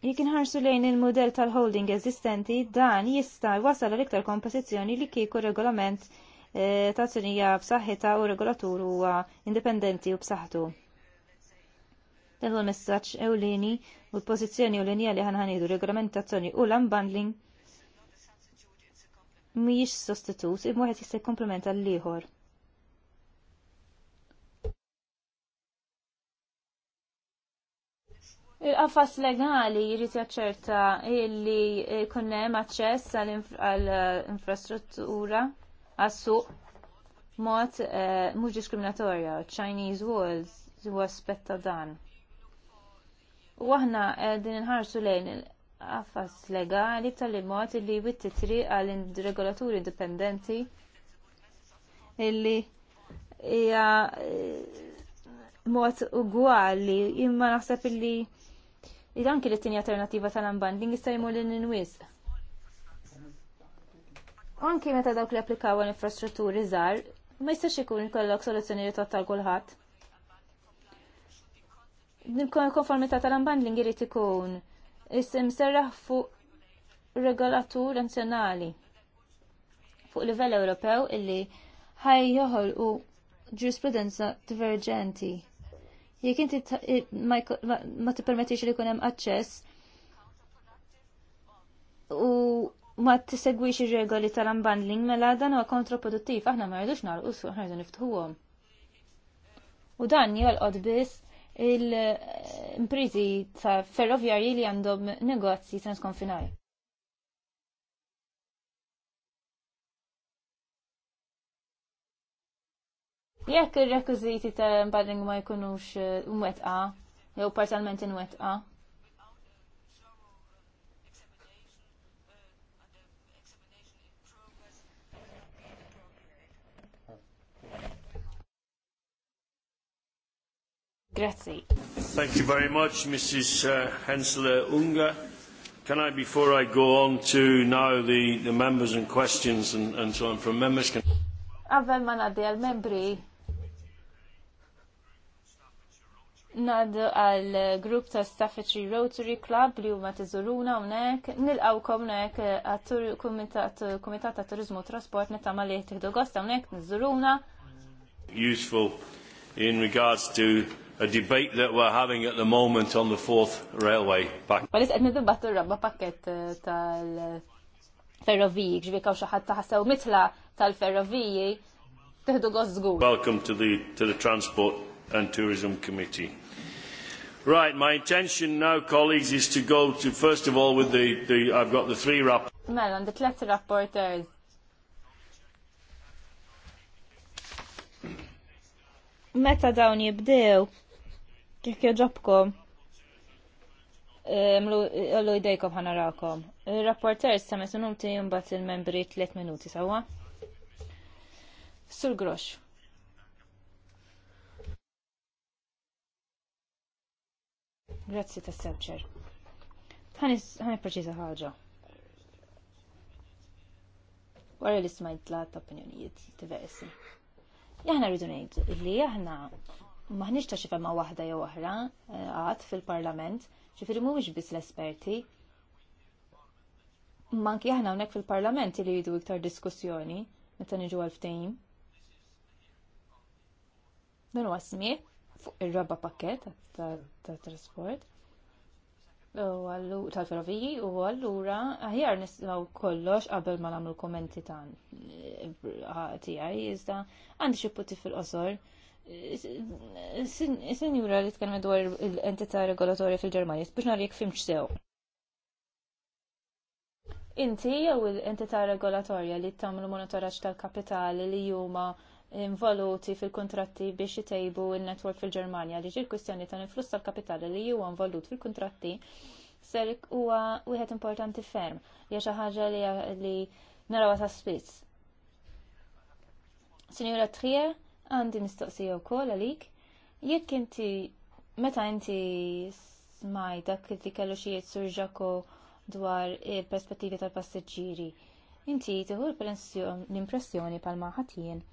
Jek inħarsu lejn il-modell tal-holding eżistenti, dan jista' jwasal għal iktar kompożizzjoni li kieku regolament eh, ta' tunija b'saħħitha u regolatur huwa indipendenti u b'saħħtu. Dan huwa messaġġ ewlieni u l-pożizzjoni ewlenija li ħanħanidu regolamentazzjoni u l-unbundling mhijiex sostitut imma wieħed jista' jkomplementa l-ieħor. Il-qafas legali jrid jaċċerta illi hemm aċċess għall-infrastruttura eh, għas mod eh, mhux diskriminatorja, Chinese walls huwa aspetta dan. U aħna din inħarsu lejn il-qafas legali tal-mod illi witti għal għall-regolaturi indipendenti illi hija eh, mod ugwali imma naħseb illi li dan kien it-tieni alternativa tal-unbundling jista' jmur lil inwies. Anki meta dawk li applikaw l infrastrutturi żgħar, ma jistax ikun kollok soluzzjonijiet tal kulħadd. Konformità tal-unbundling irid ikun isim serraħ fuq regolatur nazzjonali fuq livell Ewropew illi ħaj joħolqu ġurisprudenza diverġenti Jekk inti ma tippermettix li jkun hemm aċċess u ma tissegwix ir-regoli tal-unbundling mela dan huwa kontraproduttiv, aħna ma rridux nagħlqu suq aħna rridu niftħuhom. U dan jolqod biss il-imprizi ta' ferrovjarji li għandhom negozji transkonfinari. Jekk ir-rekwiżiti ta' embarring ma jkunux eh, mwettqa jew parzialment inwettqa. Grazie. Thank you very much, Mrs. Uh, Hensler Unger. Can I, before I go on to now the, the members and questions and, and so on from members, can... Għavel ma naddi membri nadu għal grupp ta' Staffetri Rotary Club li huma tiżuruna hawnhekk, nilqawkom hekk eh, għat-Kumitat ta' Turizmu Trasport nittama li tieħdu gost hawnhekk niżuruna. Useful in regards to a debate that we're having at the moment on the fourth railway package. Għalis għed nidibattu rabba pakket eh, tal-ferroviji, ġvi kaw xaħat taħsaw mitla tal-ferroviji, Welcome to the, to the Transport and Tourism Committee. Right, my intention now, colleagues, is to go to, first of all, with the, the I've got the three rap. Mela, għandi tlet rapporters. Meta dawn jibdew, kif joġobkom? Għallu idejkom ħana rakom. Rapporters, samet minuti jimbat il-membri 3 minuti, sawa? Sur grosh. Grazzi ta' sebċer. Għan preċiza ħagġa. Wara li smajt la ta' opinjonijiet t-versi. Jahna rridu nejt li aħna maħniex ta' xi ma' waħda jew oħra eh, għad fil-Parlament, xifiri mhuwiex biss l-esperti. Manki aħna hawnhekk fil-Parlament li jridu iktar diskussjoni meta niġu għal ftehim. Dan huwa fuq ir-raba pakket ta' trasport u tal-ferroviji u allura aħjar nismaw kollox qabel ma nagħmlu kommenti tan tiegħi iżda għandi xi putti fil-qosor. Sinjura li tkellem dwar l-entità regolatorja fil-Ġermanja, biex nar jekk fimx sew. Inti jew l-entità regolatorja li tagħmlu monitoraġġ tal-kapitali li huma involuti fil-kontratti biex jitejbu il-network fil-Ġermanja li ġir kwistjoni ta' influss tal-kapitali li huwa involut fil-kontratti ser huwa wieħed importanti ferm jew xi ħaġa li narawha ta' spiss. Sinjura Trier, għandi mistoqsija wkoll għalik. Jekk inti meta inti smaj dak li kellu xi jitsurġako dwar il-perspettivi tal-passiġġieri, inti tieħu l-impressjoni palma jien.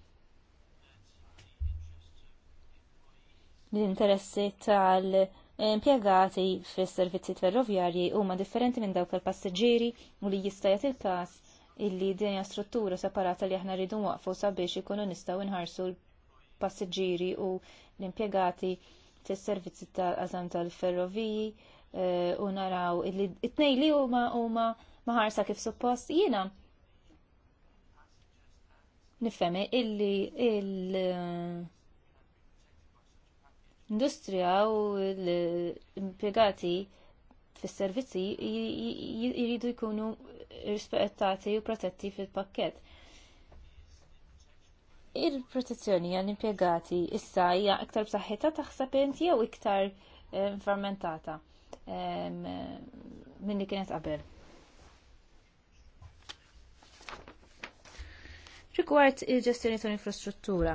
l-interessi tal-impjegati fis servizzi ferroviarji huma differenti minn dawk tal-passiġġieri u li jista' jagħti il-każ illi dinja struttura separata li aħna rridu waqfu sabiex ikunu nistgħu nħarsu l-passiġġieri u l-impjegati fis servizzi tal-qasam tal-ferroviji eh, u naraw illi t tnej li huma huma maħarsa kif suppost jiena nifhem illi il industrija u l-impjegati fis-servizzi jiridu jkunu rispettati u protetti fil-pakket. Il-protezzjoni għall impjegati issa hija iktar b'saħħitha taħseb inti jew iktar eh, fermentata minn li kienet qabel. Rigward il-ġestjoni tal-infrastruttura.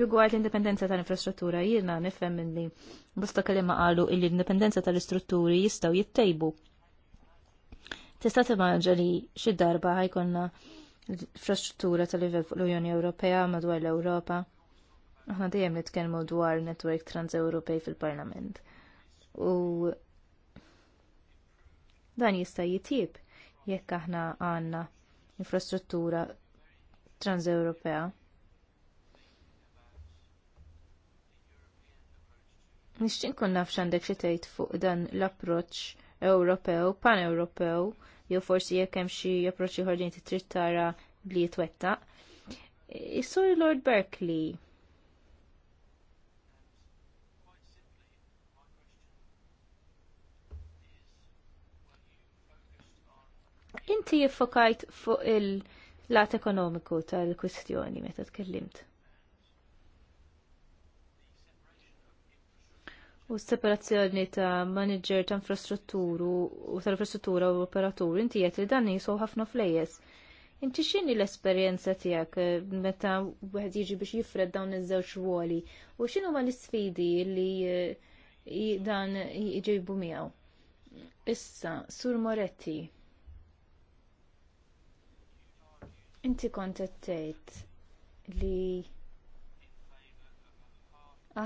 Rigward l-indipendenza tal-infrastruttura, jirna nifhem minni, bosta kalima qalu li l-indipendenza tal-istrutturi jistgħu jittejbu. Tista' timmaġa li xi darba ħajkonna l-infrastruttura tal-livell fuq l-Unjoni Ewropea madwar l-Ewropa. Aħna dejjem nitkellmu dwar netwerk transewropej fil-Parlament. U dan jista' jitjib jekk aħna għandna infrastruttura transewropea Nixtieq inkun naf x'għandek xi tgħid fuq dan l-approċċ Ewropew, pan-Ewropew, jew forsi jekk hemm xi approċċ ieħor li trid tara li jitwettaq. Is-Sur Lord Berkeley. Inti jiffokajt fuq il-lat ekonomiku tal-kwistjoni meta tkellimt. u s separazzjoni ta' manager ta' infrastrutturu u tal-infrastruttura u operatur inti qed li dan jisow ħafna flejjes. Inti x'inhi l-esperjenza tiegħek meta wieħed jiġi biex jifred dawn iż-żewġ ruoli u x'inhu huma l-isfidi li dan jġibu miegħu. Issa, Sur Moretti. Inti kont tgħid li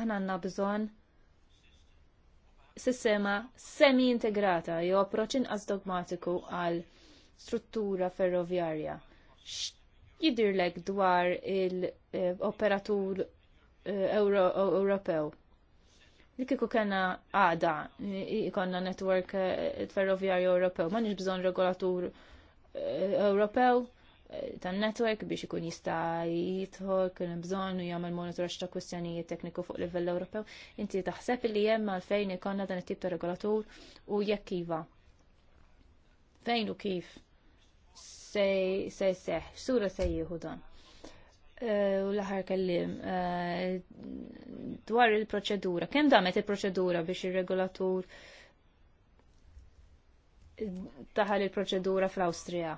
aħna għandna bżonn sistema semi-integrata jew approċċ inqas dogmatiku għal struttura ferroviarja. Jidirlek dwar il-operatur eh, Ewropew. Li kiku kena għada, ikonna network eh, ferroviarju Ewropew, ma nix bżon regolatur eh, Ewropew, Eh, tan-network biex ikun jista' jidħol kien bżonn u jagħmel monitoraġġ ta' kwistjonijiet tekniku fuq livell Ewropew. Inti taħseb li hemm għalfejn ikonna dan it-tip ta' regolatur u jekk iva. Fejn u kif se seħ, sura se jieħu dan. Eh, u l-aħħar kellim eh, dwar il-proċedura. Kemm damet il-proċedura biex ir-regolatur taħal il-proċedura fl-Awstrija?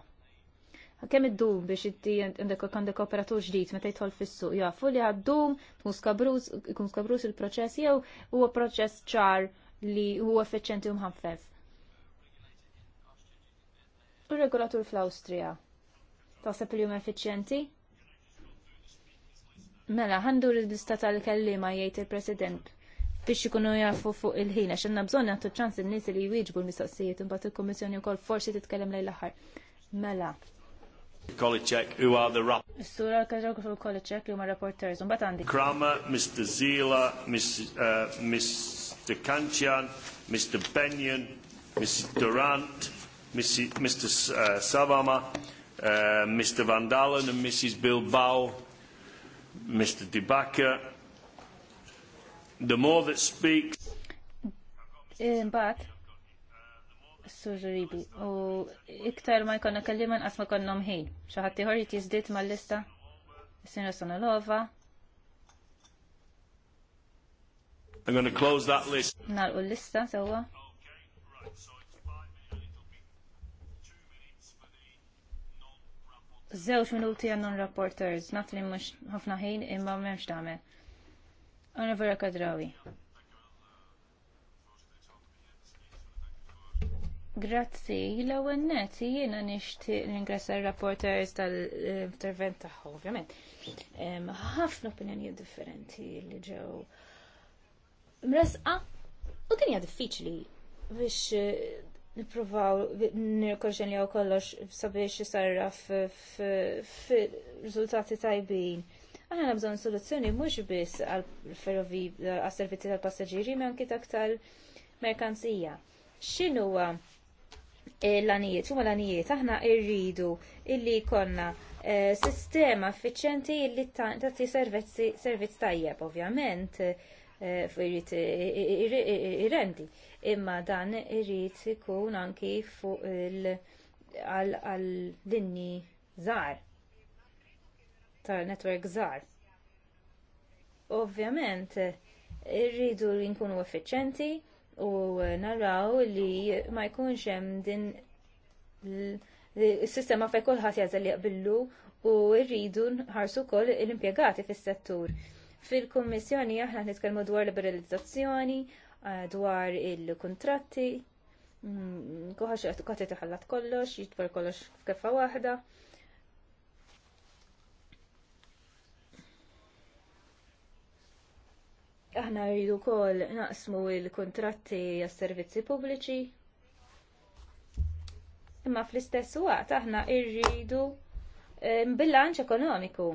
kemm id-dum biex inti għandek operatur ġdid meta jidħol fis-suq jafu li għad-dum tkun skabruż il-proċess jew huwa proċess ċar li huwa effiċjenti u mħaffef. Ir-regolatur fl-Awstrija taħseb li huma effiċjenti? Mela, għandu l lista tal-kellima jgħid il-President biex ikunu jafu fuq il-ħin, għax għanna bżon għattu ċans il-nis li jwieġbu l-mistoqsijiet, imbagħad il-Kummissjoni wkoll forsi titkellem lejn aħħar Mela, Kolicek, who are the rap. Sura l for Kolicek, who are reporters. Unbat Batandi. Kramer, Mr. Zila, Mr. Kanchan, Mr. Benyon, Mr. Durant, Mr. Uh, Savama, uh, Mr. Van Dalen and Mrs. Bilbao, Mr. Dibaka. The more that speaks... In back. Surribi. U iktar ma jkonna kelliman asma konnom ħin. iħor ieħor ma l lista Sinra Sonolova. I'm going to close that list. Nal u l-lista sewa. Zewx minuti għannon rapporters naf li mux ħafna ħin imma memx m'hemmx tagħmel. vera Kadrawi. Grazzi, l-ewwel net jiena nixtieq ringrazzja r-rapporters tal-intervent taħħu, ovvjament. Ħafna opinjonijiet differenti li ġew mresqa u din hija diffiċli biex eh, nippruvaw nirkonxenjaw kollox sabiex jisarraf f'riżultati tajbin. Aħna bżonn soluzzjoni mhux biss għal-ferrovi għas-servizzi tal-passaġġieri, ma anke aktar merkanzija. X'inhuwa l-anijiet, huma l-anijiet, aħna rridu illi jkollna eh, sistema effiċjenti illi tagħti servizz tajjeb, ovvjament, irrid eh, irrendi, imma dan irid ikun anki fuq għal linji żgħar tal-network żgħar. Ovvjament, irridu li nkunu effiċjenti, u naraw li ma jkunx hemm din il-sistema fej kulħadd jażel li jaqbillu u rridu nħarsu wkoll l-impjegati fis-settur. Fil-Kummissjoni aħna nitkellmu dwar liberalizzazzjoni, eh, dwar il-kontratti, mm, kuħax għati taħallat kollox, jitfar kollox f'keffa waħda. Aħna rridu wkoll naqsmu l kuntratti għas-servizzi pubbliċi. Imma fl-istess waqt aħna rridu eh, bilanċ ekonomiku.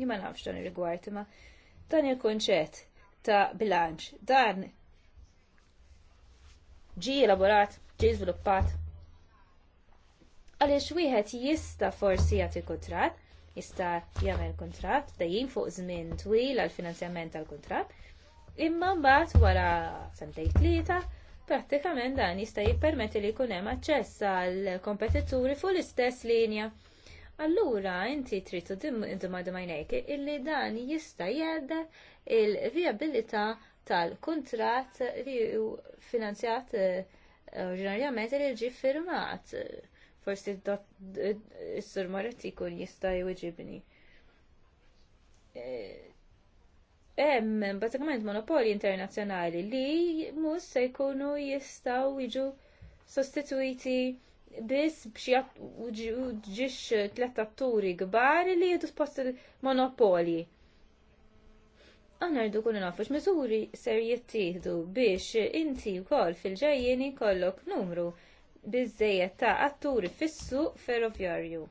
Jien ma nafx dan ir-rigward imma dan il-kunċett ta' bilanċ dan ġi elaborat, ġi żviluppat għaliex wieħed jista forsi jagħti kuntratt jista' jagħmel kuntratt dejjin fuq żmien twil għal finanzjament tal-kuntratt. Imma mbagħad wara sentejn tlieta prattikament dan jista' jippermetti li jkun hemm aċċess għal kompetituri fuq l-istess linja. Allura inti trid tidimadu majnejk illi dan jista' jgħedda il-vijabilità tal-kuntratt li finanzjat eh, oriġinarjament li ġie firmat forsi s-sur kun jkun u ġibni. E, hemm bażikament monopoli internazzjonali li mhux se jkunu jistgħu jiġu sostituiti biss b'xi ġiex tliet atturi kbar li jiedu spost il-monopoli. Aħna rridu kunu nafu x'miżuri ser jittieħdu biex inti wkoll fil ġajjini kollok numru biżżejjed ta' atturi fis-suq ferroviarju.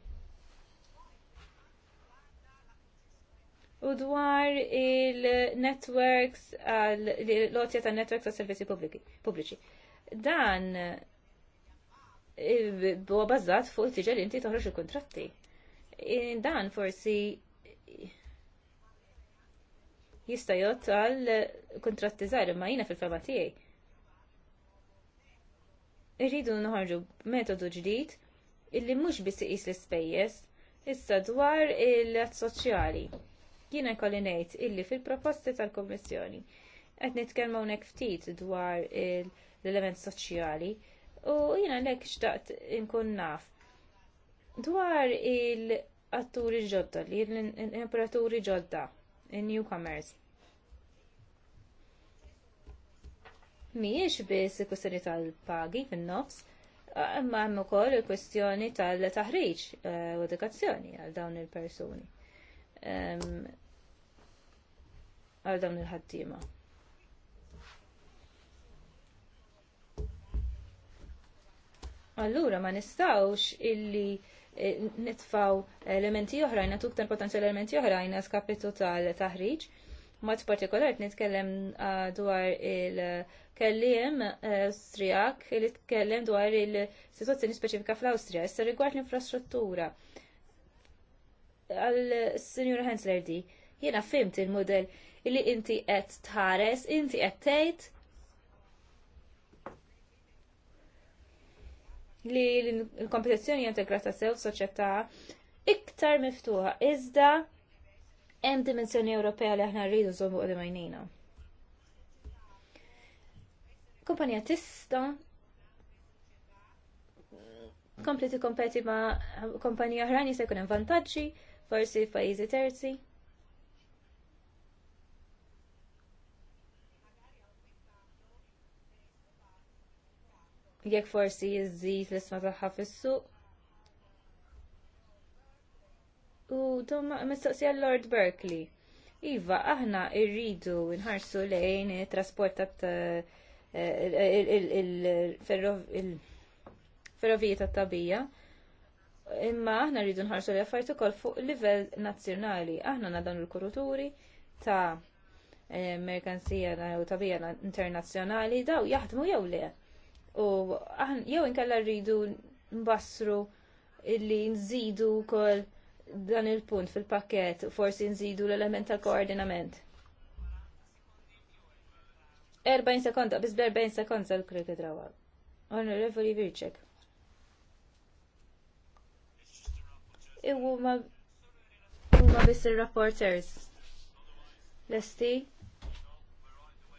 U dwar il-networks, l-lotja ta' networks ta' servizzi pubbliċi. Dan eh, huwa bażat fuq it-tiġa li inti toħroġ il-kontratti. Eh, dan forsi jista' jgħod għal kontratti żgħar imma jiena fil-fema tiegħi irridu nħarġu metodu ġdid illi mhux biss iqis l-ispejjeż issa dwar il-att soċjali. Jiena kolli ngħid illi fil-proposti tal-Kommissjoni qed nitkellmu hawnhekk ftit dwar l-element soċjali u jiena lek xtaqt inkun naf dwar il-atturi ġodda, l-imperaturi ġodda, in-newcomers miex biss il kwestjoni tal-pagi fin-nofs, imma hemm ukoll il-kwestjoni tal-taħriġ e, u edukazzjoni għal dawn il-persuni. Għal dawn il-ħaddiema. Allura ma nistawx illi e, nitfaw elementi oħrajn, tuk tan potenzjal elementi oħrajna skapitu tal-taħriġ. Mod partikolar nitkellem dwar il- kelliem Austriak eh, li tkellem dwar il-situazzjoni speċifika fl-Awstrija. Issa rigward l-infrastruttura. għal senjur Hensler di, jena fimt il-model li inti qed tħares, inti qed tgħid li l-kompetizzjoni integrata sew soċjetà iktar miftuħa iżda hemm dimensjoni Ewropea li aħna rridu żommu qudiem kumpanija tista kompli kompeti ma' kumpanija oħrajn jista' jkun hemm vantaġġi forsi f'pajjiżi terzi. Jekk forsi jiżżid l-isma tagħha fis-suq. U dom mistoqsija Lord Berkeley. Iva, aħna rridu nħarsu lejn it trasport ta' il-ferrovija tat tabija imma aħna rridu nħarsu li affarijiet ukoll fuq livell nazzjonali. Aħna nadan il-kuruturi ta' eh, merkanzija u tabija internazzjonali daw jaħdmu jew le. U aħna jew inkella rridu nbassru illi nżidu wkoll dan il-punt fil-pakket u forsi nżidu l-element tal-koordinament. 40 sekonda, bis 40 sekonda l-krek drawa. Honorevoli Virċek. Iwu Iwuma huma biss ir-rapporters. Lesti?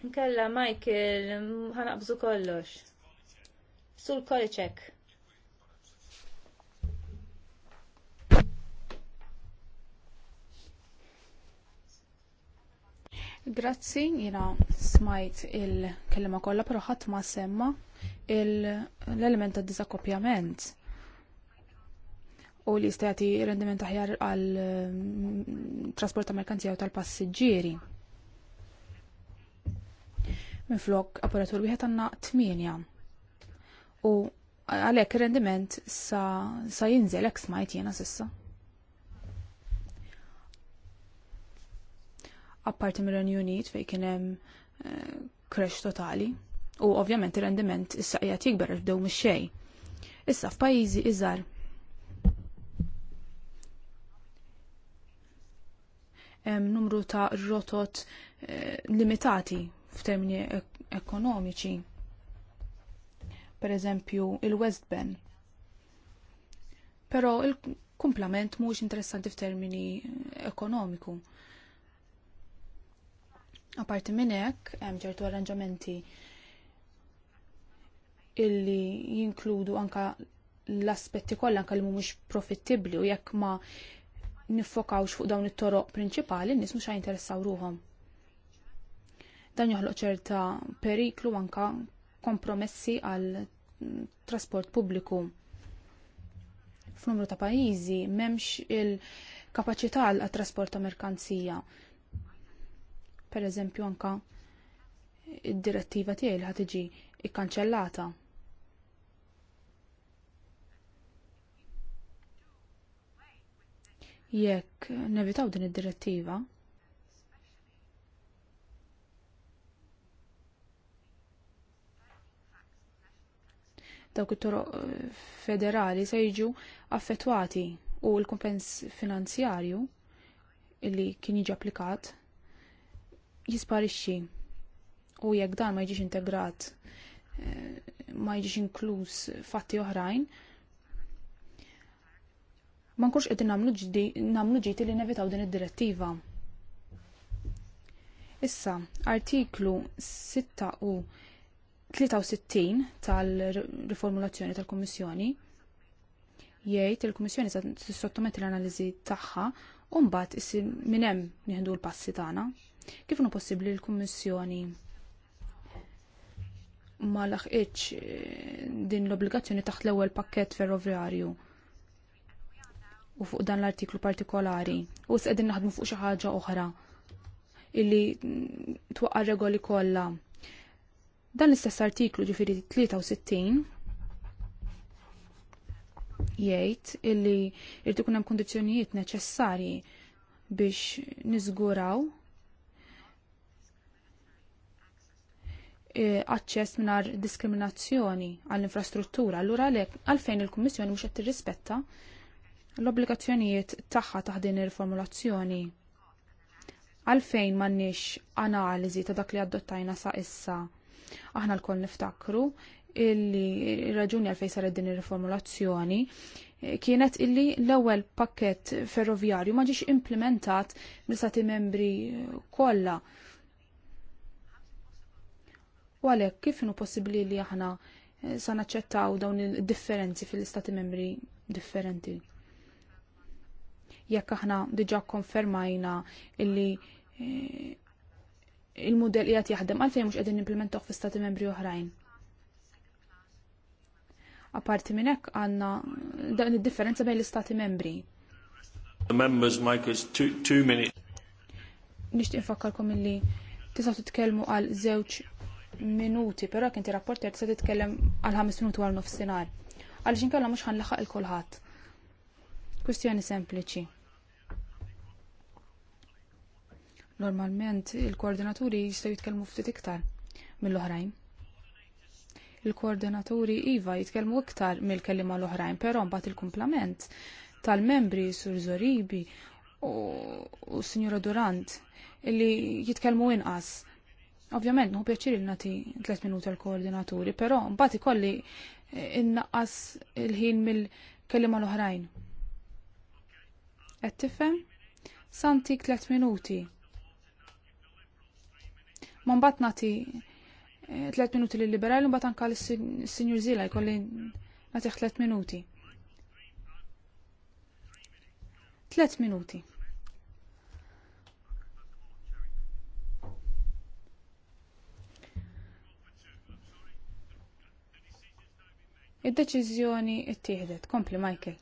Nkella Michael ħanaqbżu kollox. Sul kolli Kolicek. Grazzi, jina smajt il-kellima kollha però ħadd ma semma l-element ta' dizakkopjament u li stajati rendiment aħjar għal mm, trasport ta' merkanzija u tal-passiġġieri. Minflok apparatur wieħed għandna 8. U għalhekk ir-rendiment sa, jinżel hekk smajt jena sissa. apparti mir-Renju Unit fejn kien hemm eh, crash totali u ovvjament ir-rendiment issa qiegħed jikber fdew mix-xejn. Issa f'pajjiżi iżgħar hemm numru ta' rotot eh, limitati f'termini ek ekonomiċi. Per eżempju, il-West Bend. Però il-kumplament mhux interessanti f'termini eh, ekonomiku. Aparti minn hekk hemm ċertu arranġamenti illi jinkludu anka l-aspetti kollha anka li mhumiex profittibbli u jekk ma nifokawx fuq dawn it-toroq prinċipali n-nies mhux jinteressaw ruhom. Dan joħloq ċerta periklu anka kompromessi għal trasport pubbliku. F'numru ta' pajjiżi m'hemmx il-kapaċità għal trasport ta' merkanzija Per eżempju anka id-direttiva tiegħi li ħad tiġi ikkanċellata. Jekk nevitaw din id-direttiva, dawk it-toroq eh, federali se jiġu affettwati u l kompens finanzjarju li kien jiġi applikat jisparixxi u jekk dan ma jiġix integrat eh, ma jiġix inkluż fatti oħrajn ma nkunx qed nagħmlu ġiti li nevitaw din id-direttiva. Issa, artiklu 6 u 63 tal-riformulazzjoni tal-Kummissjoni jgħid il-Kummissjoni se sottometti l-analiżi tagħha u mbagħad minn hemm nieħdu l-passi tagħna Kif nu possibbli l-Kummissjoni ma laħqitx eh, din l-obbligazzjoni taħt l-ewwel pakkett ferroviarju u fuq dan l-artiklu partikolari u s-qegħdin naħdmu fuq xi ħaġa oħra illi mm, twaqqa regoli kollha. Dan l-istess artiklu ġifieri 63 jgħid illi jrid ikun hemm kundizzjonijiet neċessarji biex niżguraw Eh, aċċess minar diskriminazzjoni għall-infrastruttura, allura għalek għalfejn il-Kummissjoni mhux qed tirrispetta l-obbligazzjonijiet tagħha taħt din il-formulazzjoni. Għalfejn m'għandniex analiżi ta' dak li adottajna sa' issa. Aħna lkoll niftakru illi raġuni għalfej saret din il-formulazzjoni kienet illi l-ewwel pakkett ferroviarju ma ġiex implementat mill sati membri kollha u għalhekk kif inhu possibbli li aħna eh, sa naċċettaw dawn il-differenzi fil-istati membri differenti. Jekk aħna diġà konfermajna illi eh, il-modell qiegħed jaħdem għalfejn mhux qegħdin nimplementaw fi istati membri oħrajn. Aparti minn hekk għandna dawn id-differenza bejn l-istati membri. The members, two, two minutes. infakkarkom illi tisaw titkellmu għal żewġ minuti, però kien ti rapporter se titkellem għal ħames minuti għal nofsinhar. Għaliex inkella mhux ħanlaħaq il-kulħadd. Kwistjoni sempliċi. Normalment il-koordinaturi jistgħu jitkellmu ftit iktar mill-oħrajn. Il-koordinaturi iva jitkellmu iktar mill-kelliema l-oħrajn, però mbagħad il-kumplament tal-membri Sur Zoribi u, u Sinjora Durant illi jitkellmu inqas Ovvjament, nħu pjaċir il-nati 3 minuti għal-koordinaturi, pero mbagħad ikolli eh, innaqqas il-ħin mill kellima l-oħrajn. Qed tifhem? Santik 3 minuti. Ma mbagħad nati 3 eh, minuti l liberali mbagħad anka l sinjur Zila jkolli nati 3 minuti. 3 minuti. Id-deċiżjoni ttieħdet. Kompli, Michael.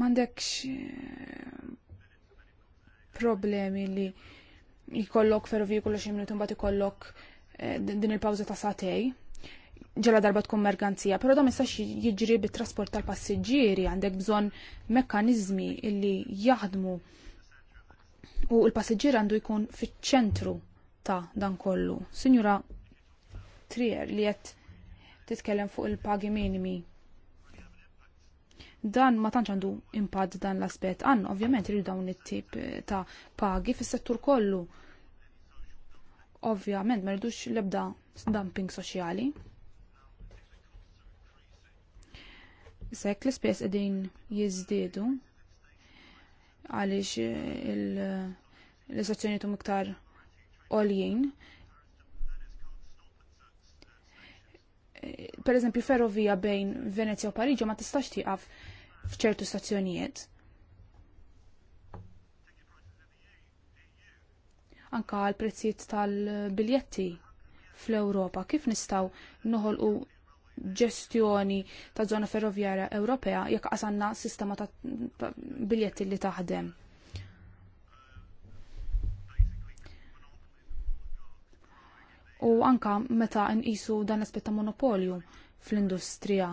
Mandekx eh, problemi li jkollok ferroviju kollox imnut imbagħad ikollok eh, din il pawza ta' satej ġela darba tkun merganzija, pero da mistax jiġri bit-trasport tal-passiġġieri għandek bżonn mekkaniżmi illi jaħdmu u l-passiġġier għandu jkun fiċ-ċentru ta' dan kollu. Sinjura Trier li qed titkellem fuq il-pagi minimi. Dan ma tantx għandu impad dan l-aspett. Għanna, ovvjament rridu dawn it-tip ta' pagi fis-settur kollu. Ovvjament ma rridux l-ebda dumping soċjali. Sekk l-ispess qegħdin jiżdiedu għaliex l sazzjoni tum iktar għoljien. Per eżempju, ferrovija bejn Venezia u Pariġi ma tistax tieqaf f'ċertu stazzjonijiet. Anka għal prezzijiet tal-biljetti fl-Ewropa, kif nistaw noħolqu ġestjoni ta' zona ferrovjera Ewropea jekk qasanna sistema ta' biljetti li taħdem. u anka meta nqisu dan aspett ta' monopolju fl-industrija.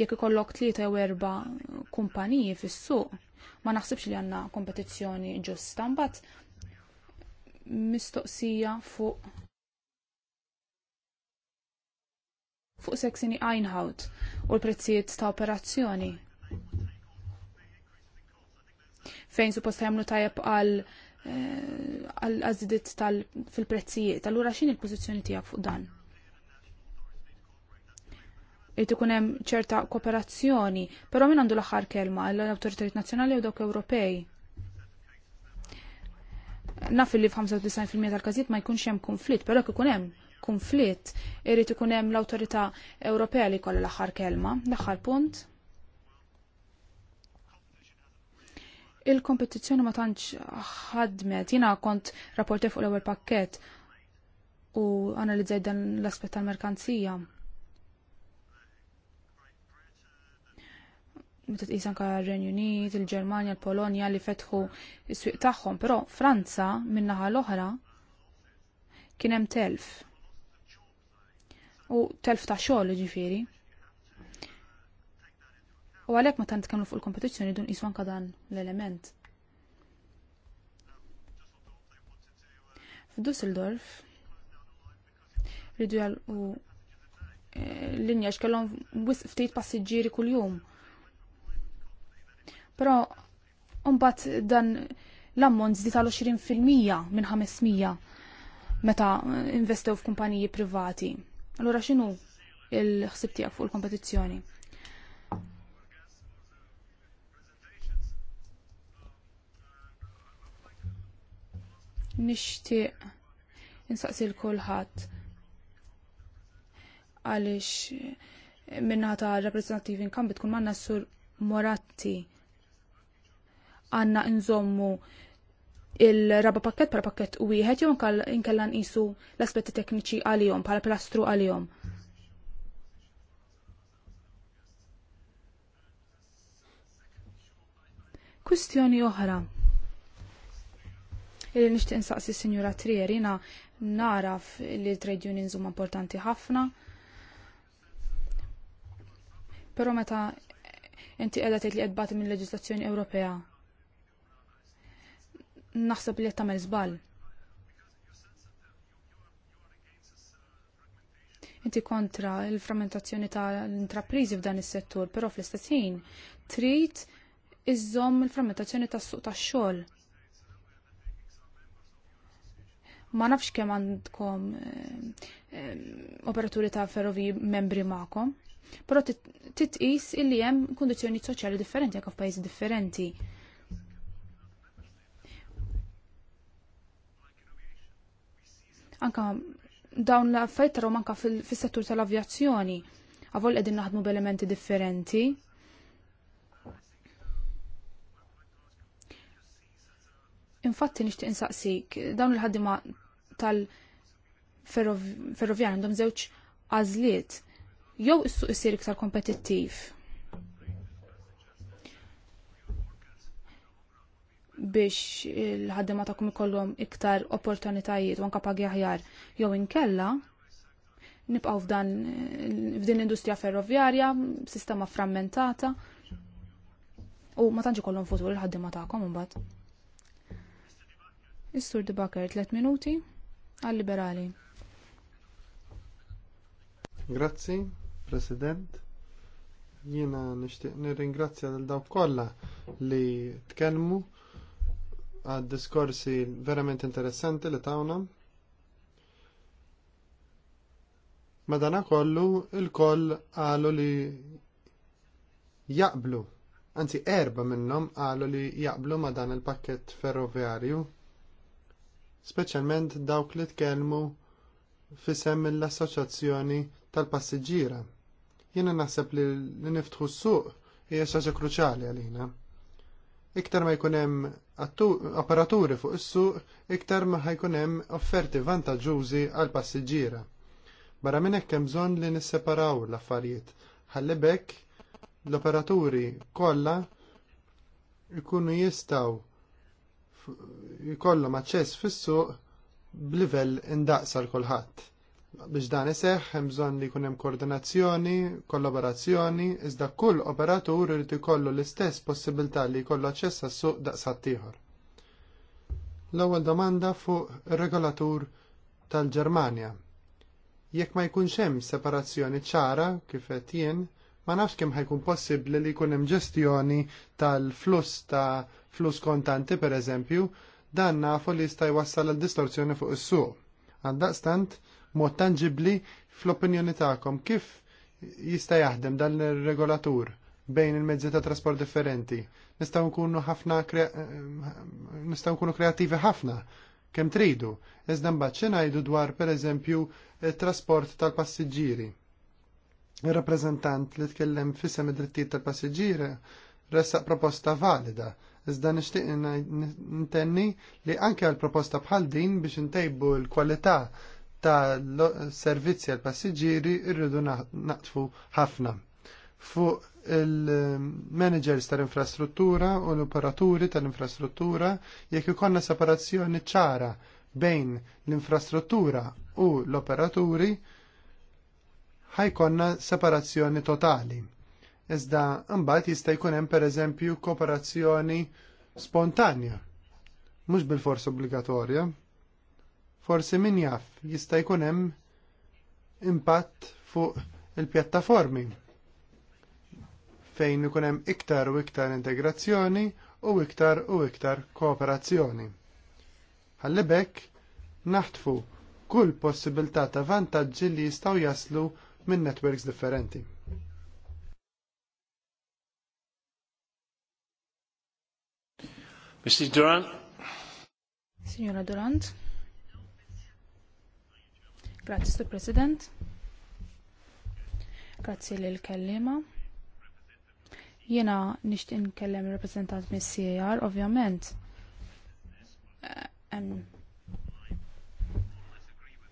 Jekk ikollok tlieta jew erba' kumpaniji fis-suq, ma naħsibx li għandna kompetizzjoni ġusta. Mbagħad mistoqsija fuq fuq seksini Einhaut u l-prezzijiet ta' operazzjoni. Fejn suppost jagħmlu tajjeb għal Eh, għal-għazdit fil-prezzijiet. Allura xin il-pozizjoni tijak fuq dan? Irrid ikun hemm ċerta kooperazzjoni, però min għandu l-aħħar kelma l-awtoritajiet nazzjonali u dawk Ewropej. Naf li f-95% tal-każijiet ma jkunx hemm konflitt, però ikun hemm konflitt irid ikun hemm l-awtorità Ewropea li jkollha l-aħħar kelma, l-aħħar punt. il-kompetizzjoni ma tantx ħadmet. Jina kont rapporti fuq l-ewwel pakkett u analizzajt dan l-aspett tal-merkanzija. Meta tqis anke r-Renju Unit, il-Ġermanja, l-Polonja li fetħu s-swieq tagħhom, però Franza min-naħa l-oħra kien hemm telf. U telf ta' xogħol ġifieri. U għalhekk meta nitkellmu fuq il-kompetizzjoni dun qisu anke dan l-element. F'Dusseldorf ridu l eh, linja x'kellhom wis ftit passiġġieri kuljum. Però mbagħad dan l-ammont zdi tal-20% minn 500 meta investew f'kumpaniji privati. Allura x'inhu il-ħsib tiegħek fuq il-kompetizzjoni? nixtieq insaqsi l-kulħadd għaliex minna ta' rappresentativi nkam bitkun manna sur Moratti għanna nżommu il-raba pakket para pakket u wieħed jew inkella nqisu l-aspetti tekniċi għalihom bħala plastru għalihom. Kwistjoni oħra illi nixtieq insaqsi Sinjura Trier jiena naraf li trade unions huma importanti ħafna. Però meta inti qiegħda tgħid li qed bagħti mill leġislazzjoni Ewropea naħseb li qed tagħmel żball. inti kontra il-frammentazzjoni tal-intraprizi f'dan is-settur, però fl-istess ħin trid iżżomm il-frammentazzjoni tas-suq tax-xogħol. ma nafx kemm għandkom eh, eh, operaturi ta' ferrovi membri magħkom, però titqis illi hemm kundizzjoni soċjali differenti jekk f'pajjiżi differenti. Anka dawn l-affarijiet taraw manka fis-settur tal-avjazzjoni. Avol qegħdin naħdmu b'elementi differenti Infatti nixtieq insaqsik dawn il-ħaddima tal-ferrovjan għandhom żewġ għażliet jew is-suq isir iktar kompetittiv. biex il-ħaddima ta' ikollhom iktar opportunitajiet u anka aħjar jew inkella nibqgħu f'dan f'din l-industrija ferrovjarja, sistema frammentata u ma tantx ikollhom futur il-ħaddima tagħkom imbagħad. Is-Sur Dibakar, 3 minuti għal-liberali. Grazzi, President. Jiena nixtieq nirringrazzja lil dawk kollha li tkellmu għad diskorsi verament interessanti li tawna. Madana kollu il-koll għalu li jaqblu, anzi erba minnom għalu li jaqblu ma dan il-pakket ferroviarju speċjalment dawk li tkellmu fisem mill-assoċjazzjoni tal-passiġġiera. Jiena naħseb li niftħu s-suq hija xaġa kruċjali għalina. Iktar ma jkun hemm operaturi fuq is-suq, iktar ma ħajkun hemm offerti vantaġġużi għall passiġġiera. Barra minn hekk hemm bżonn li nisseparaw l-affarijiet. Ħalli l-operaturi kollha jkunu jistgħu jkollhom aċċess fis-suq b'livell indaqsar kulħadd. Biex dan iseħħ hemm bżonn li jkun hemm koordinazzjoni, kollaborazzjoni, iżda kull operatur irid ikollu l-istess possibilità li jkollu aċċess għas-suq daqsat ieħor. L-ewwel domanda fuq ir-regolatur tal-Ġermanja. Jekk ma jkunx hemm separazzjoni ċara kif qed jien, ma nafx kemm ħajkun possibbli li jkun hemm ġestjoni tal-fluss ta' flus kontanti per eżempju, dan nafu li jista' jwassal għal distorsjoni fuq is-suq. Għaldaqstant, mod tangibli fl-opinjoni tagħkom kif jista' jaħdem dan ir-regolatur bejn il-mezzi ta' trasport differenti. Nistgħu nkunu ħafna eh, nistgħu nkunu kreattivi ħafna kemm tridu. Iżda mbagħad xi ngħidu dwar pereżempju trasport tal-passiġġieri. Ir-rappreżentant li tkellem fissem id-drittijiet tal-passiġġieri ressaq proposta valida Iżda nixtieq intenni li anke għal proposta bħal din biex intejbu l-kwalità ta' servizzi għal passiġġieri irridu naqtfu ħafna. Fuq il-managers tal-infrastruttura u l-operaturi tal-infrastruttura jekk ikonna separazzjoni ċara bejn l-infrastruttura u l-operaturi ħajkonna separazzjoni totali Iżda mbagħad jista' jkun hemm pereżempju kooperazzjoni spontanja, mhux bil forsi obbligatorja. Forsi min jaf jista' jkun hemm impatt fuq il-pjattaformi fejn ikun hemm iktar u iktar integrazzjoni u iktar u iktar kooperazzjoni. Ħalli naħtfu kull possibilità ta' vantaġġi li jistgħu jaslu minn netwerks differenti. Mr. Durant? Signora Durant? Grazie, Sir President. Grazie l-kellima. Jena nixtieq inkellem il-reprezentant mis CAR, ovvjament. Eh,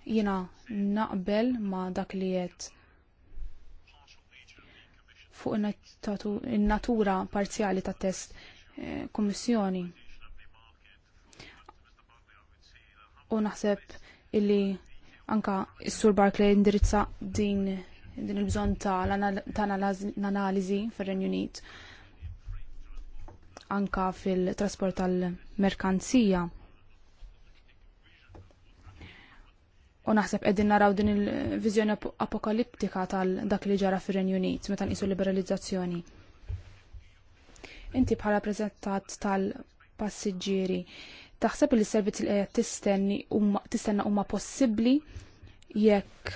Jena naqbel ma dak li jett fuq in-natura parzjali ta' test eh, kummissjoni. u naħseb illi anka s-sur Barclay indirizza din din il-bżon ta' l-analizi fir-Renju Unit anka fil-trasport tal-merkanzija. U naħseb qegħdin naraw din il-viżjoni apokaliptika tal-dak li ġara fir-Renju Unit meta nqisu liberalizzazzjoni. Inti bħala preżentat tal-passiġġieri Taħseb li s-servizzi li qiegħed tistenni tistenna huma possibbli jekk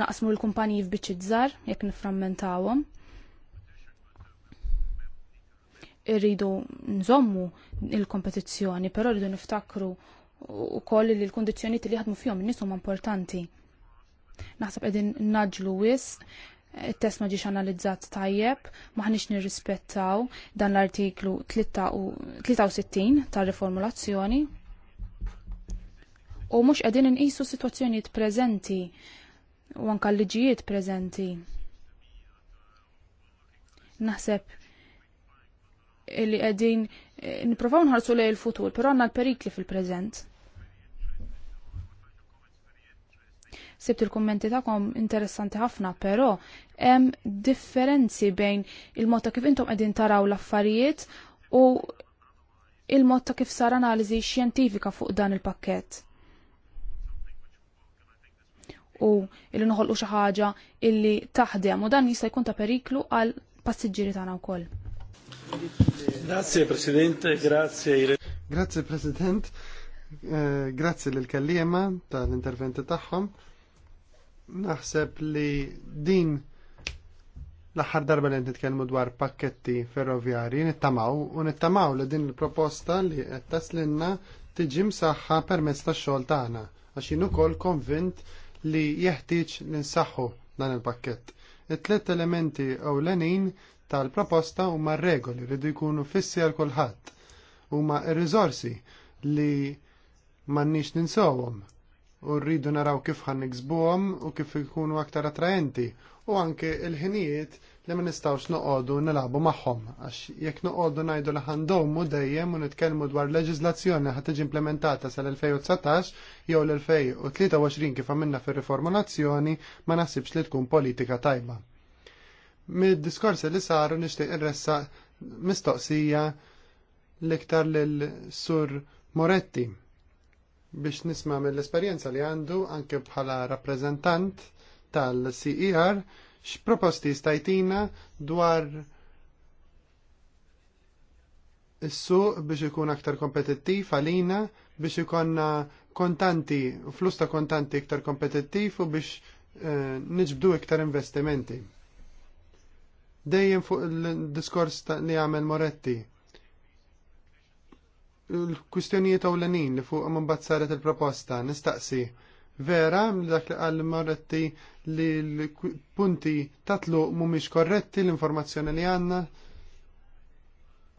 naqsmu l-kumpaniji f'biċċi żgħar jekk niframmentawhom. Irridu nżommu il-kompetizzjoni, però rridu niftakru wkoll li l-kundizzjonijiet li jaħdmu fihom in-nies huma importanti. Naħseb qegħdin naġlu wisq il-test ma ġiex analizzat tajjeb, maħnix nirrispettaw dan l-artiklu 63 tal-reformulazzjoni. U mux qegħdin inqisu situazzjoniet preżenti u l liġijiet preżenti. Naħseb li qegħdin eh, niprofaw nħarsu l il-futur, però għandna l-perikli fil-preżent. Sibt il-kummenti tagħkom interessanti ħafna, però hemm differenzi bejn il-mod ta' kif intom qegħdin taraw l-affarijiet u il-mod ta' kif sar analiżi xjentifika fuq dan il-pakkett. U illi noħolqu xi ħaġa illi taħdem u dan jista' jkun ta' periklu għal passiġġieri tagħna wkoll. Grazie Presidente, grazie. Grazie President, eh, grazie l-kallima tal-interventi tagħhom naħseb li din l-aħħar darba li nitkellmu dwar pakketti ferroviari nittamaw u nittamaw li din il-proposta li qed taslinna tiġi msaħħa permezz tax-xogħol tagħna għax jien ukoll konvint li jeħtieġ li nsaħħu dan il-pakkett. It-tliet elementi ewlenin tal-proposta huma regoli li jkunu fissi għal kulħadd huma r-riżorsi li m'għandniex ninsawhom u rridu naraw kif ħan niksbuhom u kif ikunu aktar attraenti u anke il-ħinijiet li ma nistawx noqogħdu nilagħbu magħhom għax jekk noqogħdu ngħidu li ħandhommu dejjem u nitkellmu dwar leġiżlazzjoni ħad tiġi implementata sal-2019 jew l-2023 kif għamilna fir-riformulazzjoni ma naħsibx li tkun politika tajba. Mid-diskorsi li saru nixtieq irressa mistoqsija l-iktar lil Sur Moretti biex nisma mill-esperjenza li għandu anke bħala rappreżentant tal-CER x'proposti stajtina dwar is-suq biex ikun aktar kompetittiv għalina biex ikonna kontanti, flus ta' kontanti iktar kompetittiv u biex eh, nġbdu iktar investimenti. Dejjem fuq il-diskors li għamel Moretti l-kustjonijiet ewlenin li fuq man bazzaret il-proposta nistaqsi vera dak li qal marretti li l-punti tatlu mhumiex korretti l-informazzjoni li għandna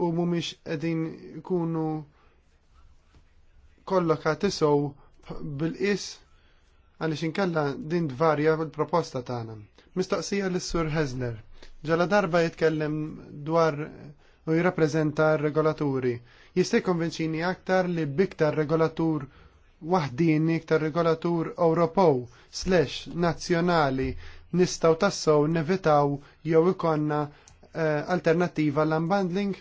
u mhumiex qegħdin ikunu kollokati sow bil-qis għaliex inkella din varja l-proposta tagħna. Mistaqsija lis sur Hezner. Ġala darba jitkellem dwar u jirrappreżenta r-regolaturi. Jista' jkonvinċini aktar li biktar regolatur waħdin iktar regolatur Ewropew slash nazzjonali nistaw tassow nevitaw jew ikonna eh, alternativa l-unbundling?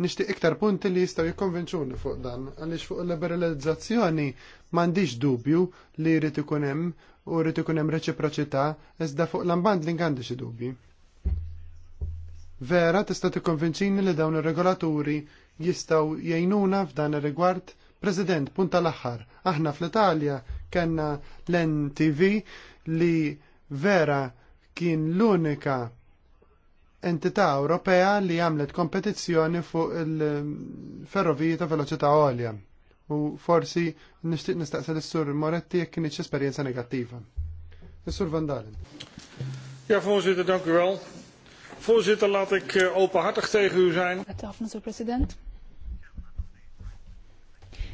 Nishtiq iktar punti li jistaw jikkonvinċuni fuq dan, għaliex fuq liberalizzazzjoni m'għandix dubju li jrid ikun hemm u jrid ikun hemm reċiproċità, iżda fuq l-unbundling għandi xi dubji vera tista' tikkonvinċini li dawn ir-regolaturi jistgħu jgħinuna f'dan ir-rigward. President, punta l-aħħar, aħna fl-Italja kellna l-NTV li vera kien l-unika entità Ewropea li għamlet kompetizzjoni fuq il-ferroviji ta' veloċità għolja. U forsi nixtieq nistaqsa l-Sur Moretti jekk kienx esperjenza negattiva. Is-Sur Vandalen. Ja, voorzitter, dank u Voorzitter, laat ik eh, openhartig tegen u zijn.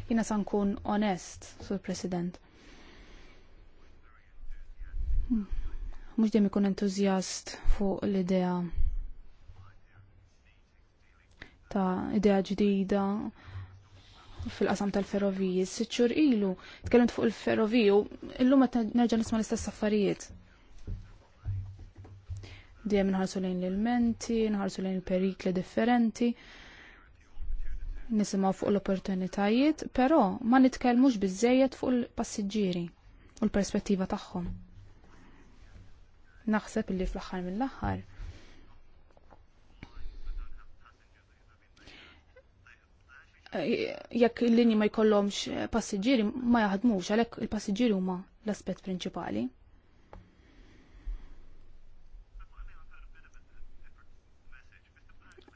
Jina kun onest, Sur President. Mux dem ikun entuzjast fuq l-idea ta' idea ġdida fil-qasam tal-ferroviji. Siċċur ilu, tkellimt fuq il-ferroviju, illum qed nerġa' nisma' l-istess affarijiet. Dejjem nħarsu lejn l menti nħarsu lejn perikli differenti, nisimgħu fuq l-opportunitajiet, però ma nitkellmux bizzejiet fuq il-passiġġieri u l-perspettiva tagħhom. Naħseb illi fl-aħħar mill-aħħar jekk l linji ma jkollhomx passiġġieri ma jaħdmux għalhekk il-passiġġieri huma l-aspett prinċipali.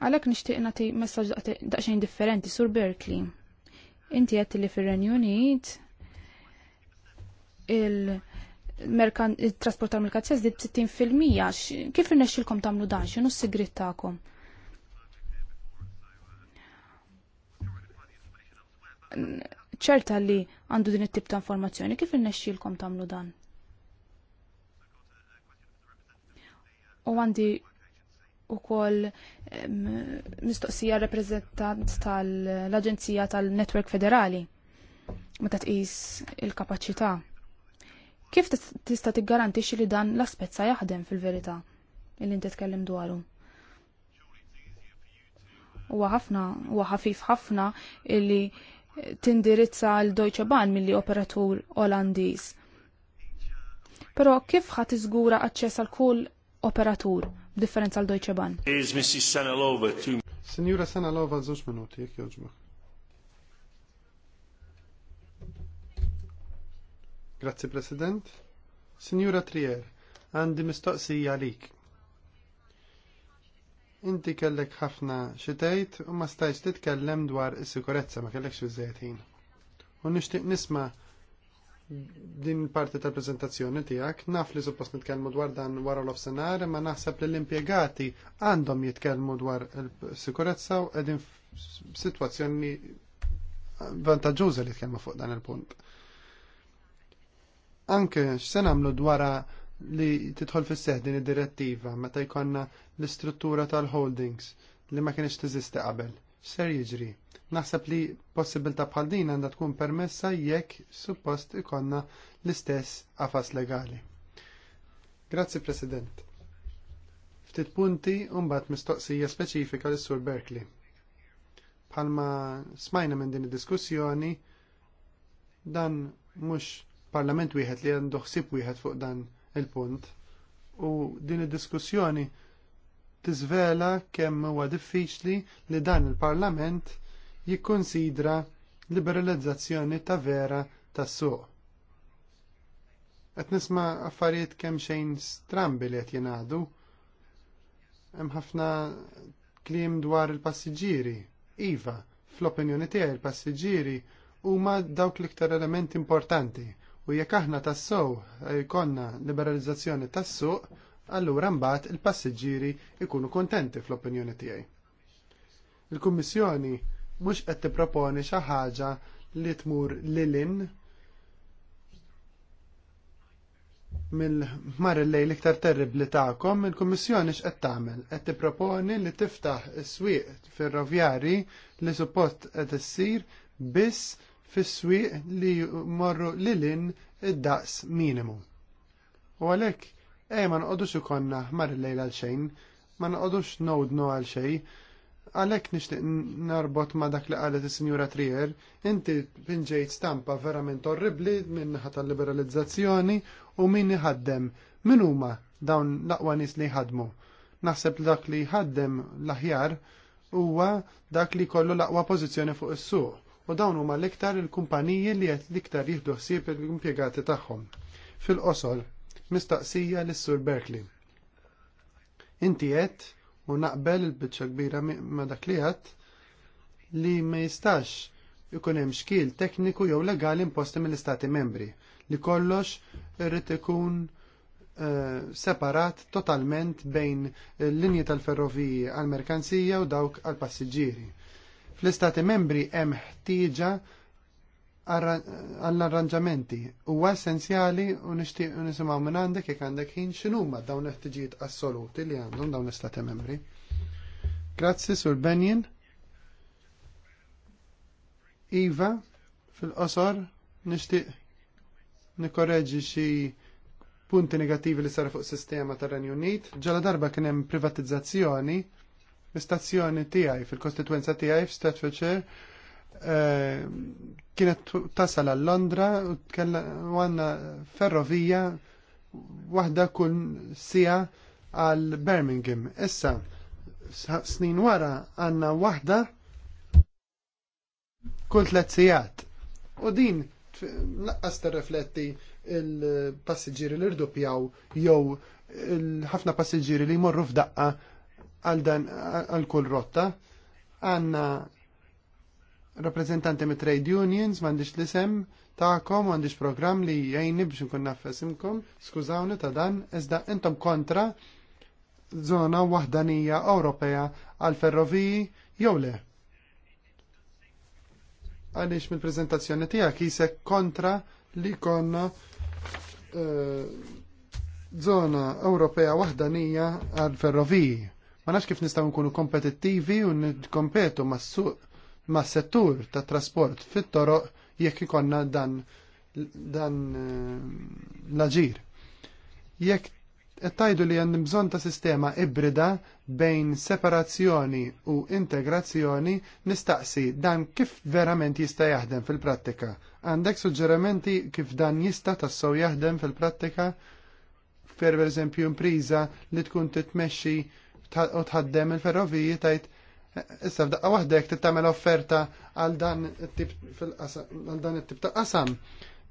Għalhekk nixtieq nagħti messaġ daqsxejn differenti sur Berkeley. Inti qed li fir-Renju Unit il-trasport tal-merkanzija żdied 60% kif irnexxilkom tagħmlu dan, x'inhu s-sigrit tagħkom? ċerta li għandu din it-tip ta' informazzjoni, kif irnexxilkom tagħmlu dan? U għandi ukoll mistoqsija reprezentant tal-Aġenzija tal-Netwerk Federali meta tqis il-kapaċità. Kif tista' tiggarantixxi li dan l-aspett sa jaħdem fil-verità illi inti tkellem dwaru? Huwa ħafna, huwa ħafif ħafna illi tindirizza l Deutsche Bahn milli operatur Olandiż. Però kif ħadd iżgura aċċess għal kull operatur differenza għal Deutsche Bahn. Is Mrs. Sanalova, two... Signora Sanalova, zoċ minuti, jek joġbaħ. Grazie, President. Signora Trier, għandi mistoqsi għalik. Inti kellek ħafna xitejt u ma stajx titkellem dwar is-sikurezza ma kellekx iż żejtin. U nixtieq nisma' din parti tal-prezentazzjoni tiegħek. Naf li suppost nitkellmu dwar dan wara l-offsenar, ma naħseb li l-impjegati għandhom jitkellmu dwar il-sikurezza u qegħdin f'sitwazzjoni vantaġġuża li tkellmu fuq dan il-punt. Anke x'se nagħmlu dwar li tidħol fis seħ din id-direttiva meta jkollna l-istruttura tal-holdings li ma kienx tiżisti qabel ser jiġri. Naħseb li possibilta bħal din għandha tkun permessa jekk suppost ikonna l-istess għafas legali. Grazzi President. Ftit punti u mbagħad mistoqsija speċifika lis sur Berkeley. Palma smajna minn din id-diskussjoni dan mhux parlament wieħed li għandu ħsieb wieħed fuq dan il-punt u din id-diskussjoni tiżvela kemm huwa diffiċli li dan il-Parlament jikkonsidra liberalizzazzjoni ta' vera tas-suq. Qed nisma' affarijiet kemm xejn strambi li qed jingħadu. Hemm ħafna kliem dwar il-passiġġieri. Iva, fl-opinjoni tiegħi il-passiġġieri huma dawk l-iktar elementi importanti u jekk aħna tassew jkollna eh, liberalizzazzjoni tas-suq, allura mbagħad il-passiġġieri ikunu kontenti fl-opinjoni tiegħi. Il-Kummissjoni mhux qed tipproponi xi ħaġa li tmur lilin mill-mar il-lejl iktar terribli tagħkom, il kummissjoni x'qed tagħmel? Qed tipproponi li tiftaħ is-swieq ferroviari li suppost qed issir biss fis-swieq li jmorru lilin id-daqs minimu. U għalhekk Ej, ma nqodux ikonna mar il-lejl għal-xejn, ma nqodux nowdnu għal-xejn, għalek nishtiq narbot ma dak li għalet il-Sinjura Trier, inti pinġejt stampa verament orribli minn ħata liberalizzazzjoni u minn ħaddem. Min huma dawn laqwa nis li ħadmu? Naħseb dak li ħaddem l-aħjar huwa dak li kollu laqwa pożizzjoni fuq is-suq u dawn huma l-iktar il-kumpaniji li qed l-iktar jieħdu ħsieb il impjegati tagħhom. Fil-qosol, Mistaqsija l-Sur Berkeley. Inti qed u naqbel il-biċċa kbira ma' dak li għedt li ma jistax ikun hemm xkil tekniku jew legali imposti mill-Istati membri li kollox irrid ikun eh, separat totalment bejn l-linji tal-ferroviji għal-merkanzija u dawk għal-passiġġieri. Fl-istati membri hemm ħtieġa għall-arranġamenti. Huwa essenzjali u nixtieq nisimgħu minn għandek jekk għandek ħin x'inhuma dawn il ħtiġijiet assoluti li għandhom dawn l-istati membri. Grazzi sur Benjen. Iva, fil-qosor, nixtieq nikorreġi xi punti negativi li saru fuq sistema tar-Renju Unit. Ġala darba kien hemm privatizzazzjoni l-istazzjoni tiegħi fil-kostituenza tiegħi f'Staffordshire Eh, kienet tasal għal Londra u għanna ferrovija waħda kull sija għal Birmingham. Issa, snin wara għanna waħda kull tlet sijat. U din naqqas rifletti il-passiġġieri li rdupjaw jew ħafna passiġġieri li jmorru f'daqqa għal għal kull rotta għanna rappresentanti mit trade unions, mandiġ l-isem ta'kom, mandiġ program li jajni biex nkun naffesimkom, skużawni ta' dan, iżda intom kontra zona wahdanija Ewropea għal ferroviji jew le. Għaliex mill-prezentazzjoni tiegħek jisek kontra li konna uh, zona Ewropea wahdanija għal ferroviji. Ma nafx kif nistgħu nkunu kompetittivi u nkompetu mas-suq ma' settur ta' trasport fit-toroq jekk ikonna dan dan eh, l-aġir. Jekk tajdu li għandim bżon ta' sistema ibrida bejn separazzjoni u integrazzjoni nistaqsi dan kif verament jista' jaħdem fil-prattika. Għandek suġġerimenti kif dan jista' tassew jaħdem fil-prattika? Per eżempju impriża li tkun titmexxi u tħaddem il-ferroviji tajt Issa f'daqqa waħda jekk tagħmel offerta għal dan it-tip dan it-tip ta' qasam,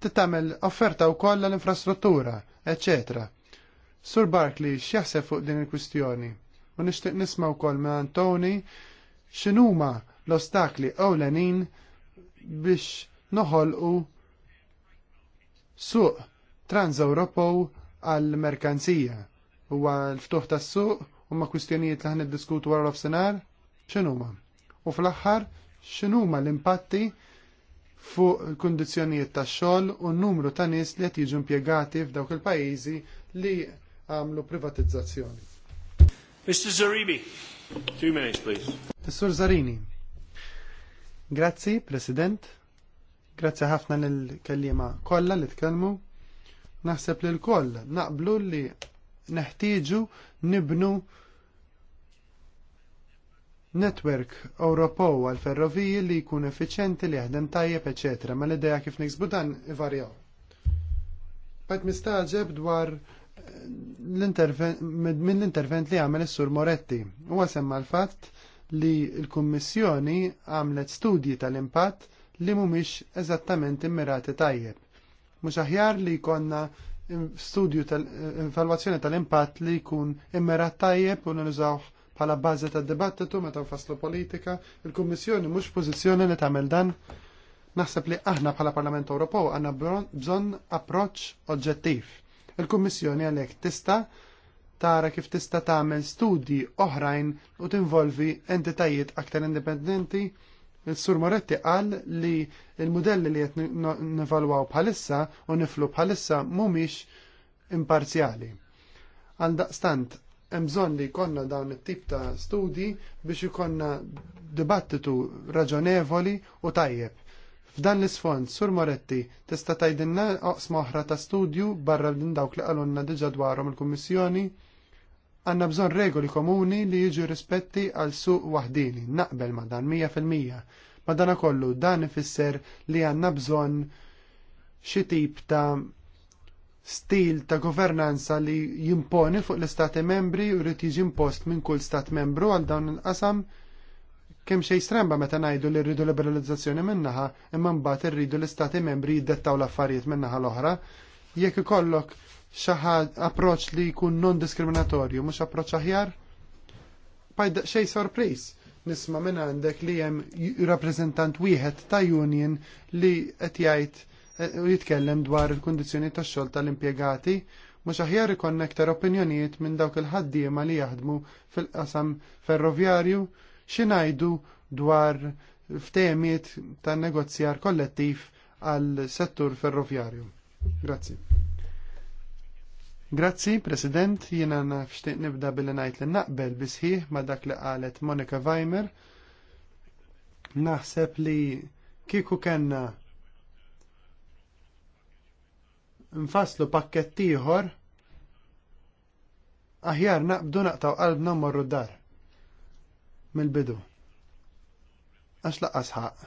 tittamel offerta wkoll l-infrastruttura, eċetera. Sur Barkley x'jaħseb fuq din il-kwistjoni? U nixtieq nisma' wkoll ma' Antoni x'inhuma l-ostakli ewlenin biex noħolqu suq trans-Ewropew għall-merkanzija huwa l-ftuħ tas-suq huma kwistjonijiet li ħan diskutu wara l-ofsinhar x'inhuma. U fl-aħħar x'inhuma l-impatti fuq il-kundizzjonijiet tax-xogħol u n-numru ta' nies li qed jiġu impjegati f'dawk il-pajjiżi li għamlu privatizzazzjoni. Mr. Zaribi, two minutes, please. Mr. Zarini, grazzi, President, grazzi ħafna l-kellima kolla li tkellmu. Naħseb li l-koll naqblu li neħtieġu nibnu Netwerk Ewropew għal ferroviji li jkun effiċenti li jaħdem tajjeb, eċetera, ma l-idea kif niksbu dan ivarjaw. Bajt mistaġeb dwar min l-intervent li għamel is-Sur Moretti. Huwa semma l-fatt li l-Kummissjoni għamlet studji tal-impatt li mhumiex eżattament immirati tajjeb. Mhux aħjar li jkollna studju tal-evalwazzjoni tal-impatt li jkun immirat tajjeb u nużawh bħala bażi tad-dibattitu meta faslu politika, il-Kummissjoni mhux pożizzjoni li tagħmel dan. Naħseb li aħna bħala Parlament Ewropew għandna bżonn approċċ oġġettiv. Il-Kummissjoni għalhekk tista' tara kif tista' tagħmel studji oħrajn u tinvolvi entitajiet aktar indipendenti Il-Sur Moretti qal li il-modelli li qed nevalwaw bħalissa u niflu bħalissa mhumiex imparzjali. Għaldaqstant hemm bżonn li jkollna dawn it-tip ta' studi biex ikonna dibattitu raġonevoli u tajjeb. F'dan l-isfond, Sur Moretti, tista' tgħidilna oqsma oħra ta' studju barra din dawk li qalulna diġà dwarhom il-Kummissjoni għanna bżon regoli komuni li jiġu rispetti għal suq wahdini, naqbel ma dan 100%. Ma dan kollu dan ifisser li għanna bżon xi tip ta' stil ta' governanza li jimponi fuq l-istati membri u rrit jiġi impost minn kull stat membru għal dawn il-qasam kemm xej stremba meta ngħidu li rridu liberalizzazzjoni minnaħa imma mbagħad irridu l-istati membri jiddettaw l-affarijiet minnaħa l-oħra. Jekk ikollok xi approċċ li jkun non diskriminatorju mhux approċċ aħjar? xej sorpriż nisma' minn għandek li hemm rappreżentant wieħed ta' union li qed jgħid u jitkellem dwar il-kondizjoni tax xogħol tal-impjegati mhux aħjar ikon aktar opinjonijiet minn dawk il-ħaddiema li jaħdmu fil-qasam ferroviarju xinajdu dwar ftehmiet ta' negozjar kollettiv għal settur ferroviarju. Grazzi. Grazzi, President, jiena nafxtieq nibda billi ngħid li naqbel bisħiħ ma' dak li qalet Monika Weimer. Naħseb li kieku kellna nfasslu pakket ieħor aħjar naqbdu naqtaw qalbna mmorru d-dar mill-bidu. Għax laqqas ħaq.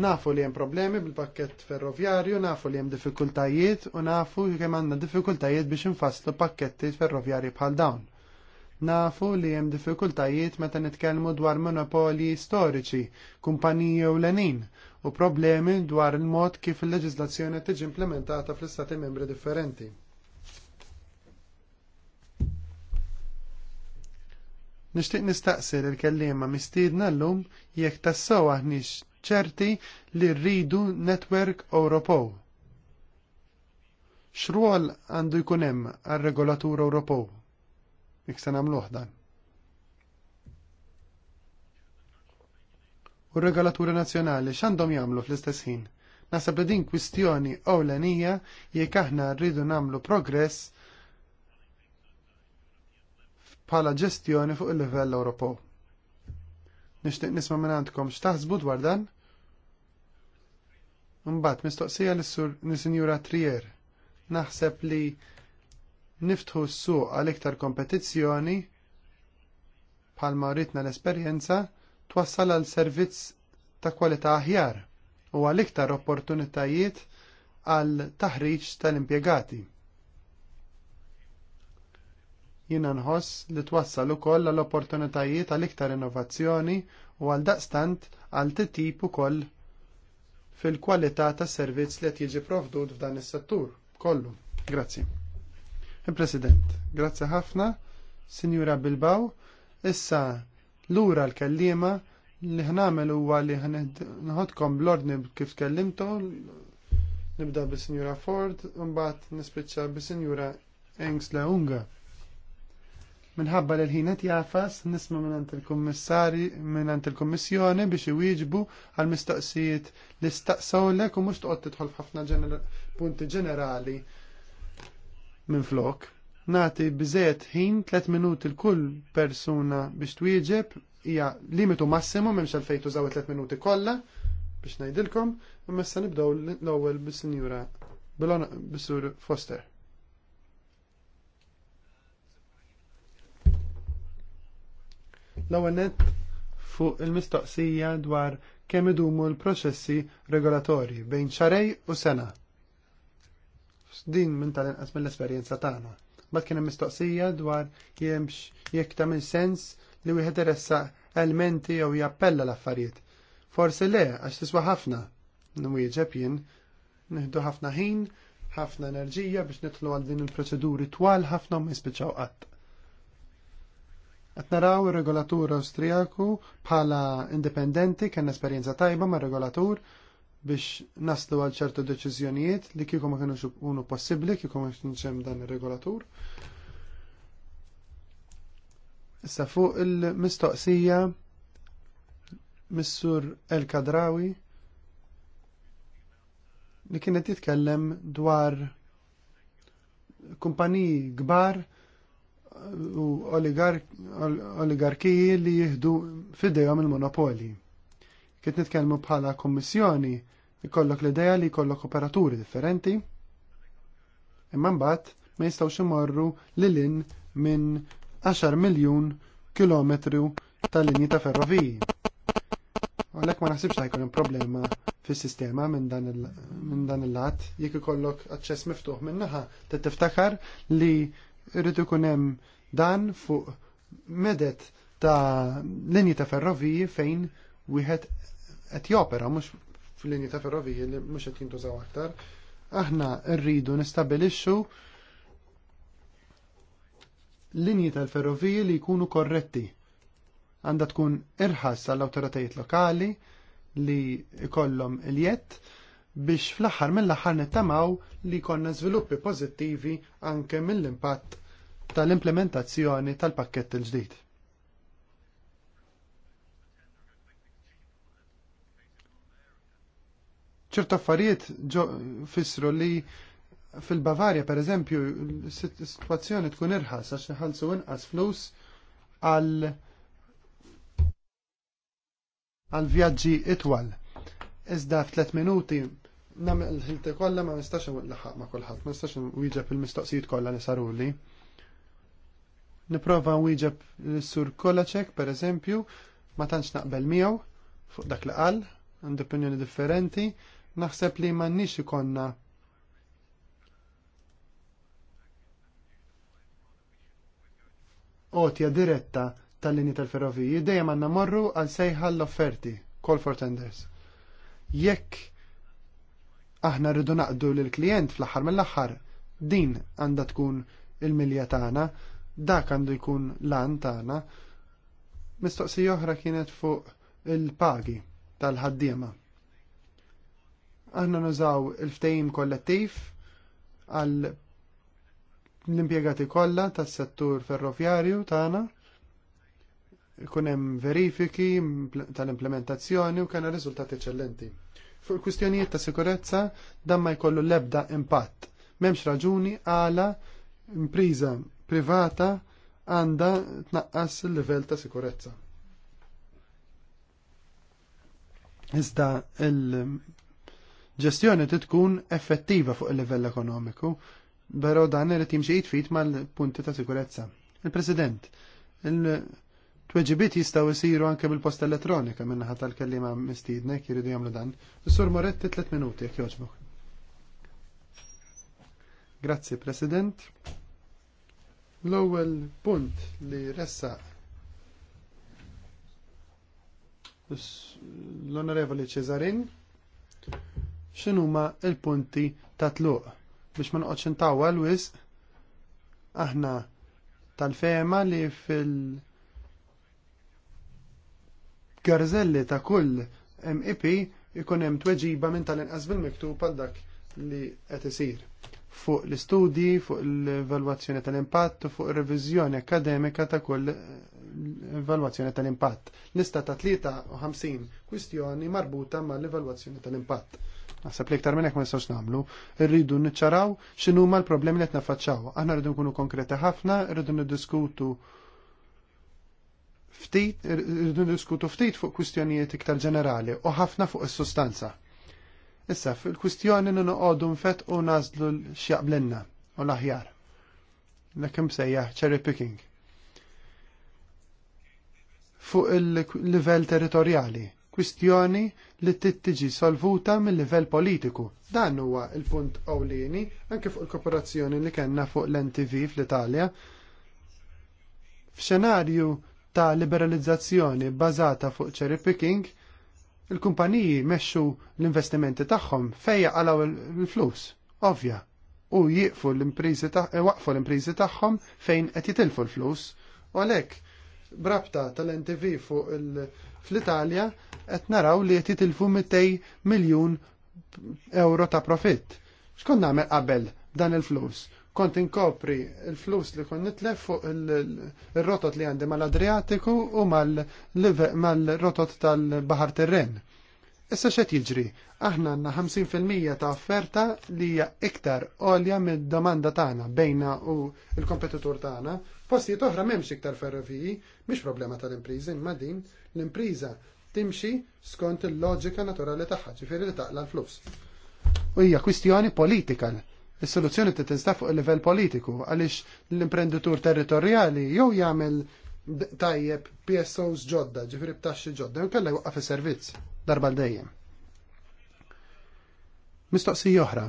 Nafu li hemm problemi bil-pakket ferroviarju, nafu li hemm diffikultajiet u nafu kemm għandna diffikultajiet biex infasslu pakketti ferroviarji bħal dawn. Nafu li hemm diffikultajiet meta nitkellmu dwar monopoli storiċi, kumpaniji u lenin u problemi dwar il-mod kif il-leġizlazzjoni tiġi implementata fl-istati membri differenti. Nishtiq nistaqsir il-kellima mistiedna l-lum jekk tassaw aħniex ċerti li rridu Network Europow. X'rwol għandu jkun hemm għar-regolatur Ewropew? Jekk se nagħmluh dan. u regolatura nazjonali nazzjonali x'għandhom jagħmlu fl-istess ħin. Nasab li din kwistjoni ewlenija jekk aħna rridu nagħmlu progress bħala ġestjoni fuq il-livell Ewropew. Nixtieq nisma' minn għandkom x'taħsbu dwar dan? Mbagħad mistoqsija lis-sur Sinjura Trier. Naħseb li niftħu s-suq għal iktar kompetizzjoni bħalma ritna l-esperjenza twassal għal servizz ta' kwalità aħjar u għal iktar opportunitajiet għal taħriġ tal-impjegati. Jina nħoss li twassal ukoll għal opportunitajiet għal iktar innovazzjoni u għal daqstant għal titip ukoll fil-kwalità tas servizz li qed jiġi provdud f'dan is-settur kollu. Grazzi. Il-President, grazzi ħafna, Sinjura Bilbaw, issa Lura l-kellima li ħnamel huwa li ħnħodkom l-ordni kif tkellimtom, nibda bi sinjura Ford, mbagħad nispiċċa bi sinjura la Unga. Minħabba li l-ħin qed jafas nisma' minn il kommissari minn il-kummissjoni biex iwieġbu għal mistoqsijiet li staqsawlek u mhux toqgħod tidħol ħafna punti ġenerali minn flok nati bizet ħin 3 minuti l-kull persuna biex twieġeb hija limitu massimu għal fejtu tużaw 3 minuti kollha biex ngħidilkom, imma issa nibdew l-ewwel bis-Sinjura bis-Sur Foster. L-ewwel nett fuq il-mistoqsija dwar kemm idumu l-proċessi regolatorji bejn xarej u sena. Din minn tal-inqas mill-esperjenza tagħna Mbagħad kien hemm mistoqsija dwar jemx jekk tagħmel sens li wieħed iressa elementi jew jappella l-affarijiet. Forsi le għax tiswa ħafna nwieġeb jien nieħdu ħafna ħin, ħafna enerġija biex nitlu għal din il-proċeduri twal ħafna u jispiċċaw qatt. Qed naraw ir-regolatur Awstrijaku bħala indipendenti kien esperjenza tajba mar-regolatur biex naslu għal ċertu deċiżjonijiet li kieku ma kienux unu possibbli kieku ma kienx hemm dan ir-regolatur. Issa fuq il-mistoqsija Missur El Kadrawi li kienet jitkellem dwar kumpaniji kbar u oligarkiji li jihdu fidejom il-monopoli. Kiet nitkellmu bħala kommissjoni Ikollok l-idea li jkollok operaturi differenti, imma mbagħad ma jistgħux imorru lil in minn 10 miljun kilometru tal linji ta' ferroviji. Għalhekk ma naħsibx ħajkun problema fis-sistema minn dan il-lat jekk ikollok aċċess miftuħ minn naħa trid tiftakar li rrid ikun hemm dan fuq medet ta' linji ta' ferroviji fejn wieħed qed jopera mhux fil-linji ta' ferroviji li mhux qed jintużaw aktar. Aħna rridu nistabilixxu linji tal-ferroviji li jkunu korretti. Għandha tkun irħas għall awtoritajiet lokali li ikollhom iljett biex fl-aħħar mill-aħħar nittamaw li jkollna żviluppi pożittivi anke mill-impatt tal-implementazzjoni tal-pakkett il-ġdid. ċertu affarijiet fissru li fil-Bavarja, per eżempju, situazzjoni tkun irħas għax iħallsu inqas flus għal għal vjaġġi itwal. Iżda f'tlet minuti namel ħilti kollha ma nistax nlaħħaq ma' kulħadd, ma nistax nwieġeb il-mistoqsijiet kollha li saruli. Niprova nwieġeb sur Kolaċek pereżempju, ma tantx naqbel miegħu fuq dak li qal, għandi opinjoni differenti, naħseb li m'għandniex ikonna qotja diretta tal-linji tal-ferroviji dejjem għandna morru għal sejħa l-offerti, call for tenders. Jekk aħna rridu naqdu l klient fl-aħħar mill-aħħar, din għandha tkun il-milja tagħna, dak għandu jkun lan tagħna. Mistoqsija oħra kienet fuq il-pagi tal-ħaddiema. Aħna nużaw il-ftehim kollettiv għal l-impjegati kollha tas-settur ferroviarju tagħna ikun hemm verifiki tal-implementazzjoni u kena riżultati eċċellenti. Fuq kwistjonijiet ta' sikurezza dan ma jkollu l-ebda impatt. M'hemmx raġuni għala impriża privata għandha tnaqqas il-livell ta' sikurezza. Iżda ġestjoni tkun effettiva fuq il-livell ekonomiku, però dan irid jimxi jitfit mal-punti ta' sikurezza. Il-President, il-tweġibiet jistgħu jsiru anke bil-post elettronika minnaħa tal-kellima mistiednek jiridu jagħmlu dan. Is-Sur Moretti tliet minuti jekk jogħġbok. Grazzi, President. L-ewwel punt li ressaq l-Onorevoli Cesarin x'inhuma il-punti ta' tluq biex ma noqgħodx intawwa l-wisq aħna tal-fema li fil garzelli ta' kull MEP ikun hemm tweġiba minn tal-inqas bil-miktub għal dak li qed isir fuq l-istudji, fuq l-evalwazzjoni tal-impatt u fuq ir-reviżjoni akademika ta' kull evalwazzjoni tal-impatt. Lista ta' 53 kwistjoni marbuta mal-evalwazzjoni tal-impatt. Naħseb li iktar minn hekk ma nistgħux nagħmlu. Irridu niċċaraw x'inhu huma l-problemi li qed nafaċċaw. Aħna rridu nkunu konkreti ħafna, rridu niddiskutu ftit, rridu niddiskutu ftit fuq kwistjonijiet iktar ġenerali u ħafna fuq is-sustanza. Issa, fil-kwistjoni n-noqodu nfet u nazlu l u l-aħjar. Lekim sejja, cherry picking. Fuq il-level territoriali, kwistjoni li tittiġi solvuta mill-livell politiku. Dan huwa il-punt ewlieni anke fuq il-kooperazzjoni li kellna fuq l-NTV fl-Italja. F'xenarju ta' liberalizzazzjoni bbażata fuq cherry picking, il-kumpaniji mexxu l-investimenti tagħhom fejja għalaw il-flus, ovvja, u jieqfu l-imprizi e, waqfu l-imprizi tagħhom fejn qed jitilfu l-flus. U għalhekk brabta tal-NTV fuq il- Fl-Italja qed naraw li qed jitilfu 200 miljun euro ta' profitt. X'kont nagħmel qabel dan il-flus? Kont inkopri il-flus li kon nitlef fuq il-rotot li għandi mal-Adriatiku u mal-rotot tal-Bahar Terren. Issa xed jiġri, aħna għandna 50% ta' offerta li hija iktar għolja mid-domanda tagħna bejna u l-kompetitur tagħna. Postijiet oħra m'hemmx iktar ferroviji, mhix problema tal-impriża imma din l-impriża timxi skont il-loġika naturali tagħha, ġifieri li taqla l-flus. U hija kwistjoni politika. Is-soluzzjoni tinstab fuq il-livell politiku għaliex l-imprenditur territorjali jew jagħmel tajjeb PSOs ġodda, ġifri b'taxxi ġodda, jew kalla juqqa fis-servizz darba l-dejjem. Mistoqsija oħra.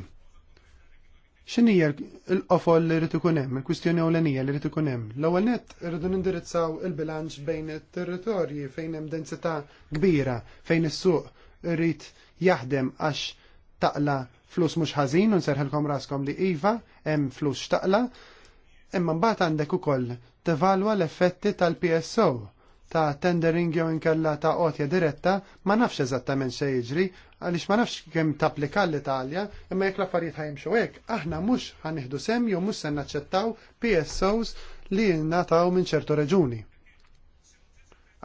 X'inhija l-qofol li rid ikun hemm, il-kwistjoni ewlenija li rid ikun hemm. L-ewwel nett irridu nindirizzaw il-bilanċ bejn it-territorji fejn hemm densità kbira, fejn is-suq rrit jaħdem għax taqla flus mhux ħażin u nserħilkom raskom li iva hemm flus x'taqla, imma mbagħad għandek ukoll tevalwa l-effetti tal-PSO ta' tendering jew inkella ta' qotja diretta ma nafx eżattament se jiġri għaliex ma nafx kemm tapplika l-Italja imma jekk l-affarijiet ħajmxu hekk aħna mhux ħanieħdu sem jew mhux se naċċettaw PSOs li ngħataw minn ċertu reġuni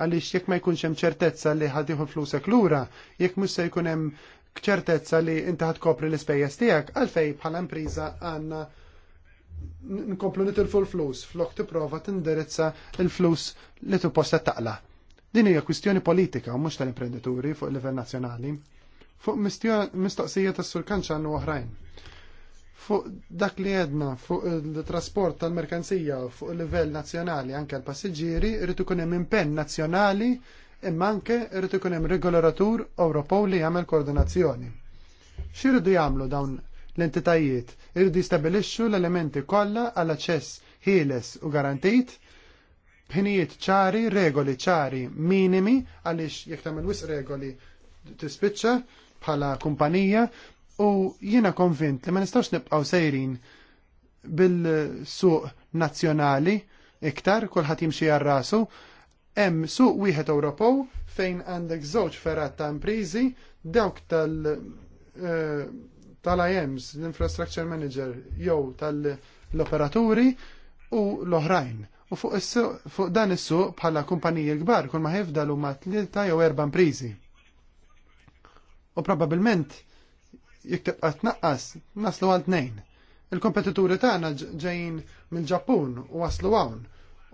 Għaliex jekk ma jkunx hemm ċertezza li jieħu flusek lura, jekk mhux se jkun hemm ċertezza li inti ħadd kopri l-ispejjeż tiegħek, għalfej bħala impriża għandna nkomplu nitilfu l-flus, flok tipprova tindirizza l-flus li posta taqla. Din hija kwistjoni politika u mhux tal-imprenditori fuq il-livell nazzjonali. Fuq mistoqsija tas-sur kanċan u oħrajn. Fuq dak li jedna, fuq il-trasport tal-merkanzija, fuq il-livell nazzjonali anke l-passiġġieri, irid ikun hemm impenn nazzjonali imma anke irid ikun hemm regolatur Ewropew li jagħmel koordinazzjoni. X'iridu jagħmlu dawn l-entitajiet irridu jistabilixxu l-elementi kollha għal aċċess ħieles u garantit b'ħinijiet ċari, regoli ċari minimi għaliex jekk tagħmel wisq regoli tispiċċa bħala kumpanija u jiena konvint li ma nistax nibqgħu sejrin bil-suq nazzjonali iktar, kulħadd jimxi għar rasu, hemm suq wieħed Ewropew fejn għandek żewġ ferat ta' imprizi dawk tal eh, tal-IMs, l-Infrastructure Manager, jew tal-operaturi u l-oħrajn. U fuq, dan is-suq bħala kumpaniji kbar kull ma l huma tlieta jew erba' imprizi. U probabbilment jekk tibqa' tnaqqas naslu għal tnejn. Il-kompetituri tagħna ġejjin mill-Ġappun u waslu hawn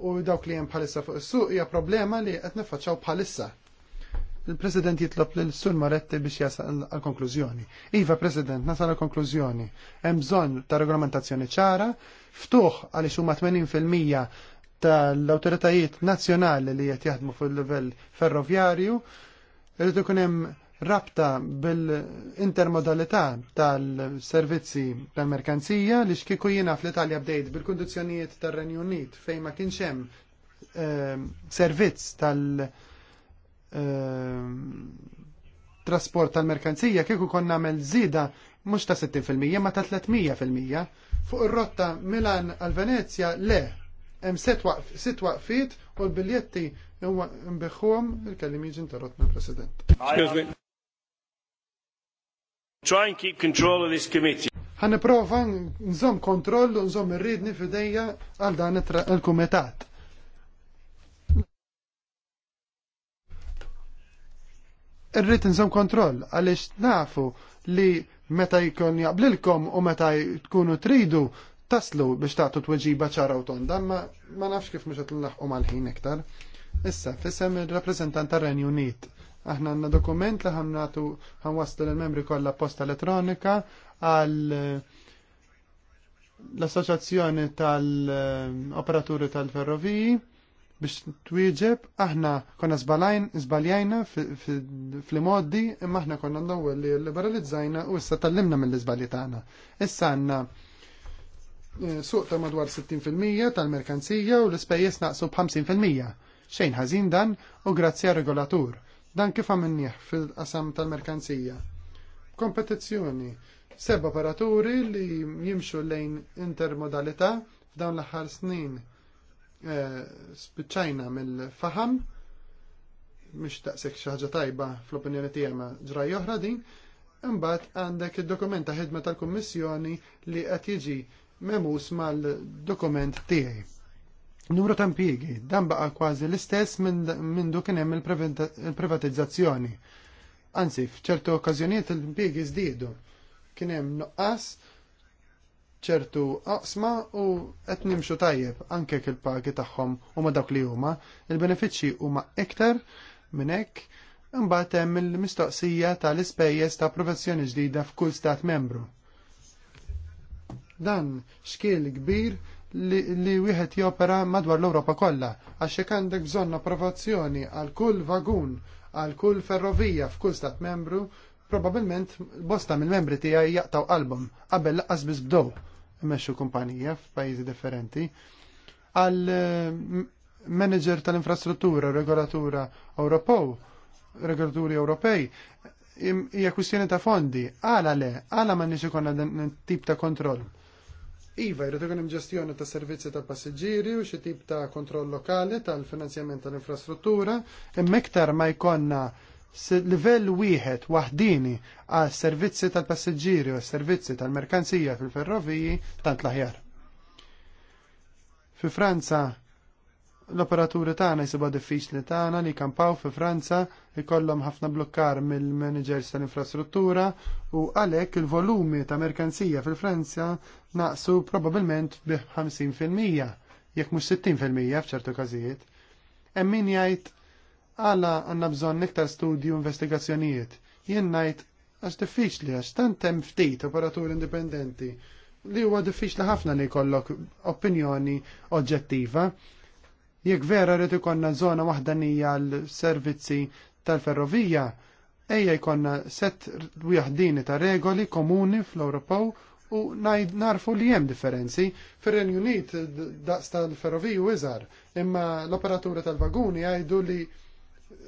u dawk li hemm bħalissa fuq is-suq hija problema li qed nifaċċaw bħalissa il-President jitlob l Sur Moretti biex jasal għal konklużjoni. Iva, President, nasal għal konklużjoni. Hemm bżonn ta' regolamentazzjoni ċara, ftuħ għaliex huma 80% tal-awtoritajiet nazzjonali li qed jaħdmu fuq il-livell ferroviarju, irid ikun hemm rabta bil-intermodalità tal-servizzi tal-merkanzija li xkiku jina fl-Italja bdejt bil kondizjonijiet tar-Renju Unit fejn ma kienx hemm eh, servizz tal-merkanzija Ehm, trasport tal-merkanzija kieku konna nagħmel zida mhux ta' 60% ma ta' 300%. Fuq ir-rotta Milan għal Venezja le, hemm sitt waqfiet u l-biljetti huwa mbeħħuhom il-kellim jiġi interrottna President. Try and keep control of this committee. Ħan nżomm kontroll u nżomm irridni fidejja għal dan il-kumitat. irrid nżom kontroll għaliex nafu li meta jkun jaqblilkom u meta tkunu tridu taslu biex tagħtu tweġiba ċara u tonda, ma, ma nafx kif mhux qed nlaħqu mal-ħin iktar. Issa, fissem il-rappresentant tar renju Unit. Aħna għandna dokument li ħamnatu ħanwaslu l-membri kollha posta elettronika għal eh, l-Assoċjazzjoni tal-Operaturi eh, tal-Ferroviji biex twieġeb aħna konna zbalajn zbaljajna fl modi imma aħna konna l-ewwel li liberalizzajna u issa tallimna mill-iżbalji tagħna. Issa għandna eh, suq ta' madwar 60% tal-merkanzija u l-ispejjeż naqsu b'50%. Xejn ħażin dan u grazzi għal regolatur. Dan kif għamilnieh fil-qasam tal-merkanzija. Kompetizzjoni. Seba operaturi li jimxu lejn intermodalità f'dawn l-aħħar snin Eh, spiċċajna mill-faham, mhux taqsek xi ħaġa tajba fl-opinjoni tiegħi ma ġraj oħra din, imbagħad għandek id-dokument ta' ħidma tal-Kummissjoni li qed jiġi memus mal-dokument tiegħi. Numru ta' impjiegi, dan baqa' kważi l-istess minn du kien hemm il-privatizzazzjoni. Anzi, f'ċerti okkażjonijiet il impjiegi żdiedu. Kien hemm nuqqas ċertu aqsma u qed nimxu tajjeb anke il-pagi tagħhom huma dawk li huma. Il-benefiċċji huma iktar minn hekk imbagħad hemm il-mistoqsija tal-ispejjeż ta' professjoni ġdida f'kull stat membru. Dan xkiel kbir li, li wieħed jopera madwar l-Ewropa kollha għax jekk għandek bżonn approvazzjoni għal kull vagun għal kull ferrovija f'kull stat membru Probabilment bosta mill-membri tiegħi jaqtaw qalbhom qabel laqqas biss bdew imexxu kumpanija f'pajjiżi differenti. Għal eh, manager tal-infrastruttura, regolatura Ewropew, regolaturi Ewropej, hija kwistjoni ta' fondi, għala le, għala ma nix ikonna dan tip ta' kontroll. Iva, jrid ikun hemm ġestjoni ta' servizzi ta' passiġġieri u xi tip ta' kontroll lokali tal-finanzjament tal-infrastruttura, imma iktar ma jkollna livell wieħed waħdini għas servizzi tal-passiġġieri u s-servizzi tal-merkanzija fil-ferroviji tant l-aħjar. Fi Franza l-operaturi tagħna jsibu diffiċli tagħna li kampaw fi Franza ikollhom ħafna blokkar mill-managers tal-infrastruttura u għalhekk il-volumi ta' merkanzija fil-Franza naqsu probabbilment bi 50% jekk mhux 60% f'ċertu każijiet. Hemm min jgħid għala għanna bżon niktar studju investigazzjonijiet. Jien najt għax diffiċli għax tant hemm ftit operatur indipendenti li huwa diffiċli ħafna li jkollok opinjoni oġġettiva. Jekk vera rrit ikonna żona nija l servizzi tal-ferrovija, eja jkollna set wieħdini ta' regoli komuni fl-Ewropew u najd narfu li hemm differenzi. Fir-Renju Unit daqs tal-ferroviju iżar, imma l-operatura tal-vaguni għajdu li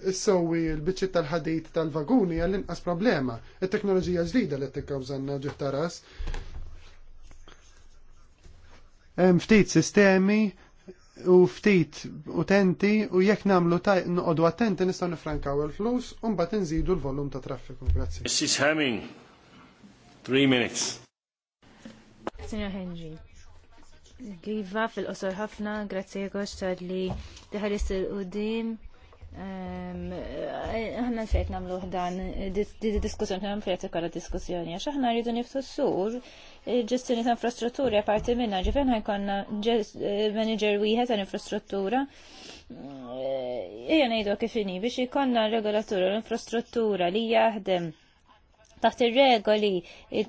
issowi l-biċċi tal-ħadit tal-vaguni għall-inqas problema. Il-teknoloġija ġdida li t-tikkawżanna ġuħtaras. Ftit sistemi u ftit utenti u jekk namlu ta' noqodu attenti nistgħu nifrankaw il-flus u mbagħad inżidu l-volum ta' traffiku. Grazie. Mrs. Hemming, three minutes. Signor Henry. Giva fil-qosor ħafna, grazie għoċ tal li diħalis il-qudim Aħna fejt namlu dan, di diskussjoni, għan fejt ikkara diskussjoni, għax aħna rridu niftu s-sur, e, ġestjoni ta' infrastruttura għaparti minna, ġifen ħajkonna e, manager wieħed ta' infrastruttura. Ejja nejdu kifini biex ikonna regolatura l-infrastruttura li jaħdem taħt ir-regoli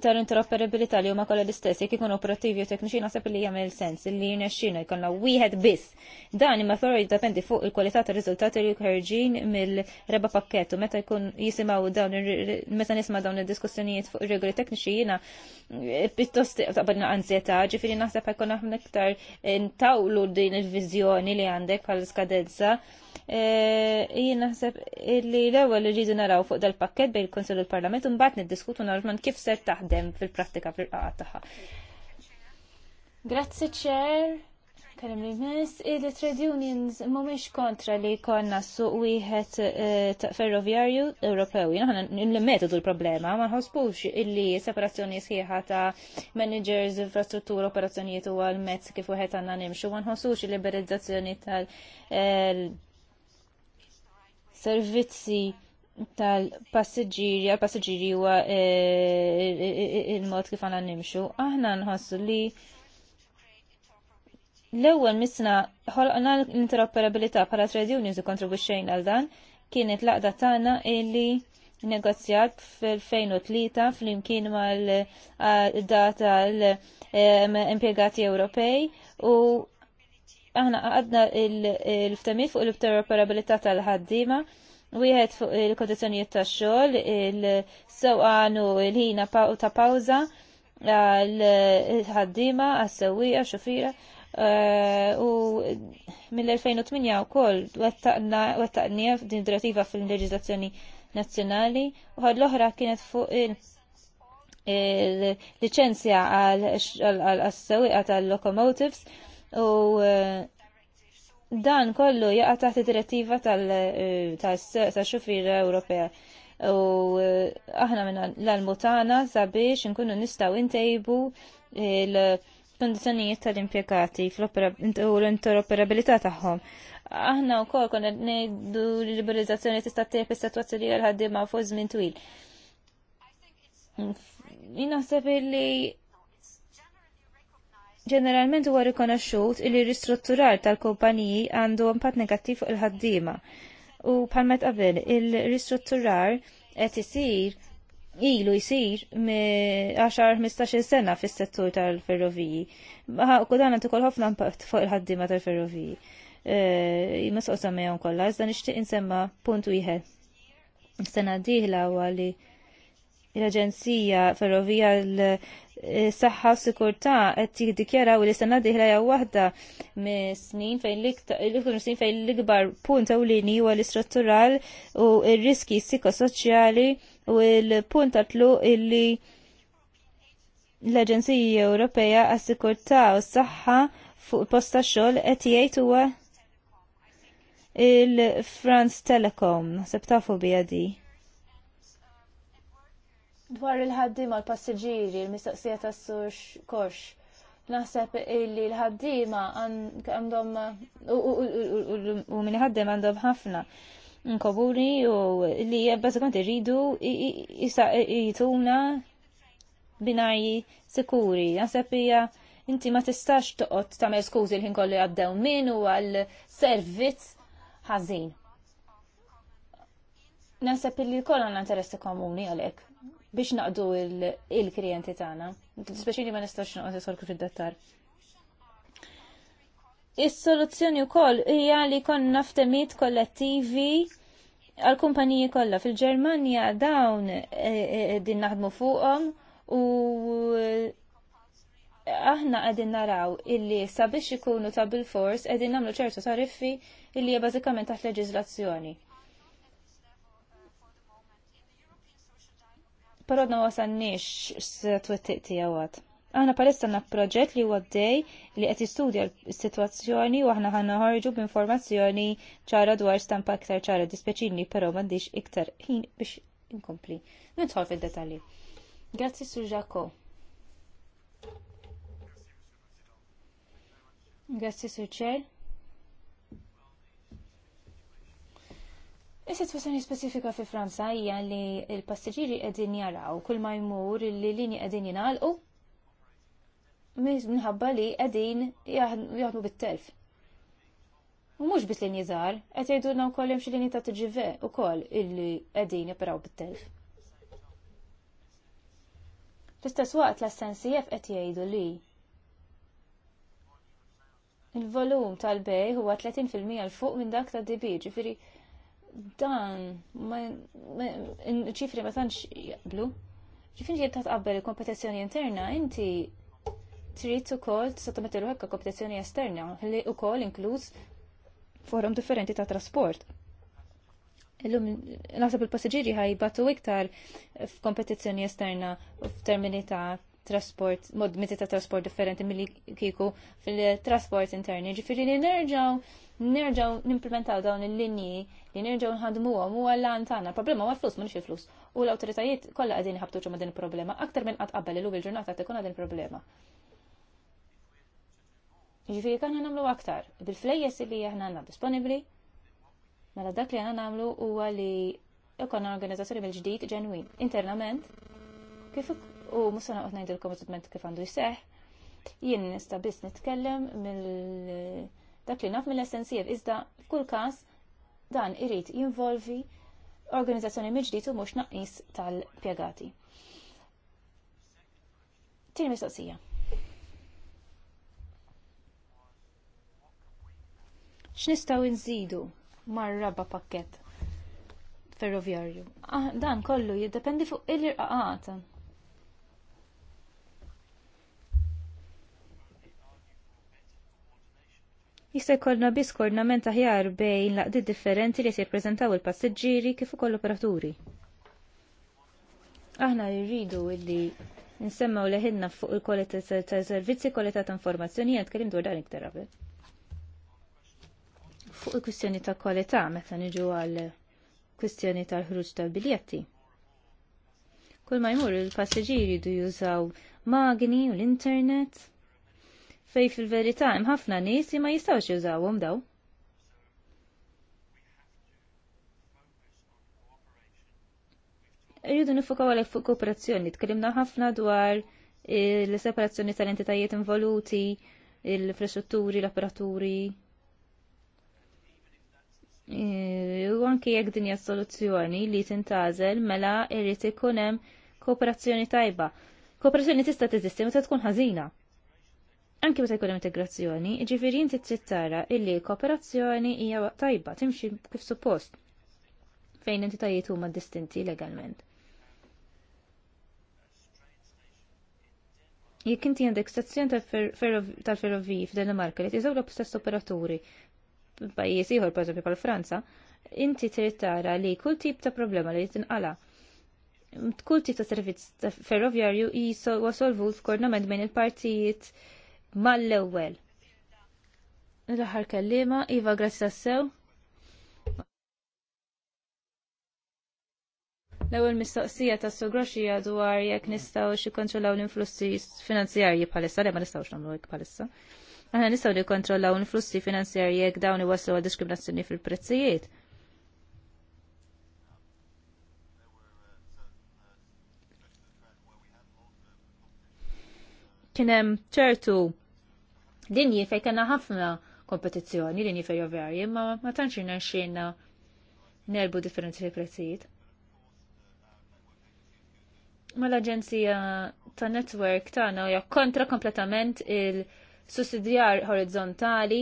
tal-interoperabilità li huma kollha l-istess jekk ikunu operattivi u tekniċi naħseb li jagħmel sens li jnexxina jkollna wieħed biss. Dan imma ferri jiddependi fuq il-kwalità tar-riżultati li jħarġin mill-reba pakkettu meta jkun jisimgħu dawn meta nisma' dawn id-diskussjonijiet fuq ir-regoli tekniċi jiena eh, pittost taqbadna anzjetà, ġifieri naħseb ħajkun aħna iktar eh, ntawlu din il-viżjoni li għandek bħal-skadenza eh, jien naħseb li l-ewwel irridu naraw fuq dal-pakkett bejn il konsul u l-Parlament u mbagħad niddiskutu niddiskutu normalment kif se taħdem fil-prattika fil-qaqat tagħha. Grazzi ċer. Kalem li mis, il trade unions mumiex kontra li konna suq wieħed eh, ferroviarju Ewropew. Jina nlimmetu tul problema ma nħossbux illi separazzjoni sħiħa ta' managers, infrastruttura, operazzjonijiet u għal-mezz kif wieħed għandna nimxu, ma nħossux il-liberizzazzjoni tal- eh, servizzi tal-passiġġieri, għal-passiġġieri huwa eh, eh, eh, il-mod kif għanna nimxu, aħna nħossu li l-ewwel misna ħolqna l-interoperabilità bħala trade unions ikontrib-xejn għal dan kienet laqda tagħna illi negozjat fil-2003 fl-imkien mal-data l-impiegati Ewropej u aħna għadna l ftamiet fuq l-interoperabilità tal-ħaddima wieħed fuq il-kondizjonijiet tax-xogħol, il sewqanu il ħina ta' pawza, għal-ħaddima, għas-sewwieqa, xufira. Eh, u mill-2008 wkoll wettaqnija din direttiva fil-leġiżlazzjoni nazzjonali u ħad l-oħra kienet fuq il-licenzja għal-sewwieqa tal-locomotives u eh, dan kollu jaqa taħt id direttiva tal-xufir eh, Ewropea. U eh, aħna minna l-almutana sabiex nkunu nistaw intejbu l-kondizjonijiet tal-impjegati u l-interoperabilità tagħhom. Aħna wkoll konna ngħidu l-liberalizzazzjoni tista' tejb is-sitwazzjoni għal ħaddiema fuq żmien twil. Jinaħseb li Ġeneralment huwa rikonoxxut li ristrutturar tal-kumpaniji għandu impatt negattiv fuq il-ħaddiema. U bħal meta qabel il-ristrutturar qed isir ilu jisir 10-15 sena fis-settur tal-ferroviji. dan għandu kol ħafna impatt fuq il-ħaddiema tal-ferroviji. E, Jimma soqsa kollha, iżda nixtieq insemma punt wieħed. Sena diħla huwa li l-Aġenzija Ferrovija l-Saħħa u Sikurtà qed jiddikjaraw li sena diħla hija waħda mis-snin fejn l-iktar snin fejn l snin fejn l ikbar punt ewlieni huwa l-istruttural u r-riski psikosoċjali u l-punt għatlu illi l-Aġenzija Ewropea għas-Sikurtà u s-Saħħa fuq posta xogħol qed jgħid il-France Telecom, sebtafu bija di Dwar il-ħaddima l-passiġġieri, il-mistoqsija tas sux kox. Naħseb illi l-ħaddima għandhom u minn ħaddim għandhom ħafna nkoburi u li bazzikament irridu jituna binarji sikuri. Naħseb hija inti ma tistax toqgħod tagħmel skużi l-ħin kollu għaddew min u għal servizz ħażin. Naħseb illi kollha għandna interessi komuni għalhekk biex naqdu il klienti tagħna. Speċjali ma nistax noqgħod isolku fid-dettar. Is-soluzzjoni wkoll hija li konna ftemiet kollettivi għal kumpaniji kollha fil-Ġermanja dawn e, e, e, din naħdmu fuqhom u aħna qegħdin naraw illi sabiex ikunu ta' bil-fors qegħdin nagħmlu ċertu tariffi illi hija bażikament taħt leġiżlazzjoni. pero għadna wasanniex s-twettiq tijawat. Għana palissa na proġett li għaddej li għet jistudja l-situazzjoni u għahna għanna ħarġu b'informazzjoni ċara dwar stampa iktar ċara dispeċini, pero mandiġ iktar ħin biex inkompli. Nitħol fil-detalji. Grazzi Sur ġako. Grazzi Sur Cher. Is-sitwazzjoni speċifika fi Franza hija li l-passiġġieri qegħdin jaraw kull ma jmur li linji qegħdin jingħalqu minħabba li qegħdin jaħdmu bit-telf. U mhux biss linji żgħar, qed jgħidulna wkoll hemm xi linji ta' TGV ukoll illi qegħdin jipperaw bit-telf. Fl-istess waqt l-assensijef qed jgħidu li il-volum tal-bej huwa 30% l fuq minn dak tad-dibi, ġifieri dan ċifri ma tantx jaqblu. Ġifin ġiet tqabbel il-kompetizzjoni interna, inti trid ukoll sottomettilu hekk kompetizzjoni esterna, li ukoll inkluż forum differenti ta' trasport. Illum naħseb il-passiġġieri ħajbatu iktar f'kompetizzjoni esterna u f'termini ta' trasport, mod ta' trasport differenti milli kieku fil-trasport interni. Ġifiri li nerġaw nerġaw nimplementaw dawn il-linji li nerġaw nħadmuhom huwa l-għan tagħna. Problema huwa flus m'għandix il-flus. U l-awtoritajiet kollha qegħdin iħabtuġu ma' din problema aktar minn qatt qabel illum il-ġurnata qed ikun problema. Ġifieri kan nagħmlu aktar bil-flejjes li aħna għandna disponibbli. Mela dak li aħna nagħmlu huwa li ikonna organizzazzjoni bil ġdid ġenwin internament kif u musa naqgħod ngħidilkom eżattament kif għandu jseħħ jien nista biss nitkellem mill dak li naf mill essenzijiet iżda f'kull każ dan irid jinvolvi organizzazzjoni miġdiet ġdid u mhux naqis tal-pjegati. Tieni mistoqsija. X'nistgħu nżidu mar-raba pakkett ferroviarju? Ah, dan kollu jiddependi fuq il irqaqata jista' jkollna biss koordinament aħjar bejn laqdiet differenti li qed jippreżentaw il-passiġġieri kif ukoll operaturi. Aħna rridu illi nsemmaw leħinna fuq il-kwalità ta' servizzi, kwalità ta' informazzjoni, qed kellim dwar dan iktar qabel. Fuq il-kwistjoni ta' kwalità meta niġu għal kwistjoni tal-ħruġ tal-biljetti. Kull ma jmur il-passiġġieri jridu jużaw magni u l-internet fej fil-verità hemm ħafna nies li ma jistgħux jużawhom daw. Irridu nifukaw għalek fuq kooperazzjoni, tkellimna ħafna dwar l-separazzjoni tal-entitajiet involuti, l-infrastrutturi, l-apparaturi, eh, U anke jekk din hija soluzzjoni li tintażel mela irrid ikun hemm kooperazzjoni tajba. Kooperazzjoni tista' teżisti meta tkun ħażina anke meta jkun integrazzjoni, jiġifieri inti trid tara illi kooperazzjoni hija tajba timxi kif suppost fejn entitajiet huma distinti legalment. Jekk inti għandek stazzjon tal-ferroviji f'Denimarka li tiżaw l-istess operaturi b'pajjiż ieħor pereżempju bħal Franza, inti trid tara li kull tip ta' problema li tinqala' kull tip ta' servizz ferroviarju jisolvu f'kornament bejn il-partijiet mal-ewwel. L-aħħar kellima, Iva, grazzi sew. L-ewwel mistoqsija ta' sogroxija dwar jekk nistgħu kontrollaw l-influssi finanzjarji bħalissa, le ma nistgħux nagħmlu hekk bħalissa. Aħna nistgħu kontrollaw l-influssi finanzjarji jekk dawn waslu għal diskriminazzjoni fil-prezzijiet. Kien hemm ċertu Din fej kena ħafna kompetizzjoni, linji fej joverji, ma ma tantx xina nerbu differenzi fil prezzijiet. Ma l-Aġenzija ta' Network tagħna hija kontra kompletament il-sussidjar horizontali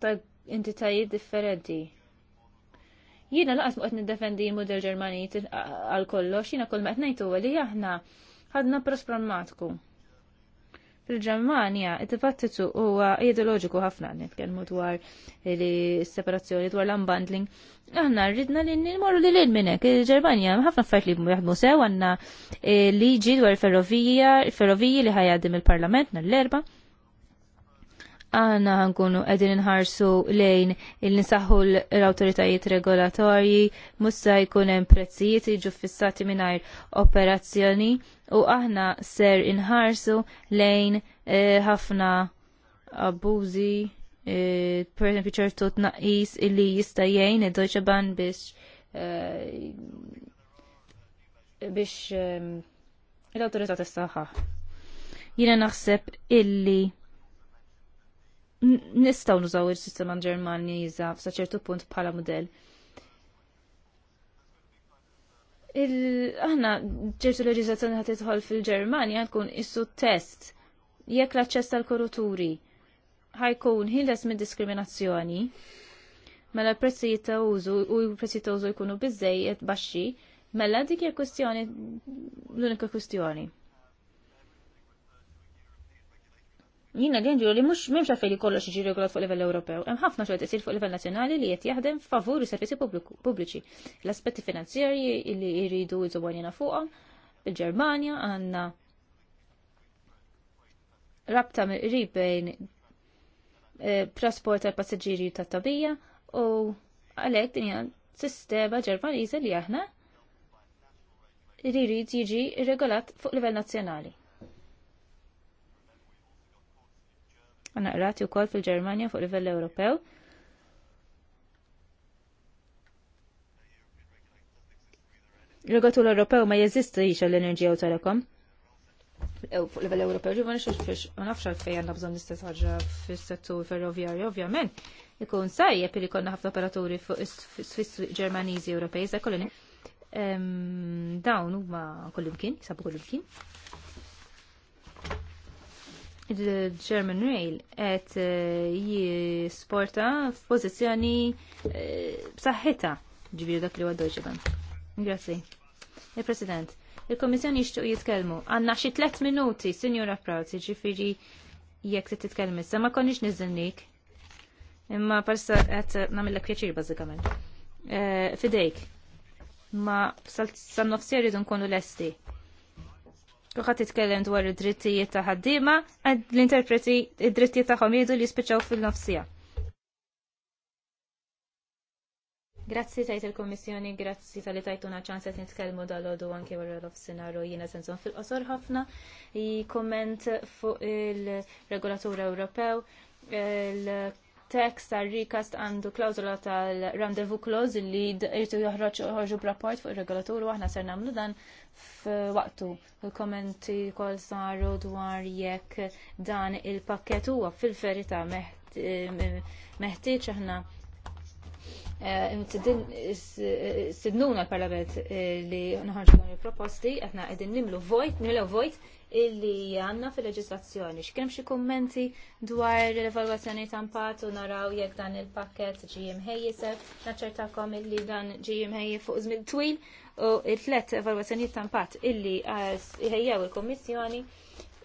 ta' entitajiet differenti jiena laqas muqet niddefendi il-model Ġermani għal kollox, jiena kol maqet najtu li ħadna prosprammatku. Fil-Ġermanja, id-dibattitu huwa ideoloġiku ħafna nitkellmu dwar separazzjoni dwar l-unbundling. Aħna rridna li nimorru li lil minnek. Il-Ġermanja ħafna affarijiet li jaħdmu sew għandna eh, liġi dwar ferrovija, il ferroviji li ħajjadim il-Parlament nhar erba għana nkunu għedin nħarsu lejn il-nisaħu l-autoritajiet regolatorji, mussa jkunem prezzijiet iġu fissati minnajr operazzjoni u aħna ser inħarsu lejn e, ħafna eh, abbużi, eh, per esempio ċertu tnaqis illi jgħin id-Deutsche Bahn biex eh, biex e, l-autorità tistaħħa. Jina naħseb illi nistaw nużaw il-sistema ġermaniza f'sa ċertu punt bħala model. Aħna ċertu leġizazzjoni ħat idħol fil ġermani għankun issu test jekk l-aċċess tal korruturi ħajkun ħiles minn diskriminazzjoni mela prezzijiet ta' użu u prezzijiet ta' użu jkunu biżejjed baxxi mela dik hija kwestjoni l-unika kwestjoni. Jina ġenġu li mux memx għalfej li kollox iġi regolat fuq livell Ewropew. Hemm ħafna xogħol isir fuq livell nazzjonali li qed jaħdem favur is-servizzi pubbliċi. L-aspetti finanzjarji li jridu jżobu fuqhom bil-Ġermanja għandna rabta mill-qrib bejn eh, trasport tal passiġġieri tat tabija u għalhekk din hija sistema Ġermaniża li aħna irid jiġi regolat fuq livell nazzjonali. għanaqrati u kol fil ġermania fuq livell Ewropew. Regatul Ewropew ma jeżisti jixa l-enerġija u telekom. Fuq livell Ewropew, ġivan xux fiex, ma nafx fej għanna bżon l-istess ħagġa fil-settur ferroviarju, ovvjament. Ikun sajjeb li konna ħafna operaturi fuq Swiss Ġermaniżi Ewropej, sa' koloni. Dawn huma kullimkien, sabu kullimkien il-German Rail qed eh, jisporta f'pożizzjoni eh, b'saħħitha ġifieri dak li huwa Deutsche Bank. Grazzi. Il-President, eh, il komissjoni jixtieq jitkellmu. Għandna xi tliet minuti, Sinjura Prowzi, ġifiri jekk se titkellem Sa ma konniex niżilnik. Imma parsa qed nagħmilek pjaċir bażikament. Fidejk, ma sal-nofsjer idu nkunu lesti. Kuħat titkellem dwar id-drittijiet ta' ħaddiema, l-interpreti id-drittijiet tagħhom jgħidu li jispiċċaw fil-nofsija. Grazzi tajt il-Kommissjoni, grazzi tal-li tajtuna għet nitkellmu dal-ħodu anke wara l-offsinaru jiena senzon fil-qosor ħafna, komment fuq il-regolatur Ewropew, il Text tar rikast għandu klawzula tal-randevu clause li jirtu joħroġ ħorġu b'rapport fuq ir-regolatur u aħna ser nagħmlu dan f'waqtu. Il-kommenti kol saru dwar jekk dan il-pakket huwa fil-verità meħtieġ aħna eh, Sidnuna l-Parlament eh, li nħarġu dan il-proposti, aħna qegħdin nimlu vojt, nimlu vojt illi għanna fil-leġislazzjoni. X'kemm xi kummenti dwar l-evalwazzjoni ta' impatt u naraw jekk dan il pakkett ġie mħejjiseb, naċċertakom illi dan ġie mħejjeb fuq żmien twil u t-tlet evalwazzjoni ta' impatt illi uh, ħejjew il-Kummissjoni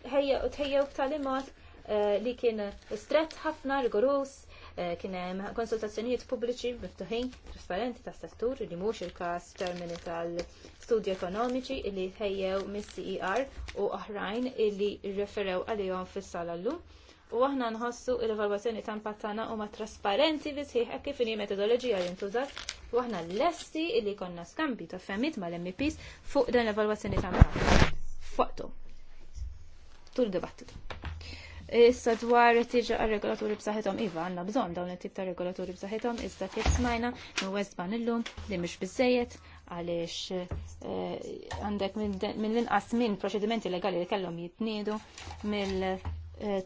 tħejjew b'tali mod uh, li kien stret ħafna, rigorus, Eh, kien hemm konsultazzjonijiet pubbliċi miftuħin trasparenti ta' settur li mhux il-każ termini tal-studji ekonomiċi li ħejjew mis-CER u oħrajn li rreferew għalihom fis-sala llum. U aħna nħossu l-evalwazzjoni ta' impattana huma trasparenti bi sħiħ kif inhi metodoloġija li ntużat u aħna lesti li konna skambi ta' femmit mal-MPs fuq dan l-evalwazzjoni ta' impatt. Fuqtu. Tul dibattitu. Issa dwar tiġa għal-regolaturi b'saħħithom iva għandna bżonn dawn it-tip ta' regolaturi b'saħħithom iżda kif smajna minn westban illum li mhux biżejjed għaliex eh, għandek minn l-inqas minn proċedimenti legali li kellhom jitniedu mill eh,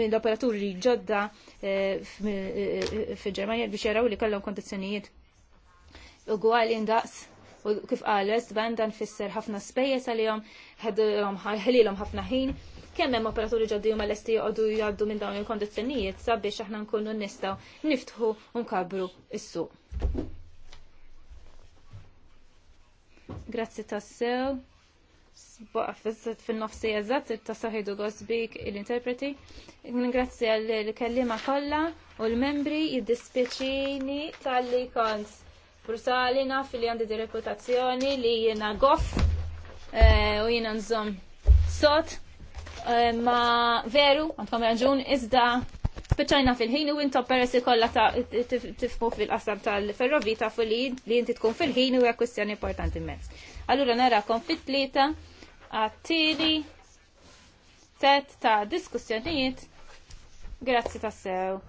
mill-operaturi ġodda eh, fil-Ġermanja biex jaraw li kellhom kondizzjonijiet ugwali indaqs u kif qal West Ban dan fisser ħafna spejjeż għalihom ħadilhom ħafna ħin kemm hemm operaturi ġoddi huma lesti joqogħdu jgħaddu minn dawn il-kondizzjonijiet sabiex aħna nkunu nistgħu niftħu u nkabbru s-suq. Grazzi tassew. Fizzet fil-nofsi jazzat, tassaħidu għosbik l-interpreti. Grazzi għall kellima kolla u l-membri jiddispieċini tal-li kont. Brutali fil li għandi di reputazzjoni li jena goff eh, u jena nżom sot. Eh, ma veru, għandkom raġun, iżda spiċajna fil-ħin u intom peress ikolla ta' tifmu fil-qasam tal-ferrovi ta' li li inti tkun fil-ħin u hija importanti mezz. Allura narakom fit-tlieta għattili set ta' diskussjonijiet. Grazzi tassew.